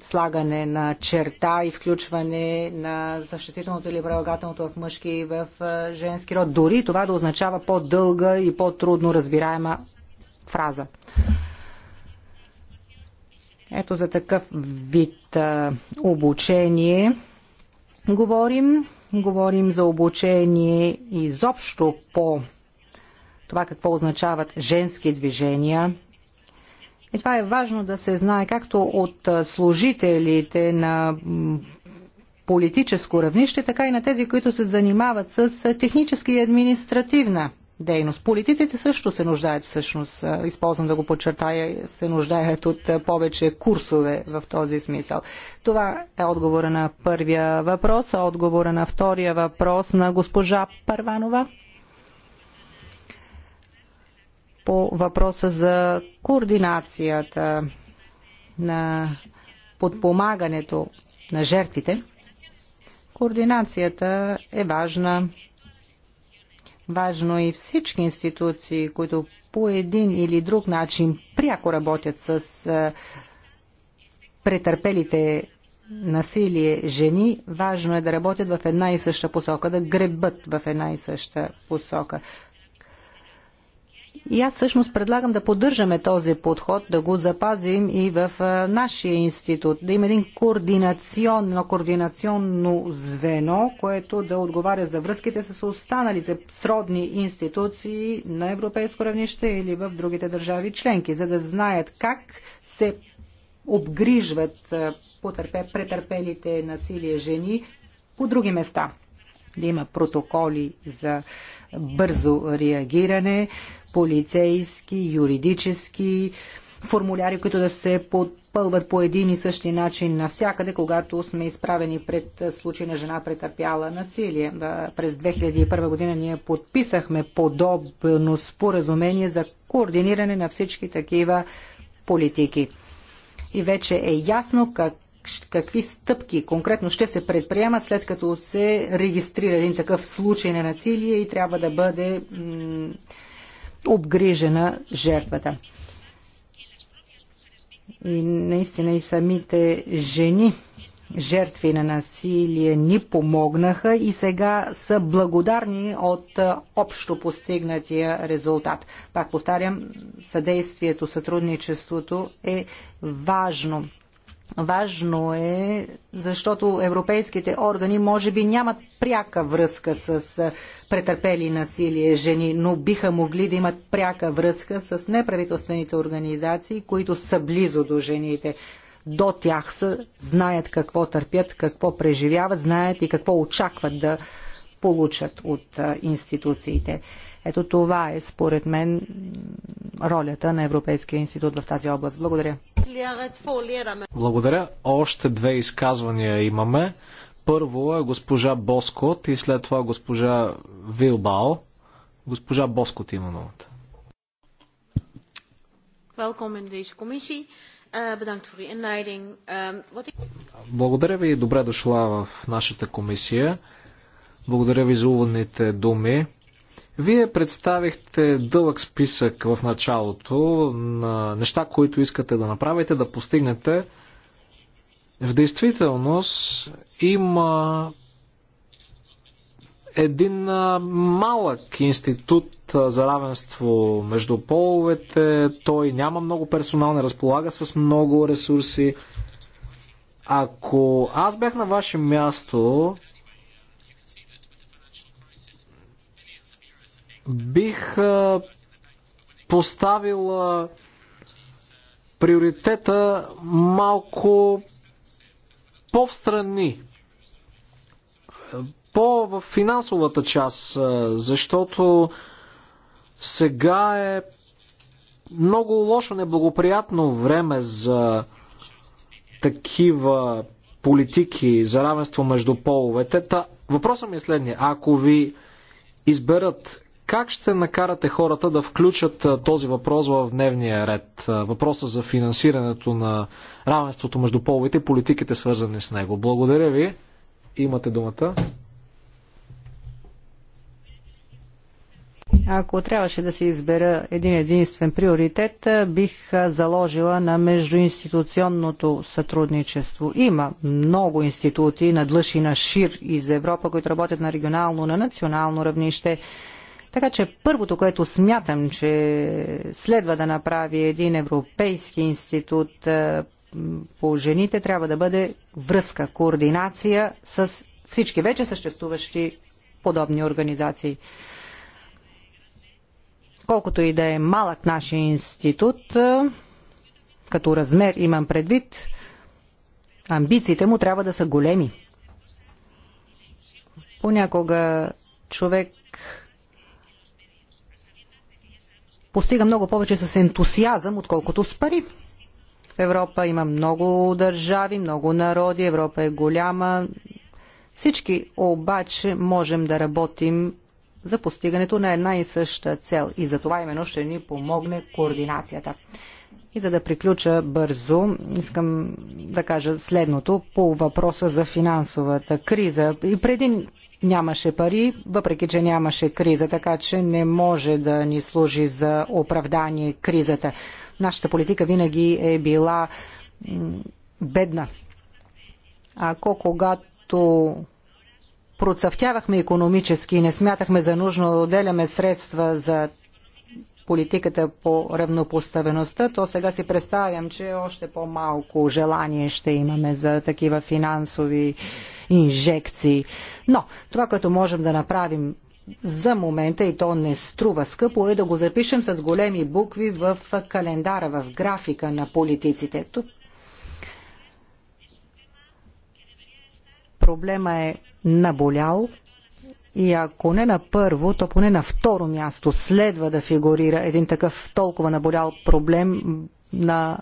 слагане на черта и включване на съществителното или прелагателното в мъжки и в женски род. Дори това да означава по-дълга и по-трудно разбираема фраза. Ето за такъв вид а, обучение говорим. Говорим за обучение изобщо по това какво означават женски движения. И това е важно да се знае както от служителите на политическо равнище, така и на тези, които се занимават с технически и административна дейност. Политиците също се нуждаят всъщност, използвам да го подчертая, се нуждаят от повече курсове в този смисъл. Това е отговора на първия въпрос, а отговора на втория въпрос на госпожа Парванова по въпроса за координацията на подпомагането на жертвите. Координацията е важна. Важно е и всички институции, които по един или друг начин пряко работят с е, претърпелите насилие жени, важно е да работят в една и съща посока, да гребат в една и съща посока. И аз всъщност предлагам да поддържаме този подход, да го запазим и в нашия институт, да има един координационно, координационно звено, което да отговаря за връзките с останалите сродни институции на европейско равнище или в другите държави членки, за да знаят как се обгрижват потърпе, претърпелите насилие жени по други места. Да има протоколи за бързо реагиране, полицейски, юридически формуляри, които да се подпълват по един и същи начин навсякъде, когато сме изправени пред случай на жена претърпяла насилие. През 2001 година ние подписахме подобно споразумение за координиране на всички такива политики. И вече е ясно как какви стъпки конкретно ще се предприемат след като се регистрира един такъв случай на насилие и трябва да бъде обгрижена жертвата. И наистина и самите жени, жертви на насилие, ни помогнаха и сега са благодарни от общо постигнатия резултат. Пак повтарям, съдействието, сътрудничеството е важно. Важно е, защото европейските органи може би нямат пряка връзка с претърпели насилие жени, но биха могли да имат пряка връзка с неправителствените организации, които са близо до жените. До тях са, знаят какво търпят, какво преживяват, знаят и какво очакват да получат от институциите. Ето това е според мен ролята на Европейския институт в тази област. Благодаря. Благодаря. Още две изказвания имаме. Първо е госпожа Боскот и след това госпожа Вилбао. Госпожа Боскот има новата. Welkom in deze commissie. Eh, bedankt voor uw inleiding. Ehm, Благодаря ви и добре дошла в нашата комисия. Благодаря ви за уводните думи. Вие представихте дълъг списък в началото на неща, които искате да направите, да постигнете. В действителност има един малък институт за равенство между половете. Той няма много персонал, не разполага с много ресурси. Ако аз бях на ваше място, Бих а, приоритета малко по-встрани, по в финансовата част, защото сега е много лошо, неблагоприятно време за такива политики за равенство между половете. Та, въпросът ми е следния. Ако ви изберат как ще накарате хората да включат този въпрос в дневния ред? Въпроса за финансирането на равенството между половите и политиките свързани с него. Благодаря ви. Имате думата. Ако трябваше да се избера един единствен приоритет, бих заложила на междуинституционното сътрудничество. Има много институти на на шир из Европа, които работят на регионално, на национално равнище така че първото, което смятам, че следва да направи един европейски институт е, по жените, трябва да бъде връзка, координация с всички вече съществуващи подобни организации. Колкото и да е малък нашия институт, е, като размер имам предвид, амбициите му трябва да са големи. Понякога човек постига много повече с ентусиазъм, отколкото с пари. В Европа има много държави, много народи, Европа е голяма. Всички обаче можем да работим за постигането на една и съща цел. И за това именно ще ни помогне координацията. И за да приключа бързо, искам да кажа следното по въпроса за финансовата криза. И преди нямаше пари, въпреки че нямаше криза, така че не може да ни служи за оправдание кризата. Нашата политика винаги е била бедна. Ако когато процъфтявахме економически и не смятахме за нужно да отделяме средства за политиката по равнопоставеността, то сега си представям, че още по-малко желание ще имаме за такива финансови инжекции. Но това, което можем да направим за момента, и то не струва скъпо, е да го запишем с големи букви в календара, в графика на политиците. Тук проблема е наболял и ако не на първо, то поне на второ място следва да фигурира един такъв толкова наболял проблем на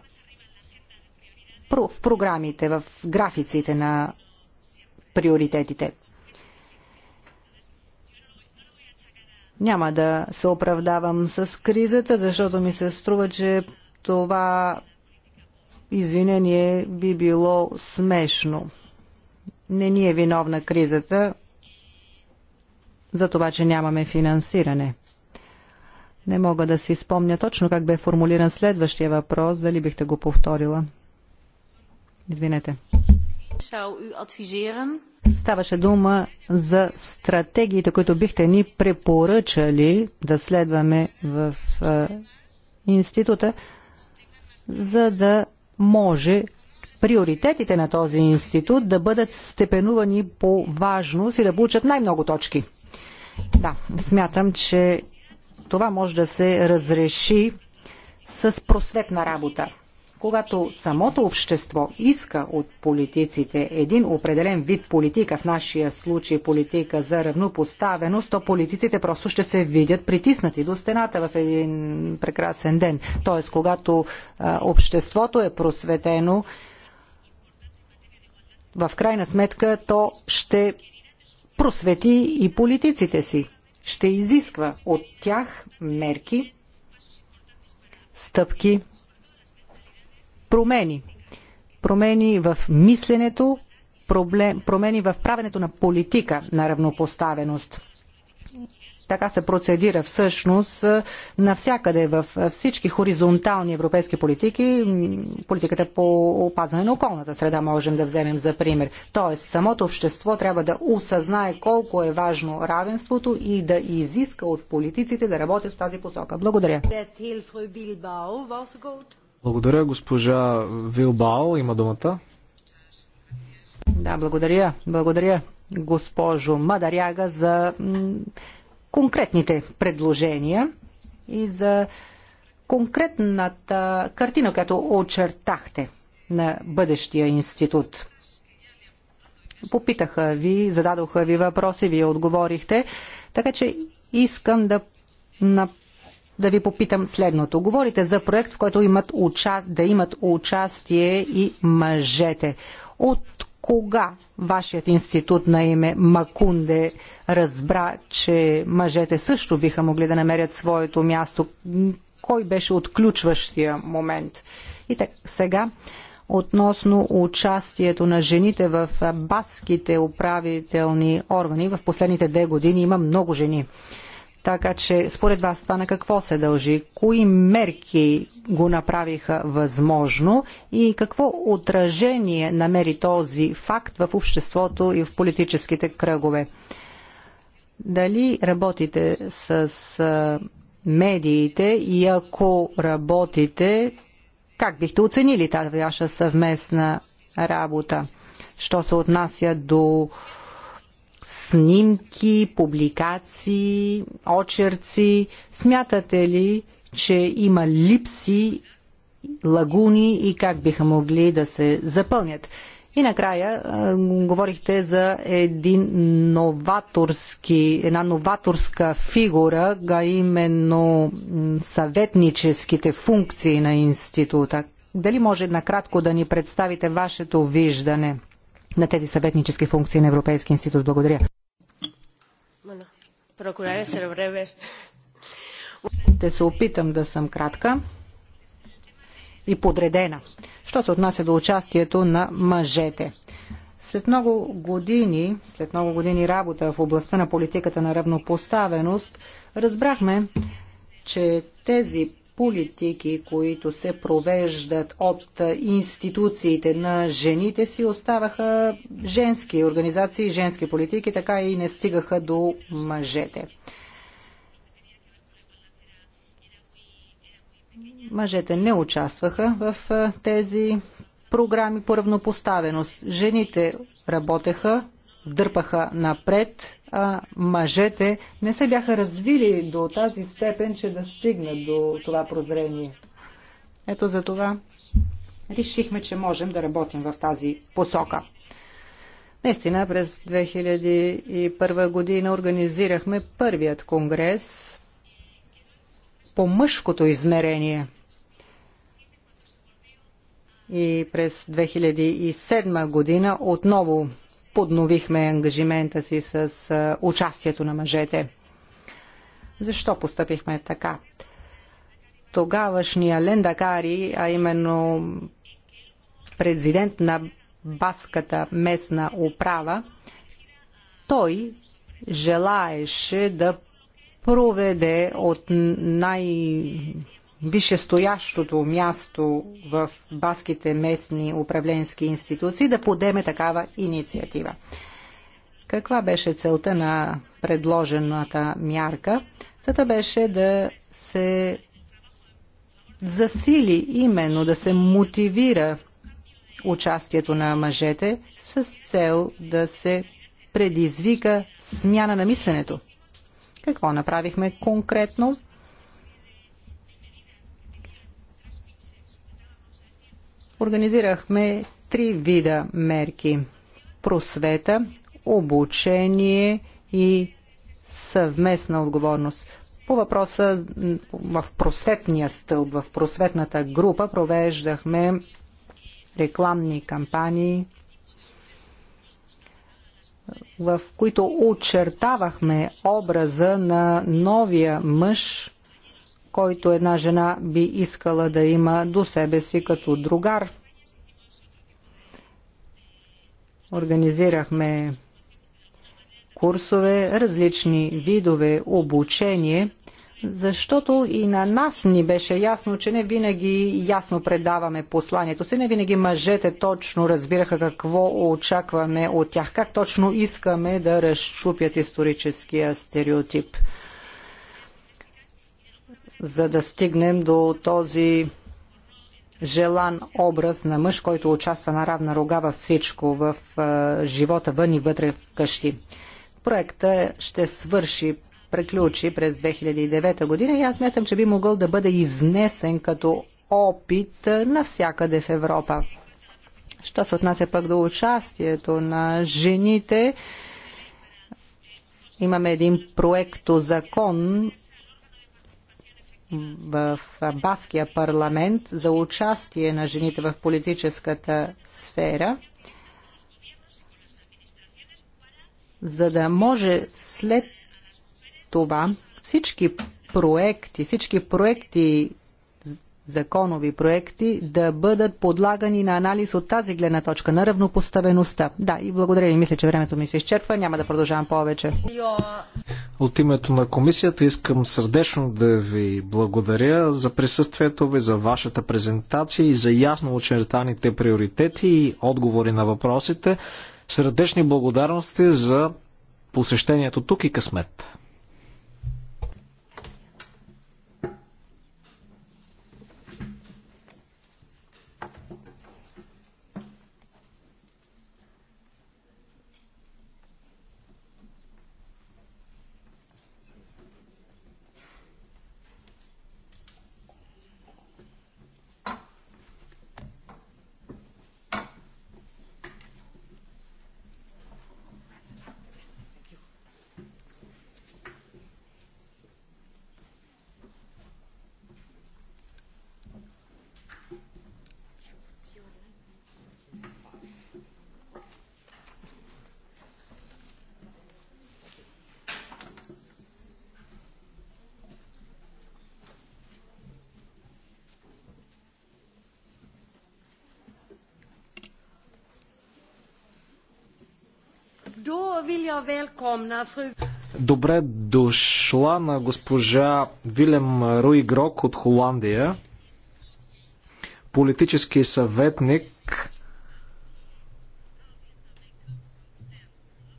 в програмите, в графиците на приоритетите. Няма да се оправдавам с кризата, защото ми се струва, че това извинение би било смешно. Не ни е виновна кризата за това, че нямаме финансиране. Не мога да си спомня точно как бе формулиран следващия въпрос. Дали бихте го повторила? Извинете. Ставаше дума за стратегиите, които бихте ни препоръчали да следваме в института, за да може приоритетите на този институт да бъдат степенувани по важност и да получат най-много точки. Да, смятам, че това може да се разреши с просветна работа когато самото общество иска от политиците един определен вид политика, в нашия случай политика за равнопоставеност, то политиците просто ще се видят притиснати до стената в един прекрасен ден. Тоест, когато а, обществото е просветено, в крайна сметка то ще просвети и политиците си. Ще изисква от тях мерки, стъпки, промени. Промени в мисленето, промени в правенето на политика на равнопоставеност. Така се процедира всъщност навсякъде в всички хоризонтални европейски политики. Политиката по опазване на околната среда можем да вземем за пример. Тоест, самото общество трябва да осъзнае колко е важно равенството и да изиска от политиците да работят в тази посока. Благодаря. Благодаря, госпожа Вилбао. Има думата. Да, благодаря. Благодаря, госпожо Мадаряга, за конкретните предложения и за конкретната картина, която очертахте на бъдещия институт. Попитаха ви, зададоха ви въпроси, вие отговорихте, така че искам да направя да ви попитам следното. Говорите за проект, в който имат уча... да имат участие и мъжете. От кога вашият институт на име Макунде разбра, че мъжете също биха могли да намерят своето място? Кой беше отключващия момент? И така, сега относно участието на жените в баските управителни органи. В последните две години има много жени. Така че, според вас, това на какво се дължи? Кои мерки го направиха възможно и какво отражение намери този факт в обществото и в политическите кръгове? Дали работите с медиите и ако работите, как бихте оценили тази ваша съвместна работа? Що се отнася до снимки, публикации, очерци. Смятате ли, че има липси, лагуни и как биха могли да се запълнят? И накрая говорихте за един новаторски, една новаторска фигура, а именно съветническите функции на института. Дали може накратко да ни представите вашето виждане? на тези съветнически функции на Европейски институт. Благодаря. Ще се опитам да съм кратка и подредена. Що се отнася до участието на мъжете? След много години, след много години работа в областта на политиката на равнопоставеност, разбрахме, че тези политики, които се провеждат от институциите на жените си, оставаха женски организации, женски политики, така и не стигаха до мъжете. Мъжете не участваха в тези програми по равнопоставеност. Жените работеха дърпаха напред, а мъжете не се бяха развили до тази степен, че да стигнат до това прозрение. Ето за това решихме, че можем да работим в тази посока. Наистина, през 2001 година организирахме първият конгрес по мъжкото измерение. И през 2007 година отново подновихме ангажимента си с участието на мъжете. Защо постъпихме така? Тогавашния Лендакари, а именно президент на Баската местна управа, той желаеше да проведе от най- висшестоящото място в баските местни управленски институции да подеме такава инициатива. Каква беше целта на предложената мярка? Целта беше да се засили именно, да се мотивира участието на мъжете с цел да се предизвика смяна на мисленето. Какво направихме конкретно? организирахме три вида мерки – просвета, обучение и съвместна отговорност. По въпроса в просветния стълб, в просветната група провеждахме рекламни кампании, в които очертавахме образа на новия мъж, който една жена би искала да има до себе си като другар. Организирахме курсове, различни видове обучение, защото и на нас ни беше ясно, че не винаги ясно предаваме посланието си, не винаги мъжете точно разбираха какво очакваме от тях, как точно искаме да разчупят историческия стереотип за да стигнем до този желан образ на мъж, който участва на равна рога във всичко, в живота вън и вътре в къщи. Проекта ще свърши, преключи през 2009 година и аз мятам, че би могъл да бъде изнесен като опит навсякъде в Европа. Що се отнася пък до участието на жените, имаме един проекто закон в Баския парламент за участие на жените в политическата сфера, за да може след това всички проекти, всички проекти законови проекти да бъдат подлагани на анализ от тази гледна точка на равнопоставеността. Да, и благодаря ви. Мисля, че времето ми се изчерпва. Няма да продължавам повече. От името на комисията искам сърдечно да ви благодаря за присъствието ви, за вашата презентация и за ясно очертаните приоритети и отговори на въпросите. Сърдечни благодарности за посещението тук и късмет. Добре дошла на госпожа Вилем Руи Грок от Холандия, политически съветник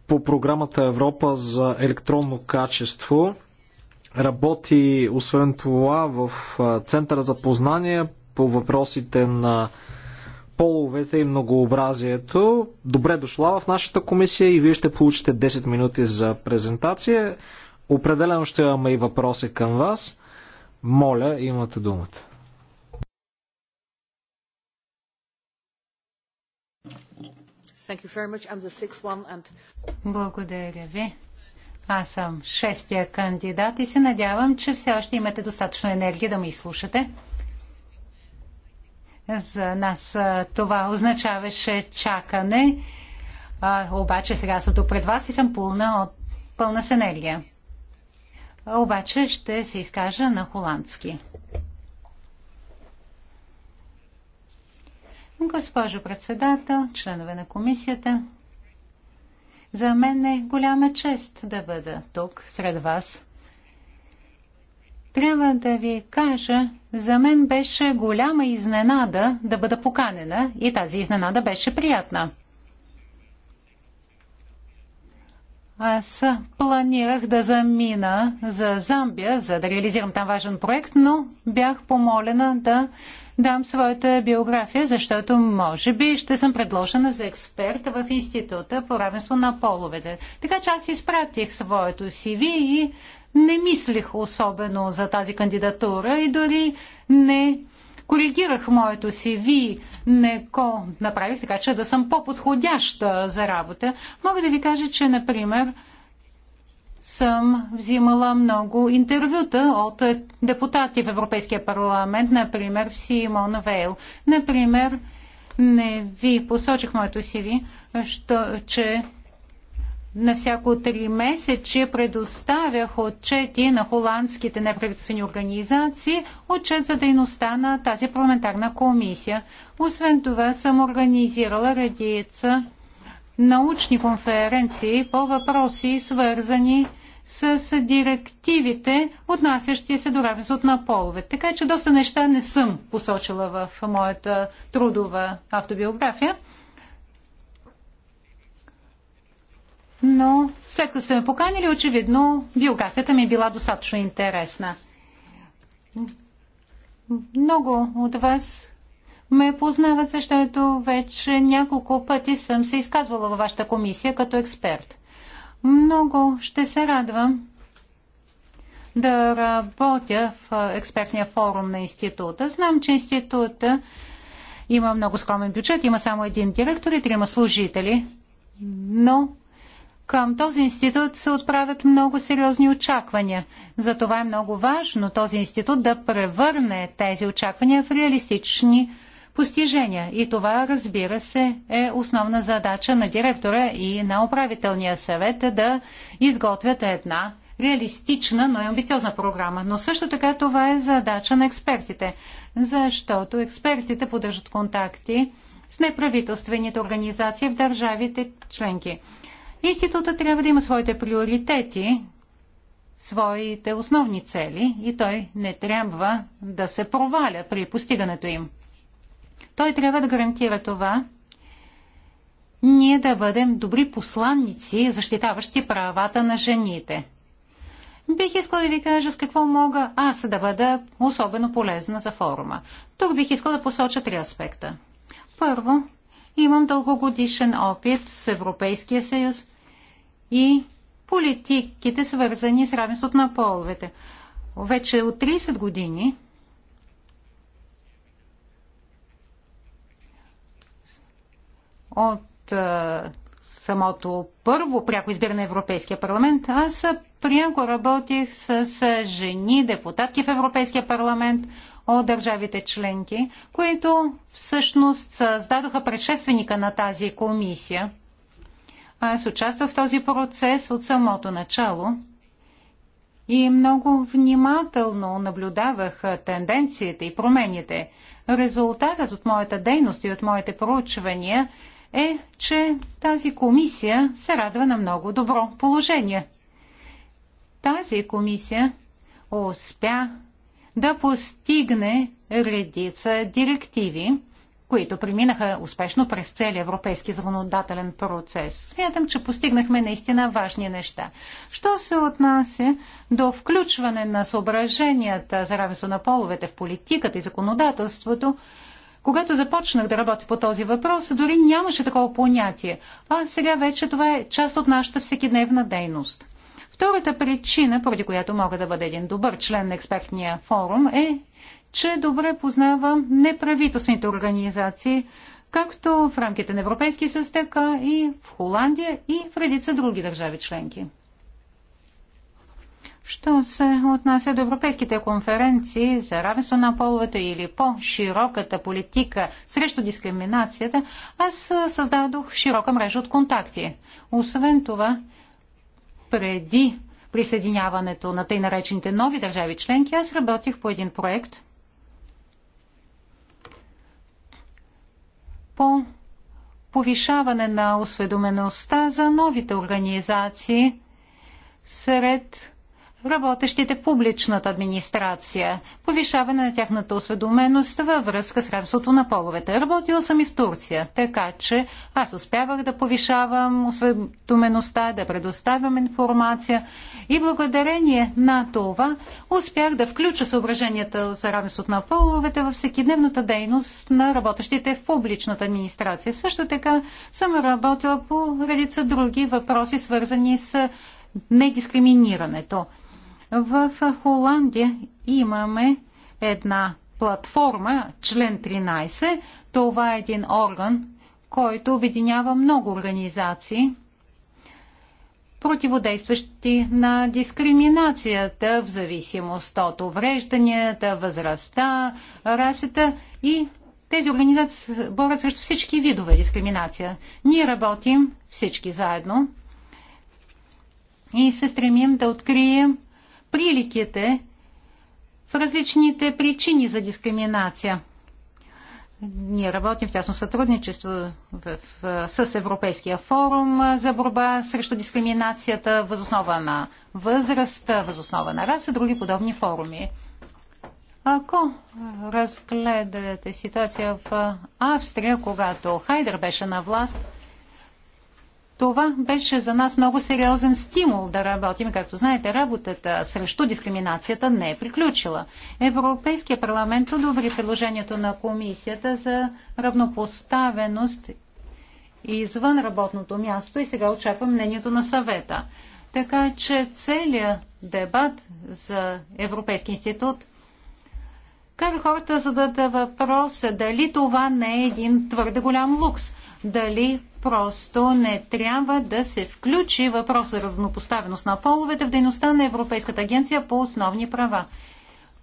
по програмата Европа за електронно качество. Работи освен това в Центъра за познания по въпросите на половете и многообразието. Добре дошла в нашата комисия и вие ще получите 10 минути за презентация. Определено ще имаме и въпроси към вас. Моля, имате думата. Благодаря ви. Аз съм шестия кандидат и се надявам, че все още имате достатъчно енергия да ме изслушате. За нас това означаваше чакане, а, обаче сега съм тук пред вас и съм пълна, от, пълна с енергия. А, обаче ще се изкажа на холандски. Госпожо председател, членове на комисията, за мен е голяма чест да бъда тук сред вас. Трябва да ви кажа, за мен беше голяма изненада да бъда поканена и тази изненада беше приятна. Аз планирах да замина за Замбия, за да реализирам там важен проект, но бях помолена да дам своята биография, защото може би ще съм предложена за експерт в Института по равенство на половете. Така че аз изпратих своето CV и не мислех особено за тази кандидатура и дори не коригирах моето си ви, не ко направих така, че да съм по-подходяща за работа. Мога да ви кажа, че, например, съм взимала много интервюта от депутати в Европейския парламент, например в Симон Вейл. Например, не ви посочих моето си ви, що, че на всяко три месече предоставях отчети на холандските неправителствени организации, отчет за дейността на тази парламентарна комисия. Освен това съм организирала редица научни конференции по въпроси, свързани с директивите, отнасящи се до равенството на полове. Така че доста неща не съм посочила в моята трудова автобиография. но след като сте ме поканили, очевидно биографията ми е била достатъчно интересна. Много от вас ме познават, защото вече няколко пъти съм се изказвала във вашата комисия като експерт. Много ще се радвам да работя в експертния форум на института. Знам, че института има много скромен бюджет, има само един директор и трима служители, но към този институт се отправят много сериозни очаквания. Затова е много важно този институт да превърне тези очаквания в реалистични постижения. И това, разбира се, е основна задача на директора и на управителния съвет да изготвят една реалистична, но и амбициозна програма. Но също така това е задача на експертите, защото експертите поддържат контакти с неправителствените организации в държавите членки. Института трябва да има своите приоритети, своите основни цели и той не трябва да се проваля при постигането им. Той трябва да гарантира това, ние да бъдем добри посланници, защитаващи правата на жените. Бих искала да ви кажа с какво мога аз да бъда особено полезна за форума. Тук бих искала да посоча три аспекта. Първо, имам дългогодишен опит с Европейския съюз – и политиките, свързани с равенството на половете. Вече от 30 години от самото първо пряко избиране на Европейския парламент, аз пряко работих с, с жени депутатки в Европейския парламент от държавите членки, които всъщност създадоха предшественика на тази комисия – аз участвах в този процес от самото начало и много внимателно наблюдавах тенденциите и промените. Резултатът от моята дейност и от моите проучвания е, че тази комисия се радва на много добро положение. Тази комисия успя да постигне редица директиви, които преминаха успешно през целия европейски законодателен процес. Смятам, че постигнахме наистина важни неща. Що се отнася до включване на съображенията за равенство на половете в политиката и законодателството, когато започнах да работя по този въпрос, дори нямаше такова понятие, а сега вече това е част от нашата всекидневна дейност. Втората причина, поради която мога да бъда един добър член на експертния форум, е, че добре познавам неправителствените организации, както в рамките на Европейския съюз, така и в Холандия и в редица други държави членки. Що се отнася до европейските конференции за равенство на половете или по-широката политика срещу дискриминацията, аз създадох широка мрежа от контакти. Освен това, преди присъединяването на тъй наречените нови държави членки, аз работих по един проект, по повишаване на осведомеността за новите организации сред работещите в публичната администрация, повишаване на тяхната осведоменост във връзка с равенството на половете. Работила съм и в Турция, така че аз успявах да повишавам осведомеността, да предоставям информация и благодарение на това успях да включа съображенията за равенството на половете във всекидневната дейност на работещите в публичната администрация. Също така съм работила по редица други въпроси, свързани с недискриминирането – в Холандия имаме една платформа, член 13. Това е един орган, който обединява много организации, противодействащи на дискриминацията в зависимост от уврежданията, възрастта, расата и тези организации борят срещу всички видове дискриминация. Ние работим всички заедно и се стремим да открием приликите в различните причини за дискриминация. Ние работим в тясно сътрудничество в, в, с Европейския форум за борба срещу дискриминацията, възоснова на възраст, възоснова на раса, други подобни форуми. Ако разгледате ситуация в Австрия, когато Хайдер беше на власт, това беше за нас много сериозен стимул да работим. Както знаете, работата срещу дискриминацията не е приключила. Европейския парламент одобри предложението на комисията за равнопоставеност извън работното място и сега очаквам мнението на съвета. Така че целият дебат за Европейски институт кара хората да зададат въпроса дали това не е един твърде голям лукс, дали просто не трябва да се включи въпрос за равнопоставеност на половете в дейността на Европейската агенция по основни права.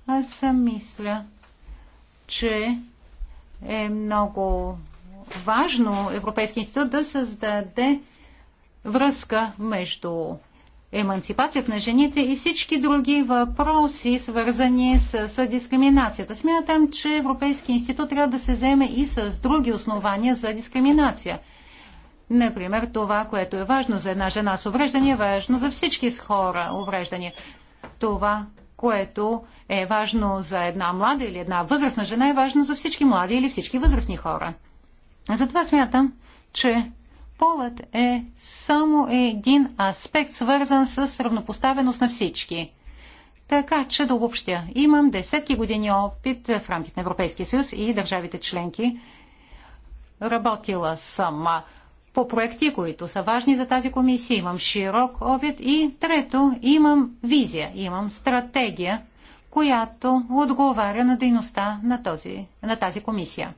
Аз мисля, че е много важно Европейски институт да създаде връзка между еманципацията на жените и всички други въпроси, свързани с, с дискриминацията. Смятам, че Европейски институт трябва да се вземе и с други основания за дискриминация – Например, това, което е важно за една жена с увреждане, е важно за всички с хора увреждания. Това, което е важно за една млада или една възрастна жена, е важно за всички млади или всички възрастни хора. Затова смятам, че полът е само един аспект, свързан с равнопоставеност на всички. Така че да обобщя, имам десетки години опит в рамките на Европейския съюз и държавите членки. Работила съм по проекти, които са важни за тази комисия. Имам широк опит и трето, имам визия, имам стратегия, която отговаря на дейността на, този, на тази комисия.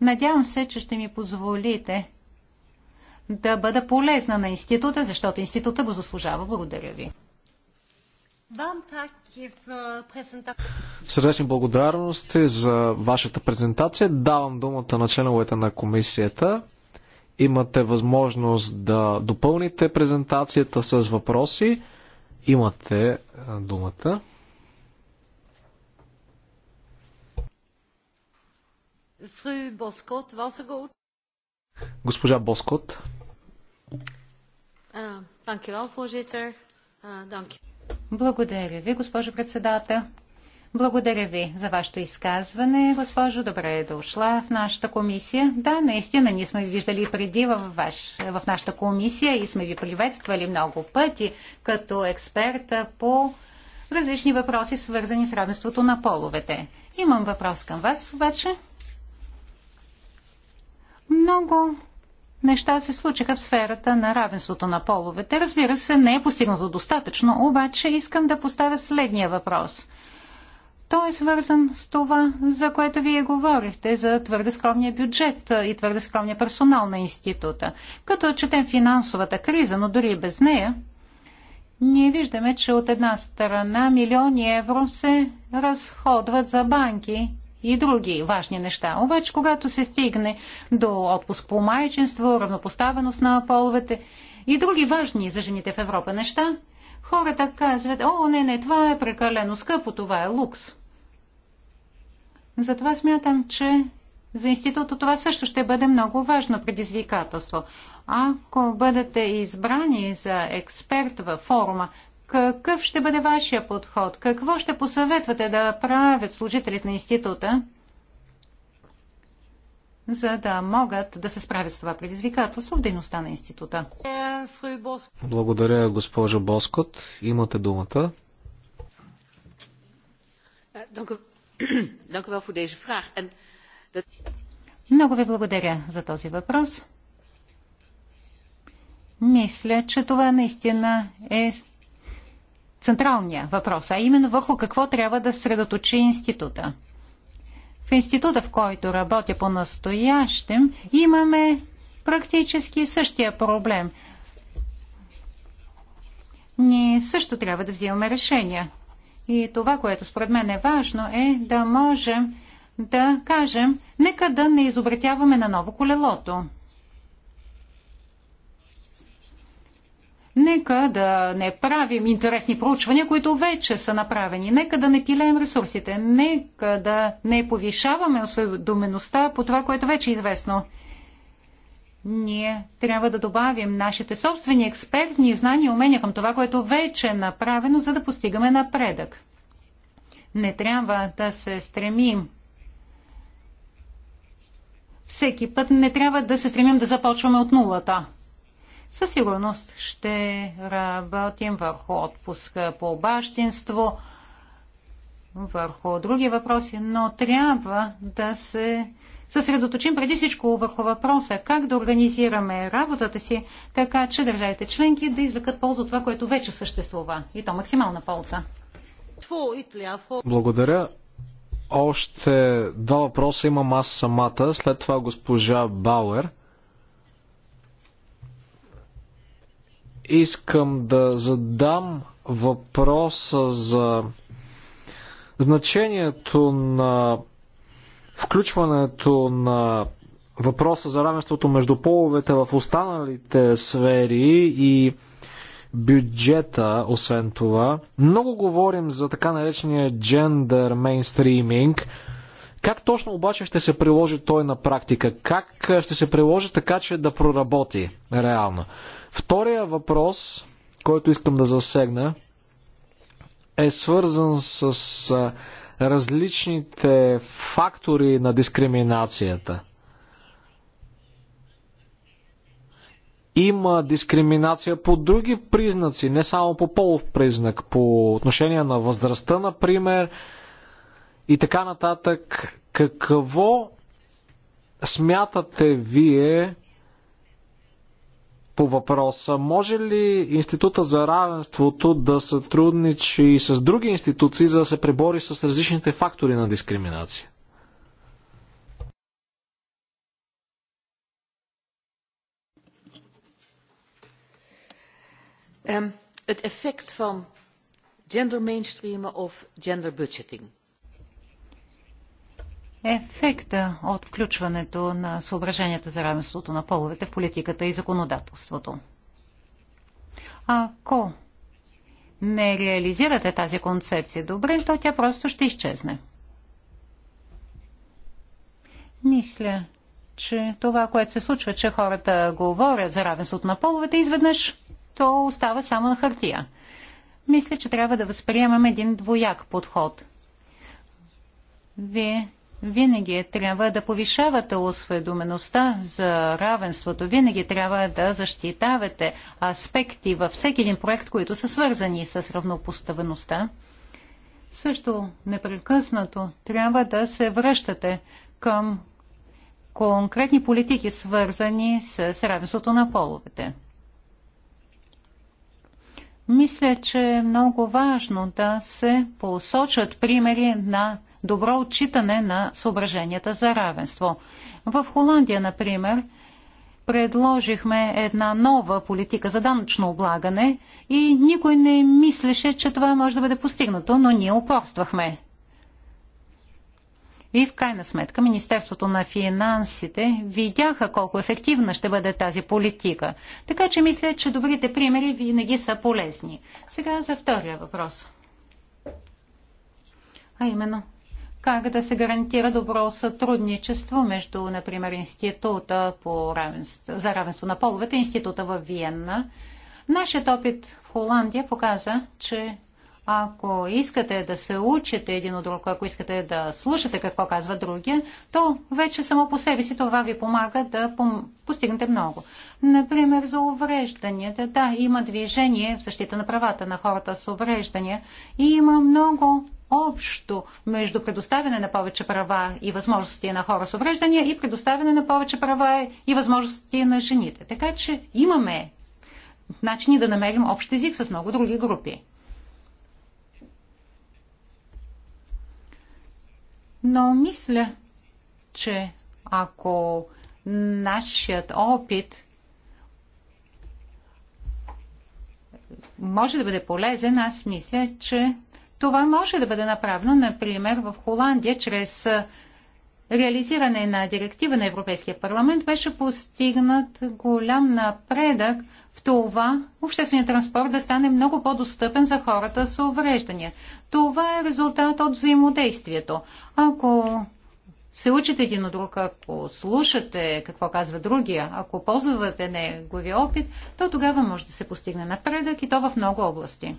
Надявам се, че ще ми позволите да бъда полезна на института, защото института го заслужава. Благодаря ви. Сърдечни благодарности за вашата презентация. Давам думата на членовете на комисията. Имате възможност да допълните презентацията с въпроси. Имате е, думата. Е Госпожа Боскот. Благодаря ви, госпожо председател. Благодаря ви за вашето изказване, госпожо. Добре е дошла в нашата комисия. Да, наистина, ние сме ви виждали преди в, ваш, в нашата комисия и сме ви приветствали много пъти като експерта по различни въпроси, свързани с равенството на половете. Имам въпрос към вас, обаче. Много неща се случиха в сферата на равенството на половете. Разбира се, не е постигнато достатъчно, обаче искам да поставя следния въпрос – той е свързан с това, за което вие говорихте, за твърде скромния бюджет и твърде скромния персонал на института. Като четем финансовата криза, но дори и без нея, ние виждаме, че от една страна милиони евро се разходват за банки и други важни неща. Обаче, когато се стигне до отпуск по майчинство, равнопоставеност на половете и други важни за жените в Европа неща, хората казват, о, не, не, това е прекалено скъпо, това е лукс. Затова смятам, че за института това също ще бъде много важно предизвикателство. Ако бъдете избрани за експерт във форума, какъв ще бъде вашия подход? Какво ще посъветвате да правят служителите на института, за да могат да се справят с това предизвикателство в дейността на института? Благодаря, госпожо Боскот. Имате думата. Е, Много ви благодаря за този въпрос. Мисля, че това наистина е централния въпрос, а именно върху какво трябва да средоточи института. В института, в който работя по-настоящем, имаме практически същия проблем. Ние също трябва да взимаме решения. И това, което според мен е важно, е да можем да кажем, нека да не изобретяваме на ново колелото. Нека да не правим интересни проучвания, които вече са направени. Нека да не пилеем ресурсите. Нека да не повишаваме осведомеността по това, което вече е известно ние трябва да добавим нашите собствени експертни знания и умения към това, което вече е направено, за да постигаме напредък. Не трябва да се стремим. Всеки път не трябва да се стремим да започваме от нулата. Със сигурност ще работим върху отпуска по бащинство, върху други въпроси, но трябва да се съсредоточим преди всичко върху въпроса как да организираме работата си, така че държавите членки да извлекат полза от това, което вече съществува. И то максимална полза. Благодаря. Още два въпроса имам аз самата, след това госпожа Бауер. Искам да задам въпроса за значението на включването на въпроса за равенството между половете в останалите сфери и бюджета, освен това. Много говорим за така наречения джендър мейнстриминг. Как точно обаче ще се приложи той на практика? Как ще се приложи така, че да проработи реално? Втория въпрос, който искам да засегна, е свързан с различните фактори на дискриминацията. Има дискриминация по други признаци, не само по полов признак, по отношение на възрастта, например, и така нататък. Какво смятате вие по въпроса. Може ли Института за равенството да сътрудничи и с други институции, за да се пребори с различните фактори на дискриминация? Um, het effect van mainstreamen of budgeting – ефекта от включването на съображенията за равенството на половете в политиката и законодателството. Ако не реализирате тази концепция добре, то тя просто ще изчезне. Мисля, че това, което се случва, че хората говорят за равенството на половете, изведнъж то остава само на хартия. Мисля, че трябва да възприемам един двояк подход. Вие винаги трябва да повишавате осведомеността за равенството. Винаги трябва да защитавате аспекти във всеки един проект, които са свързани с равнопоставеността. Също непрекъснато трябва да се връщате към конкретни политики, свързани с равенството на половете. Мисля, че е много важно да се посочат примери на добро отчитане на съображенията за равенство. В Холандия, например, предложихме една нова политика за данъчно облагане и никой не мислеше, че това може да бъде постигнато, но ние упорствахме. И в крайна сметка Министерството на финансите видяха колко ефективна ще бъде тази политика. Така че мисля, че добрите примери винаги са полезни. Сега за втория въпрос. А именно как да се гарантира добро сътрудничество между, например, Института по равенство, за равенство на половете и Института в Виенна. Нашият опит в Холандия показа, че ако искате да се учите един от друг, ако искате да слушате какво казва другия, то вече само по себе си това ви помага да пом... постигнете много. Например, за уврежданията. Да, има движение в защита на правата на хората с увреждания и има много общо между предоставяне на повече права и възможности на хора с увреждания и предоставяне на повече права и възможности на жените. Така че имаме начини да намерим общ език с много други групи. Но мисля, че ако нашият опит може да бъде полезен, аз мисля, че това може да бъде направено, например, в Холандия, чрез реализиране на директива на Европейския парламент беше постигнат голям напредък в това общественият транспорт да стане много по-достъпен за хората с увреждания. Това е резултат от взаимодействието. Ако се учите един от друг, ако слушате какво казва другия, ако ползвате неговия опит, то тогава може да се постигне напредък и то в много области.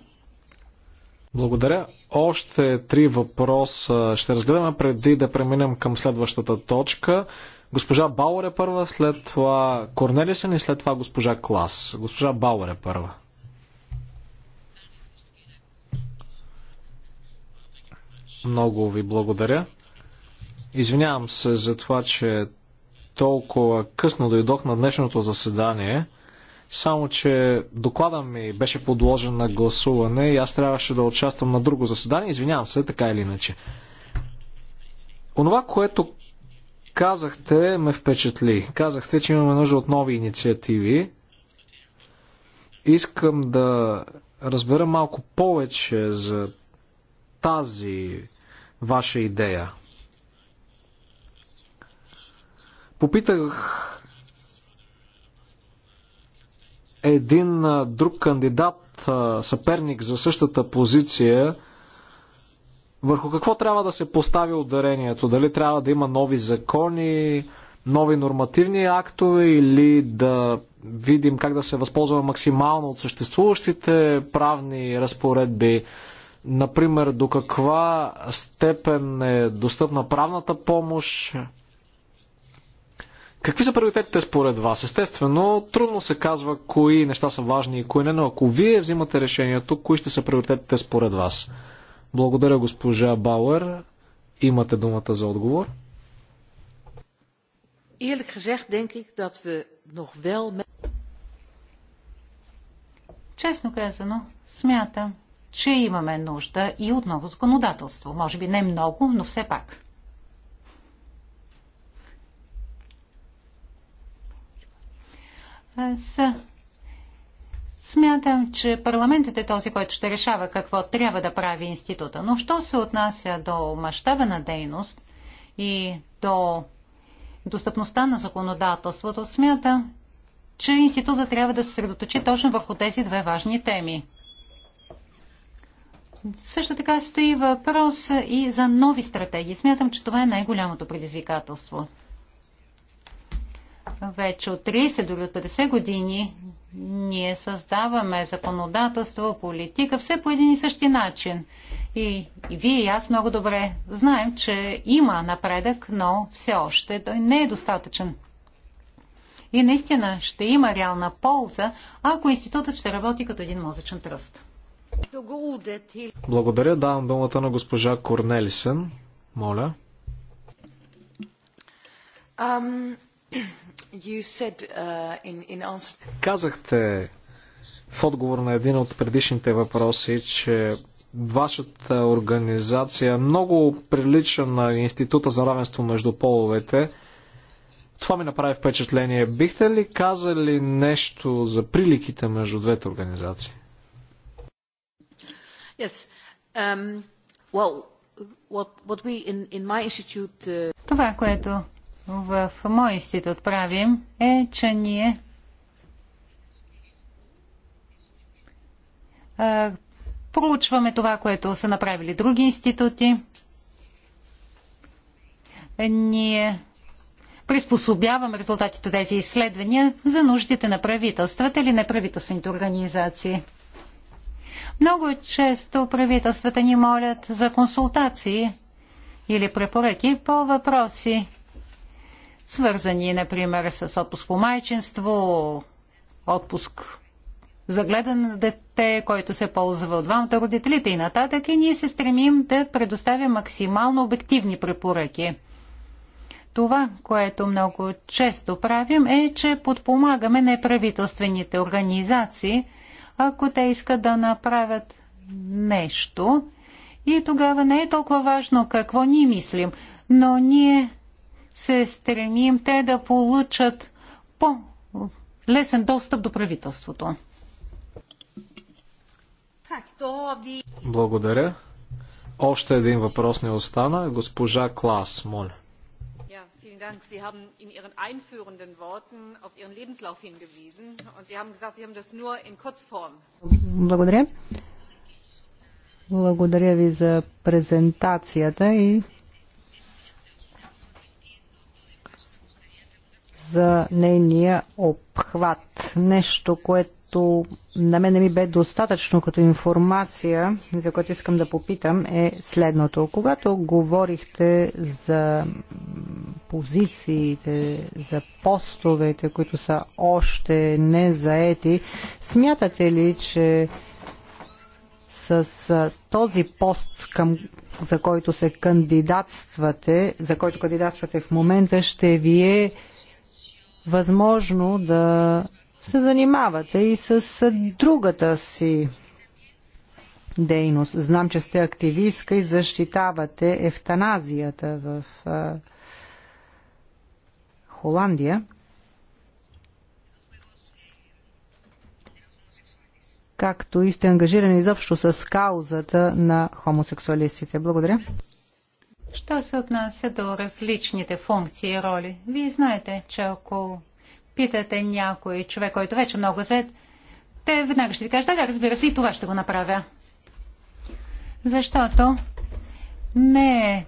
Благодаря. Още три въпроса ще разгледаме преди да преминем към следващата точка. Госпожа Бауър е първа, след това Корнелисен и след това госпожа Клас. Госпожа Бауър е първа. Много ви благодаря. Извинявам се за това, че толкова късно дойдох на днешното заседание. Само, че доклада ми беше подложен на гласуване и аз трябваше да участвам на друго заседание. Извинявам се, така или иначе. Онова, което казахте, ме впечатли. Казахте, че имаме нужда от нови инициативи. Искам да разбера малко повече за тази ваша идея. Попитах един друг кандидат, съперник за същата позиция, върху какво трябва да се постави ударението? Дали трябва да има нови закони, нови нормативни актове или да видим как да се възползваме максимално от съществуващите правни разпоредби? Например, до каква степен е достъпна правната помощ? Какви са приоритетите според вас? Естествено, трудно се казва кои неща са важни и кои не, но ако вие взимате решението, кои ще са приоритетите според вас? Благодаря, госпожа Бауер. Имате думата за отговор. Eerlijk gezegd denk ik dat we nog wel Честно казано, смятам, че имаме нужда и от ново законодателство. Може би не много, но все пак. Аз смятам, че парламентът е този, който ще решава какво трябва да прави института. Но що се отнася до мащаба на дейност и до достъпността на законодателството, смятам, че института трябва да се средоточи точно върху тези две важни теми. Също така стои въпрос и за нови стратегии. Смятам, че това е най-голямото предизвикателство. Вече от 30 дори от 50 години ние създаваме законодателство, политика, все по един и същи начин. И, и вие и аз много добре знаем, че има напредък, но все още той не е достатъчен. И наистина ще има реална полза, ако институтът ще работи като един мозъчен тръст. Благодаря. Давам думата на госпожа Корнелисен. Моля. Um... Uh, Казахте в отговор на един от предишните въпроси, че вашата организация е много прилича на Института за равенство между половете. Това ми направи впечатление. Бихте ли казали нещо за приликите между двете организации? Yes. Um, well, what, what we in, in my institute, uh... Това, което в мой институт правим, е, че ние проучваме това, което са направили други институти. Ние приспособяваме резултатите от тези изследвания за нуждите на правителствата или неправителствените организации. Много често правителствата ни молят за консултации или препоръки по въпроси, свързани, например, с отпуск по майчинство, отпуск за гледане на дете, който се ползва от двамата родителите и нататък. И ние се стремим да предоставим максимално обективни препоръки. Това, което много често правим, е, че подпомагаме неправителствените организации, ако те искат да направят нещо. И тогава не е толкова важно какво ние мислим, но ние се стремим те да получат по-лесен достъп до правителството. Благодаря. Още един въпрос не остана. Госпожа Клас, моля. Sie haben in Ihren einführenden Worten auf Ihren Lebenslauf hingewiesen und Sie haben gesagt, Sie haben das nur in Kurzform. Благодаря. Благодаря ви за презентацията и за нейния обхват. Нещо, което на мен не ми бе достатъчно като информация, за което искам да попитам, е следното. Когато говорихте за позициите, за постовете, които са още не заети, смятате ли, че с този пост, към, за който се кандидатствате, за който кандидатствате в момента, ще ви е възможно да се занимавате и с другата си дейност. Знам, че сте активистка и защитавате ефтаназията в Холандия. както и сте ангажирани изобщо с каузата на хомосексуалистите. Благодаря. Що се отнася до различните функции и роли? Вие знаете, че ако питате някой човек, който вече е много зет, те веднага ще ви кажат, да, да, разбира се, и това ще го направя. Защото не е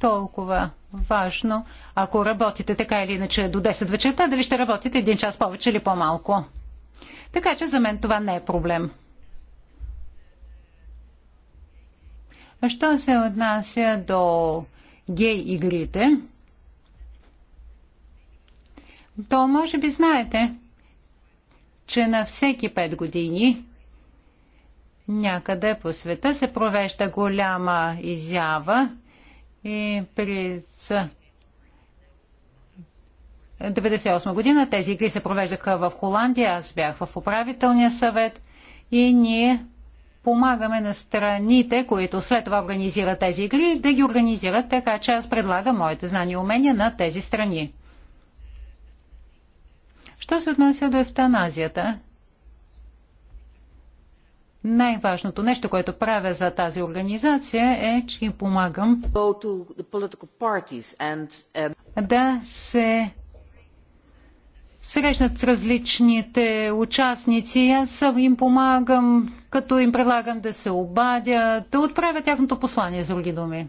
толкова важно, ако работите така или иначе до 10 вечерта, дали ще работите един час повече или по-малко. Така че за мен това не е проблем. Що се отнася до гей игрите, то може би знаете, че на всеки 5 години някъде по света се провежда голяма изява и през 1998 година тези игри се провеждаха в Холандия, аз бях в управителния съвет и ние помагаме на страните, които след това организират тези игри, да ги организират така, че аз предлагам моите знания и умения на тези страни. Що се отнася до евтаназията? Най-важното нещо, което правя за тази организация е, че им помагам uh, да се срещнат с различните участници. Аз им помагам, като им предлагам да се обадя, да отправя тяхното послание, с други думи.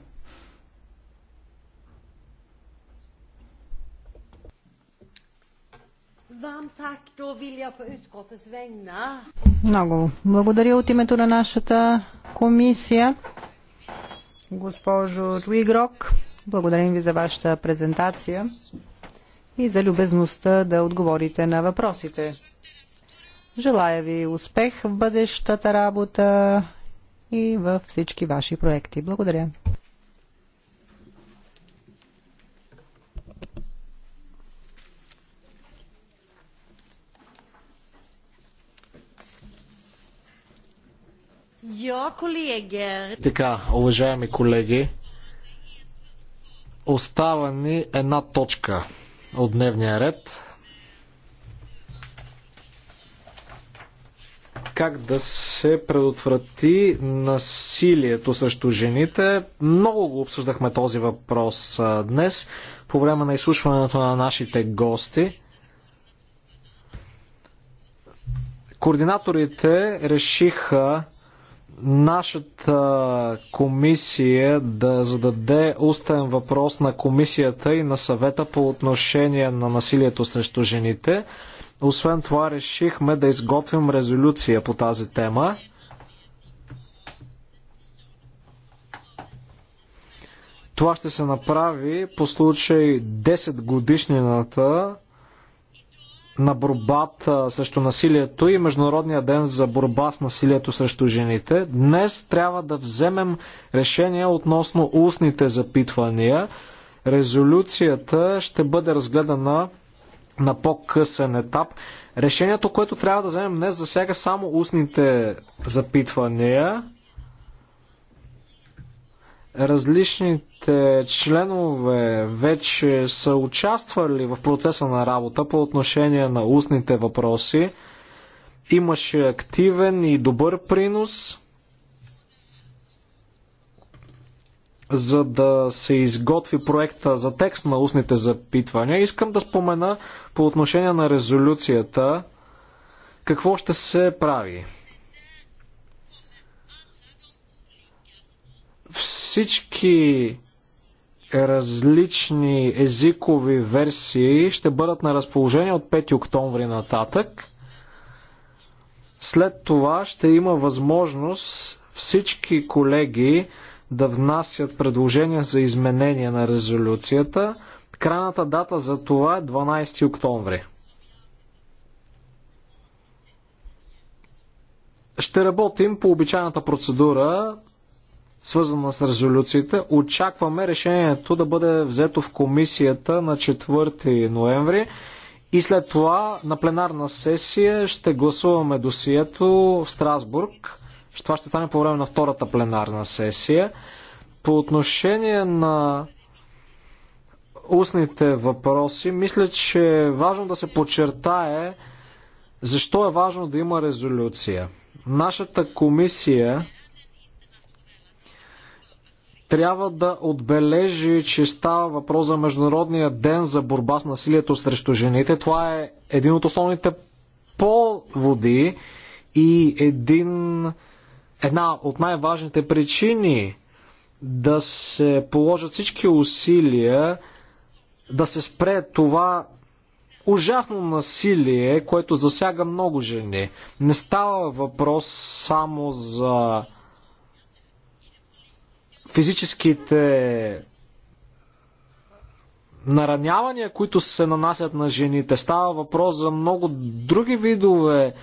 Много благодаря от името на нашата комисия. Госпожо Руигрок, благодарим ви за вашата презентация и за любезността да отговорите на въпросите. Желая ви успех в бъдещата работа и във всички ваши проекти. Благодаря. Така, уважаеми колеги, остава ни една точка от дневния ред. Как да се предотврати насилието срещу жените? Много го обсъждахме този въпрос днес по време на изслушването на нашите гости. Координаторите решиха нашата комисия да зададе устен въпрос на комисията и на съвета по отношение на насилието срещу жените. Освен това, решихме да изготвим резолюция по тази тема. Това ще се направи по случай 10 годишнината на борбата срещу насилието и Международния ден за борба с насилието срещу жените. Днес трябва да вземем решение относно устните запитвания. Резолюцията ще бъде разгледана на по-късен етап. Решението, което трябва да вземем днес, засяга само устните запитвания различните членове вече са участвали в процеса на работа по отношение на устните въпроси. Имаше активен и добър принос, за да се изготви проекта за текст на устните запитвания. Искам да спомена по отношение на резолюцията какво ще се прави Всички различни езикови версии ще бъдат на разположение от 5 октомври нататък. След това ще има възможност всички колеги да внасят предложения за изменение на резолюцията. Крайната дата за това е 12 октомври. Ще работим по обичайната процедура свързана с резолюциите. Очакваме решението да бъде взето в комисията на 4 ноември и след това на пленарна сесия ще гласуваме досието в Страсбург. Това ще стане по време на втората пленарна сесия. По отношение на устните въпроси, мисля, че е важно да се подчертае защо е важно да има резолюция. Нашата комисия трябва да отбележи, че става въпрос за Международния ден за борба с насилието срещу жените. Това е един от основните поводи и един, една от най-важните причини да се положат всички усилия да се спре това ужасно насилие, което засяга много жени. Не става въпрос само за физическите наранявания, които се нанасят на жените. Става въпрос за много други видове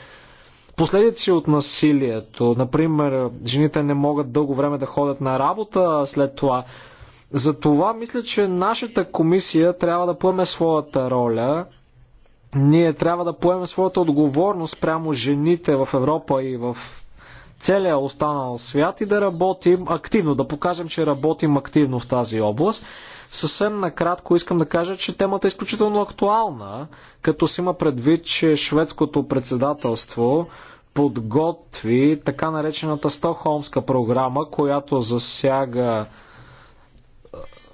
последици от насилието. Например, жените не могат дълго време да ходят на работа след това. За това мисля, че нашата комисия трябва да поеме своята роля. Ние трябва да поеме своята отговорност прямо жените в Европа и в целия останал свят и да работим активно, да покажем, че работим активно в тази област. Съвсем накратко искам да кажа, че темата е изключително актуална, като се има предвид, че шведското председателство подготви така наречената Стохолмска програма, която засяга е,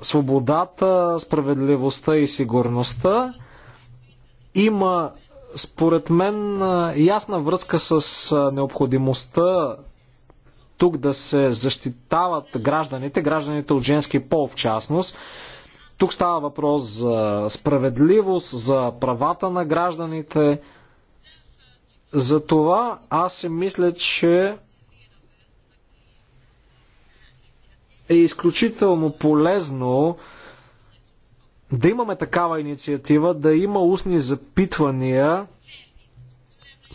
свободата, справедливостта и сигурността. Има според мен ясна връзка с необходимостта тук да се защитават гражданите, гражданите от женски пол в частност. Тук става въпрос за справедливост, за правата на гражданите. За това аз си мисля, че е изключително полезно да имаме такава инициатива, да има устни запитвания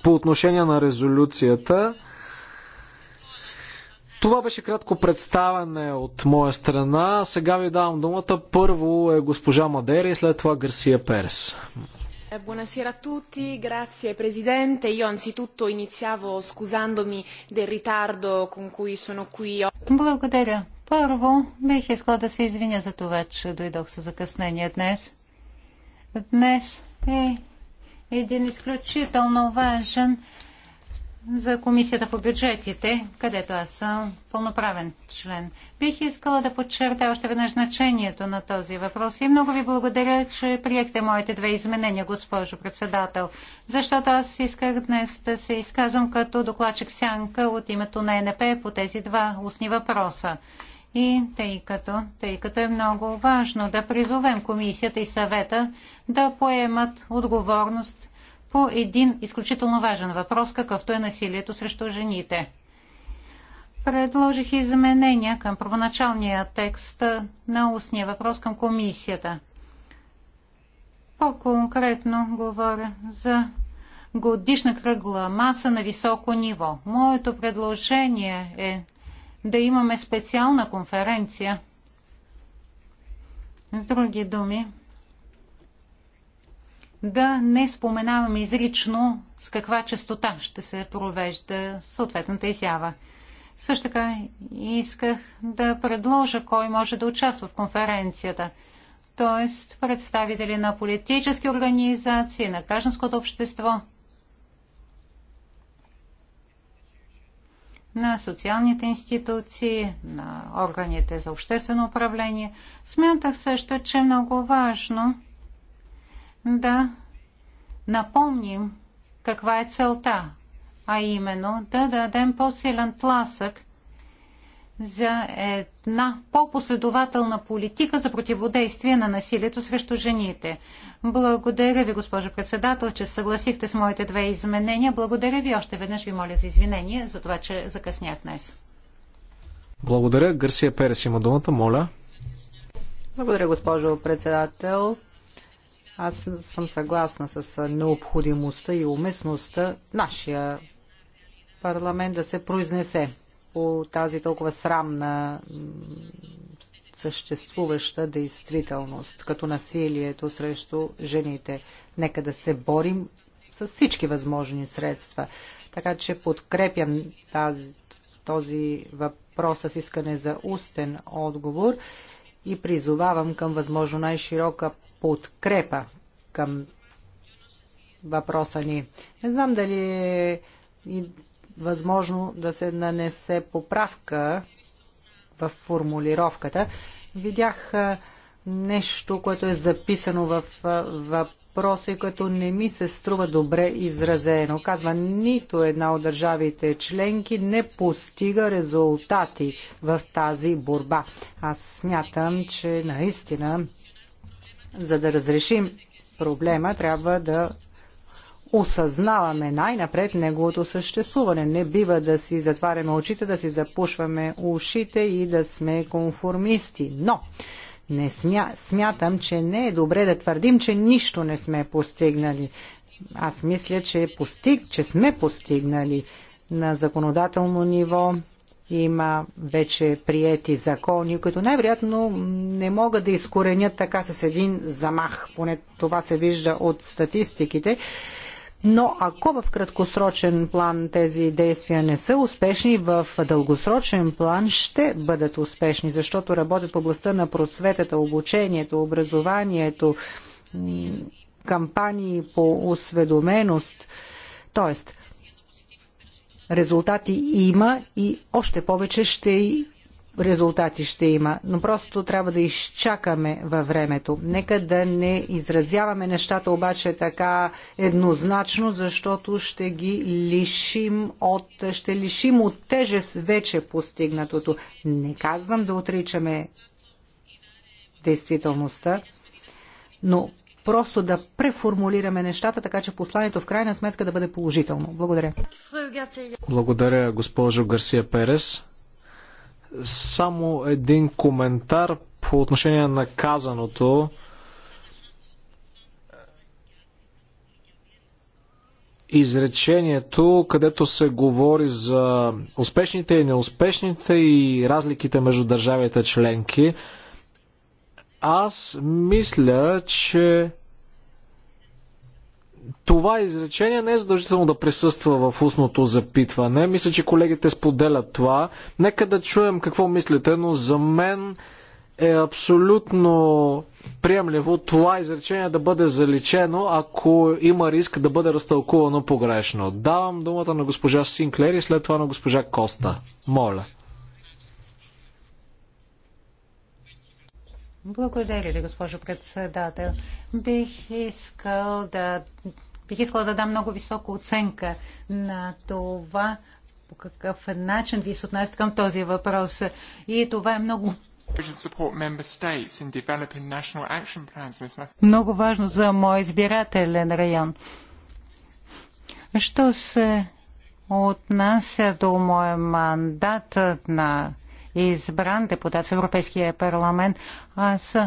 по отношение на резолюцията. Това беше кратко представене от моя страна. Сега ви давам думата. Първо е госпожа Мадери, и след това Гарсия Перес. Buonasera a tutti, grazie Presidente. Io anzitutto iniziavo scusandomi del ritardo con cui sono qui. Благодаря, първо, бих искала да се извиня за това, че дойдох с закъснение днес. Днес е един изключително важен за Комисията по бюджетите, където аз съм пълноправен член. Бих искала да подчертая още веднъж значението на този въпрос и много ви благодаря, че приехте моите две изменения, госпожо председател, защото аз исках днес да се изказвам като докладчик сянка от името на НП по тези два устни въпроса. И тъй като, тъй като е много важно да призовем комисията и съвета да поемат отговорност по един изключително важен въпрос, какъвто е насилието срещу жените. Предложих изменения към първоначалния текст на устния въпрос към комисията. По-конкретно говоря за годишна кръгла маса на високо ниво. Моето предложение е да имаме специална конференция. С други думи, да не споменаваме изрично с каква частота ще се провежда съответната изява. Също така исках да предложа кой може да участва в конференцията, т.е. представители на политически организации, на гражданското общество, на социалните институции, на органите за обществено управление. Смятах също, че е много важно да напомним каква е целта, а именно да дадем по-силен тласък за една по-последователна политика за противодействие на насилието срещу жените. Благодаря ви, госпожо председател, че съгласихте с моите две изменения. Благодаря ви. Още веднъж ви моля за извинение за това, че закъснях днес. Благодаря. Гърсия Перес има думата. Моля. Благодаря, госпожо председател. Аз съм съгласна с необходимостта и уместността нашия парламент да се произнесе по тази толкова срамна съществуваща действителност, като насилието срещу жените. Нека да се борим с всички възможни средства. Така че подкрепям тази, този въпрос с искане за устен отговор и призовавам към възможно най-широка подкрепа към въпроса ни. Не знам дали е възможно да се нанесе поправка в формулировката. Видях нещо, което е записано в въпроса и което не ми се струва добре изразено. Казва, нито една от държавите членки не постига резултати в тази борба. Аз смятам, че наистина, за да разрешим проблема, трябва да осъзнаваме най-напред неговото съществуване. Не бива да си затваряме очите, да си запушваме ушите и да сме конформисти. Но не смя, смятам, че не е добре да твърдим, че нищо не сме постигнали. Аз мисля, че, постиг, че сме постигнали на законодателно ниво. Има вече приети закони, които най-вероятно не могат да изкоренят така с един замах. Поне това се вижда от статистиките. Но ако в краткосрочен план тези действия не са успешни, в дългосрочен план ще бъдат успешни, защото работят в областта на просветата, обучението, образованието, кампании по осведоменост. Тоест, резултати има и още повече ще резултати ще има, но просто трябва да изчакаме във времето. Нека да не изразяваме нещата обаче така еднозначно, защото ще ги лишим от, ще лишим от тежест вече постигнатото. Не казвам да отричаме действителността, но просто да преформулираме нещата, така че посланието в крайна сметка да бъде положително. Благодаря. Благодаря, госпожо Гарсия Перес. Само един коментар по отношение на казаното. изречението, където се говори за успешните и неуспешните и разликите между държавите членки. Аз мисля, че това изречение не е задължително да присъства в устното запитване. Мисля, че колегите споделят това. Нека да чуем какво мислите, но за мен е абсолютно приемливо това изречение да бъде заличено, ако има риск да бъде разтълкувано погрешно. Давам думата на госпожа Синклер и след това на госпожа Коста. Моля. Благодаря ви, госпожо председател. Бих искал да, бих искал да дам много висока оценка на това, по какъв начин ви се отнасят към този въпрос. И това е много много важно за мой избирателен район. Що се отнася до моя мандат на избран депутат в Европейския парламент, аз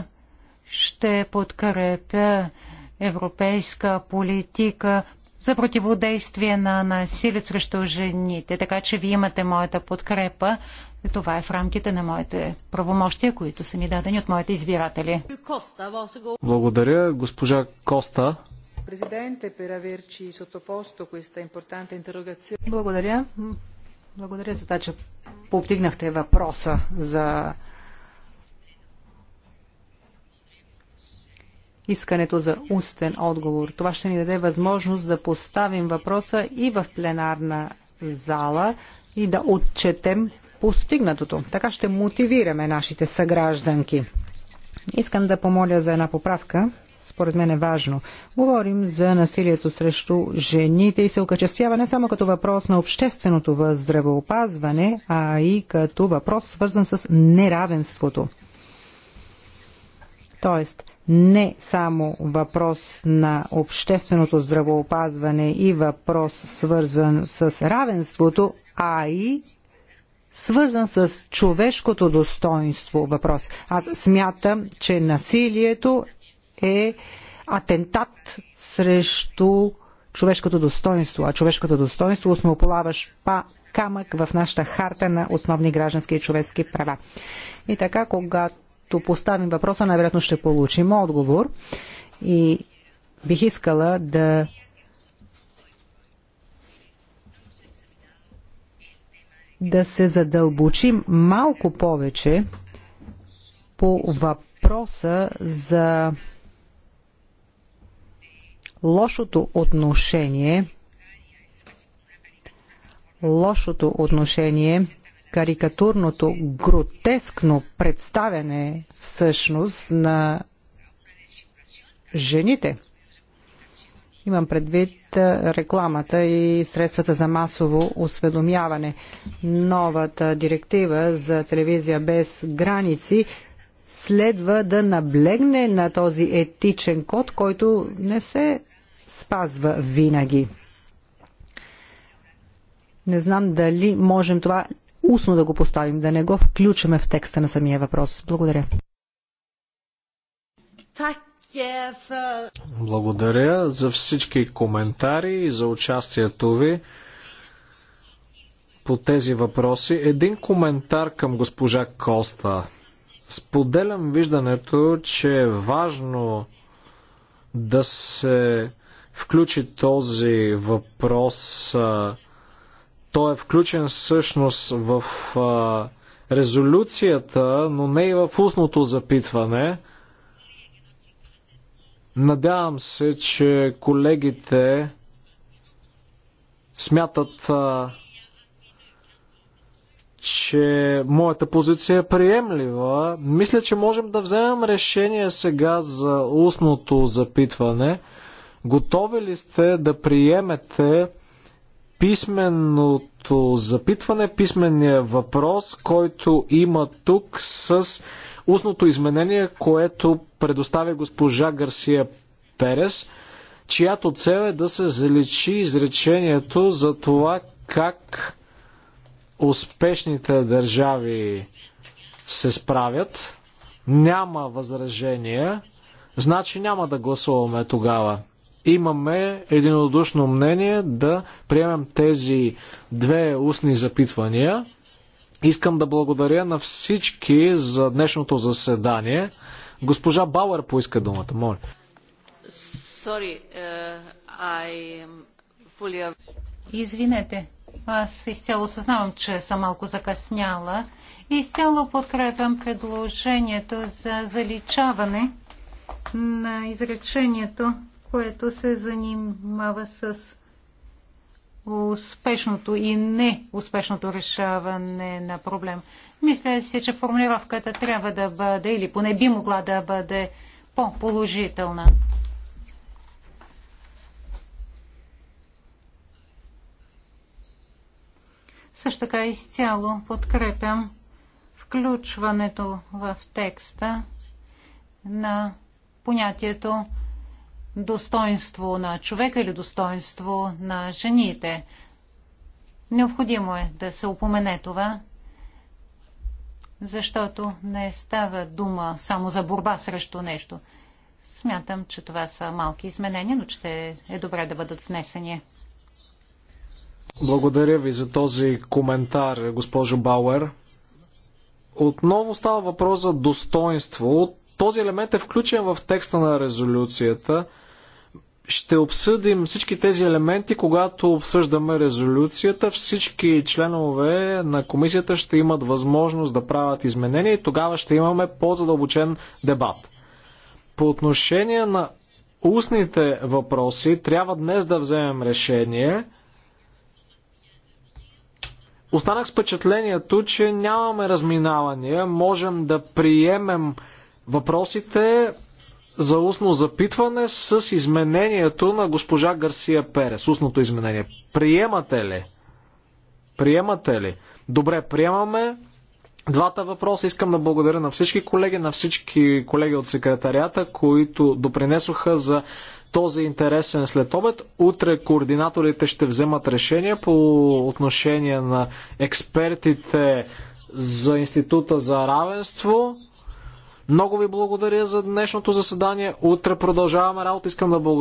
ще подкрепя европейска политика за противодействие на насилие срещу жените. Така че вие имате моята подкрепа. Това е в рамките на моите правомощия, които са ми дадени от моите избиратели. Благодаря, госпожа Коста. Благодаря. Благодаря за това, че повдигнахте въпроса за искането за устен отговор. Това ще ни даде възможност да поставим въпроса и в пленарна зала и да отчетем постигнатото. Така ще мотивираме нашите съгражданки. Искам да помоля за една поправка според мен е важно. Говорим за насилието срещу жените и се окачествява не само като въпрос на общественото въздравеопазване, а и като въпрос свързан с неравенството. Тоест, не само въпрос на общественото здравоопазване и въпрос свързан с равенството, а и свързан с човешкото достоинство въпрос. Аз смятам, че насилието е атентат срещу човешкото достоинство, а човешкото достоинство основополаваш па камък в нашата харта на основни граждански и човешки права. И така, когато поставим въпроса, най-вероятно ще получим отговор и бих искала да да се задълбочим малко повече по въпроса за лошото отношение лошото отношение карикатурното, гротескно представяне всъщност на жените. Имам предвид рекламата и средствата за масово осведомяване. Новата директива за телевизия без граници следва да наблегне на този етичен код, който не се спазва винаги. Не знам дали можем това устно да го поставим, да не го включваме в текста на самия въпрос. Благодаря. Благодаря за всички коментари и за участието ви по тези въпроси. Един коментар към госпожа Коста. Споделям виждането, че е важно да се включи този въпрос. Той е включен всъщност в резолюцията, но не и в устното запитване. Надявам се, че колегите смятат, че моята позиция е приемлива. Мисля, че можем да вземем решение сега за устното запитване – Готови ли сте да приемете писменото запитване, писменния въпрос, който има тук с устното изменение, което предоставя госпожа Гарсия Перес, чиято цел е да се заличи изречението за това как успешните държави се справят. Няма възражения, значи няма да гласуваме тогава имаме единодушно мнение да приемем тези две устни запитвания. Искам да благодаря на всички за днешното заседание. Госпожа Бауер поиска думата, моля. Sorry, uh, I fully... Извинете, аз изцяло съзнавам, че съм малко закъсняла. Изцяло подкрепям предложението за заличаване на изречението което се занимава с успешното и неуспешното решаване на проблем. Мисля си, че формулировката трябва да бъде, или поне би могла да бъде по-положителна. Също така изцяло подкрепям включването в текста на понятието достоинство на човека или достоинство на жените. Необходимо е да се упомене това, защото не става дума само за борба срещу нещо. Смятам, че това са малки изменения, но ще е добре да бъдат внесени. Благодаря ви за този коментар, госпожо Бауер. Отново става въпрос за достоинство. Този елемент е включен в текста на резолюцията – ще обсъдим всички тези елементи, когато обсъждаме резолюцията. Всички членове на комисията ще имат възможност да правят изменения и тогава ще имаме по-задълбочен дебат. По отношение на устните въпроси, трябва днес да вземем решение. Останах с впечатлението, че нямаме разминавания. Можем да приемем въпросите за устно запитване с изменението на госпожа Гарсия Перес. Устното изменение. Приемате ли? Приемате ли? Добре, приемаме. Двата въпроса искам да благодаря на всички колеги, на всички колеги от секретарията, които допринесоха за този интересен след обед. Утре координаторите ще вземат решение по отношение на експертите за Института за равенство. Много ви благодаря за днешното заседание. Утре продължаваме работа. Искам да благодаря.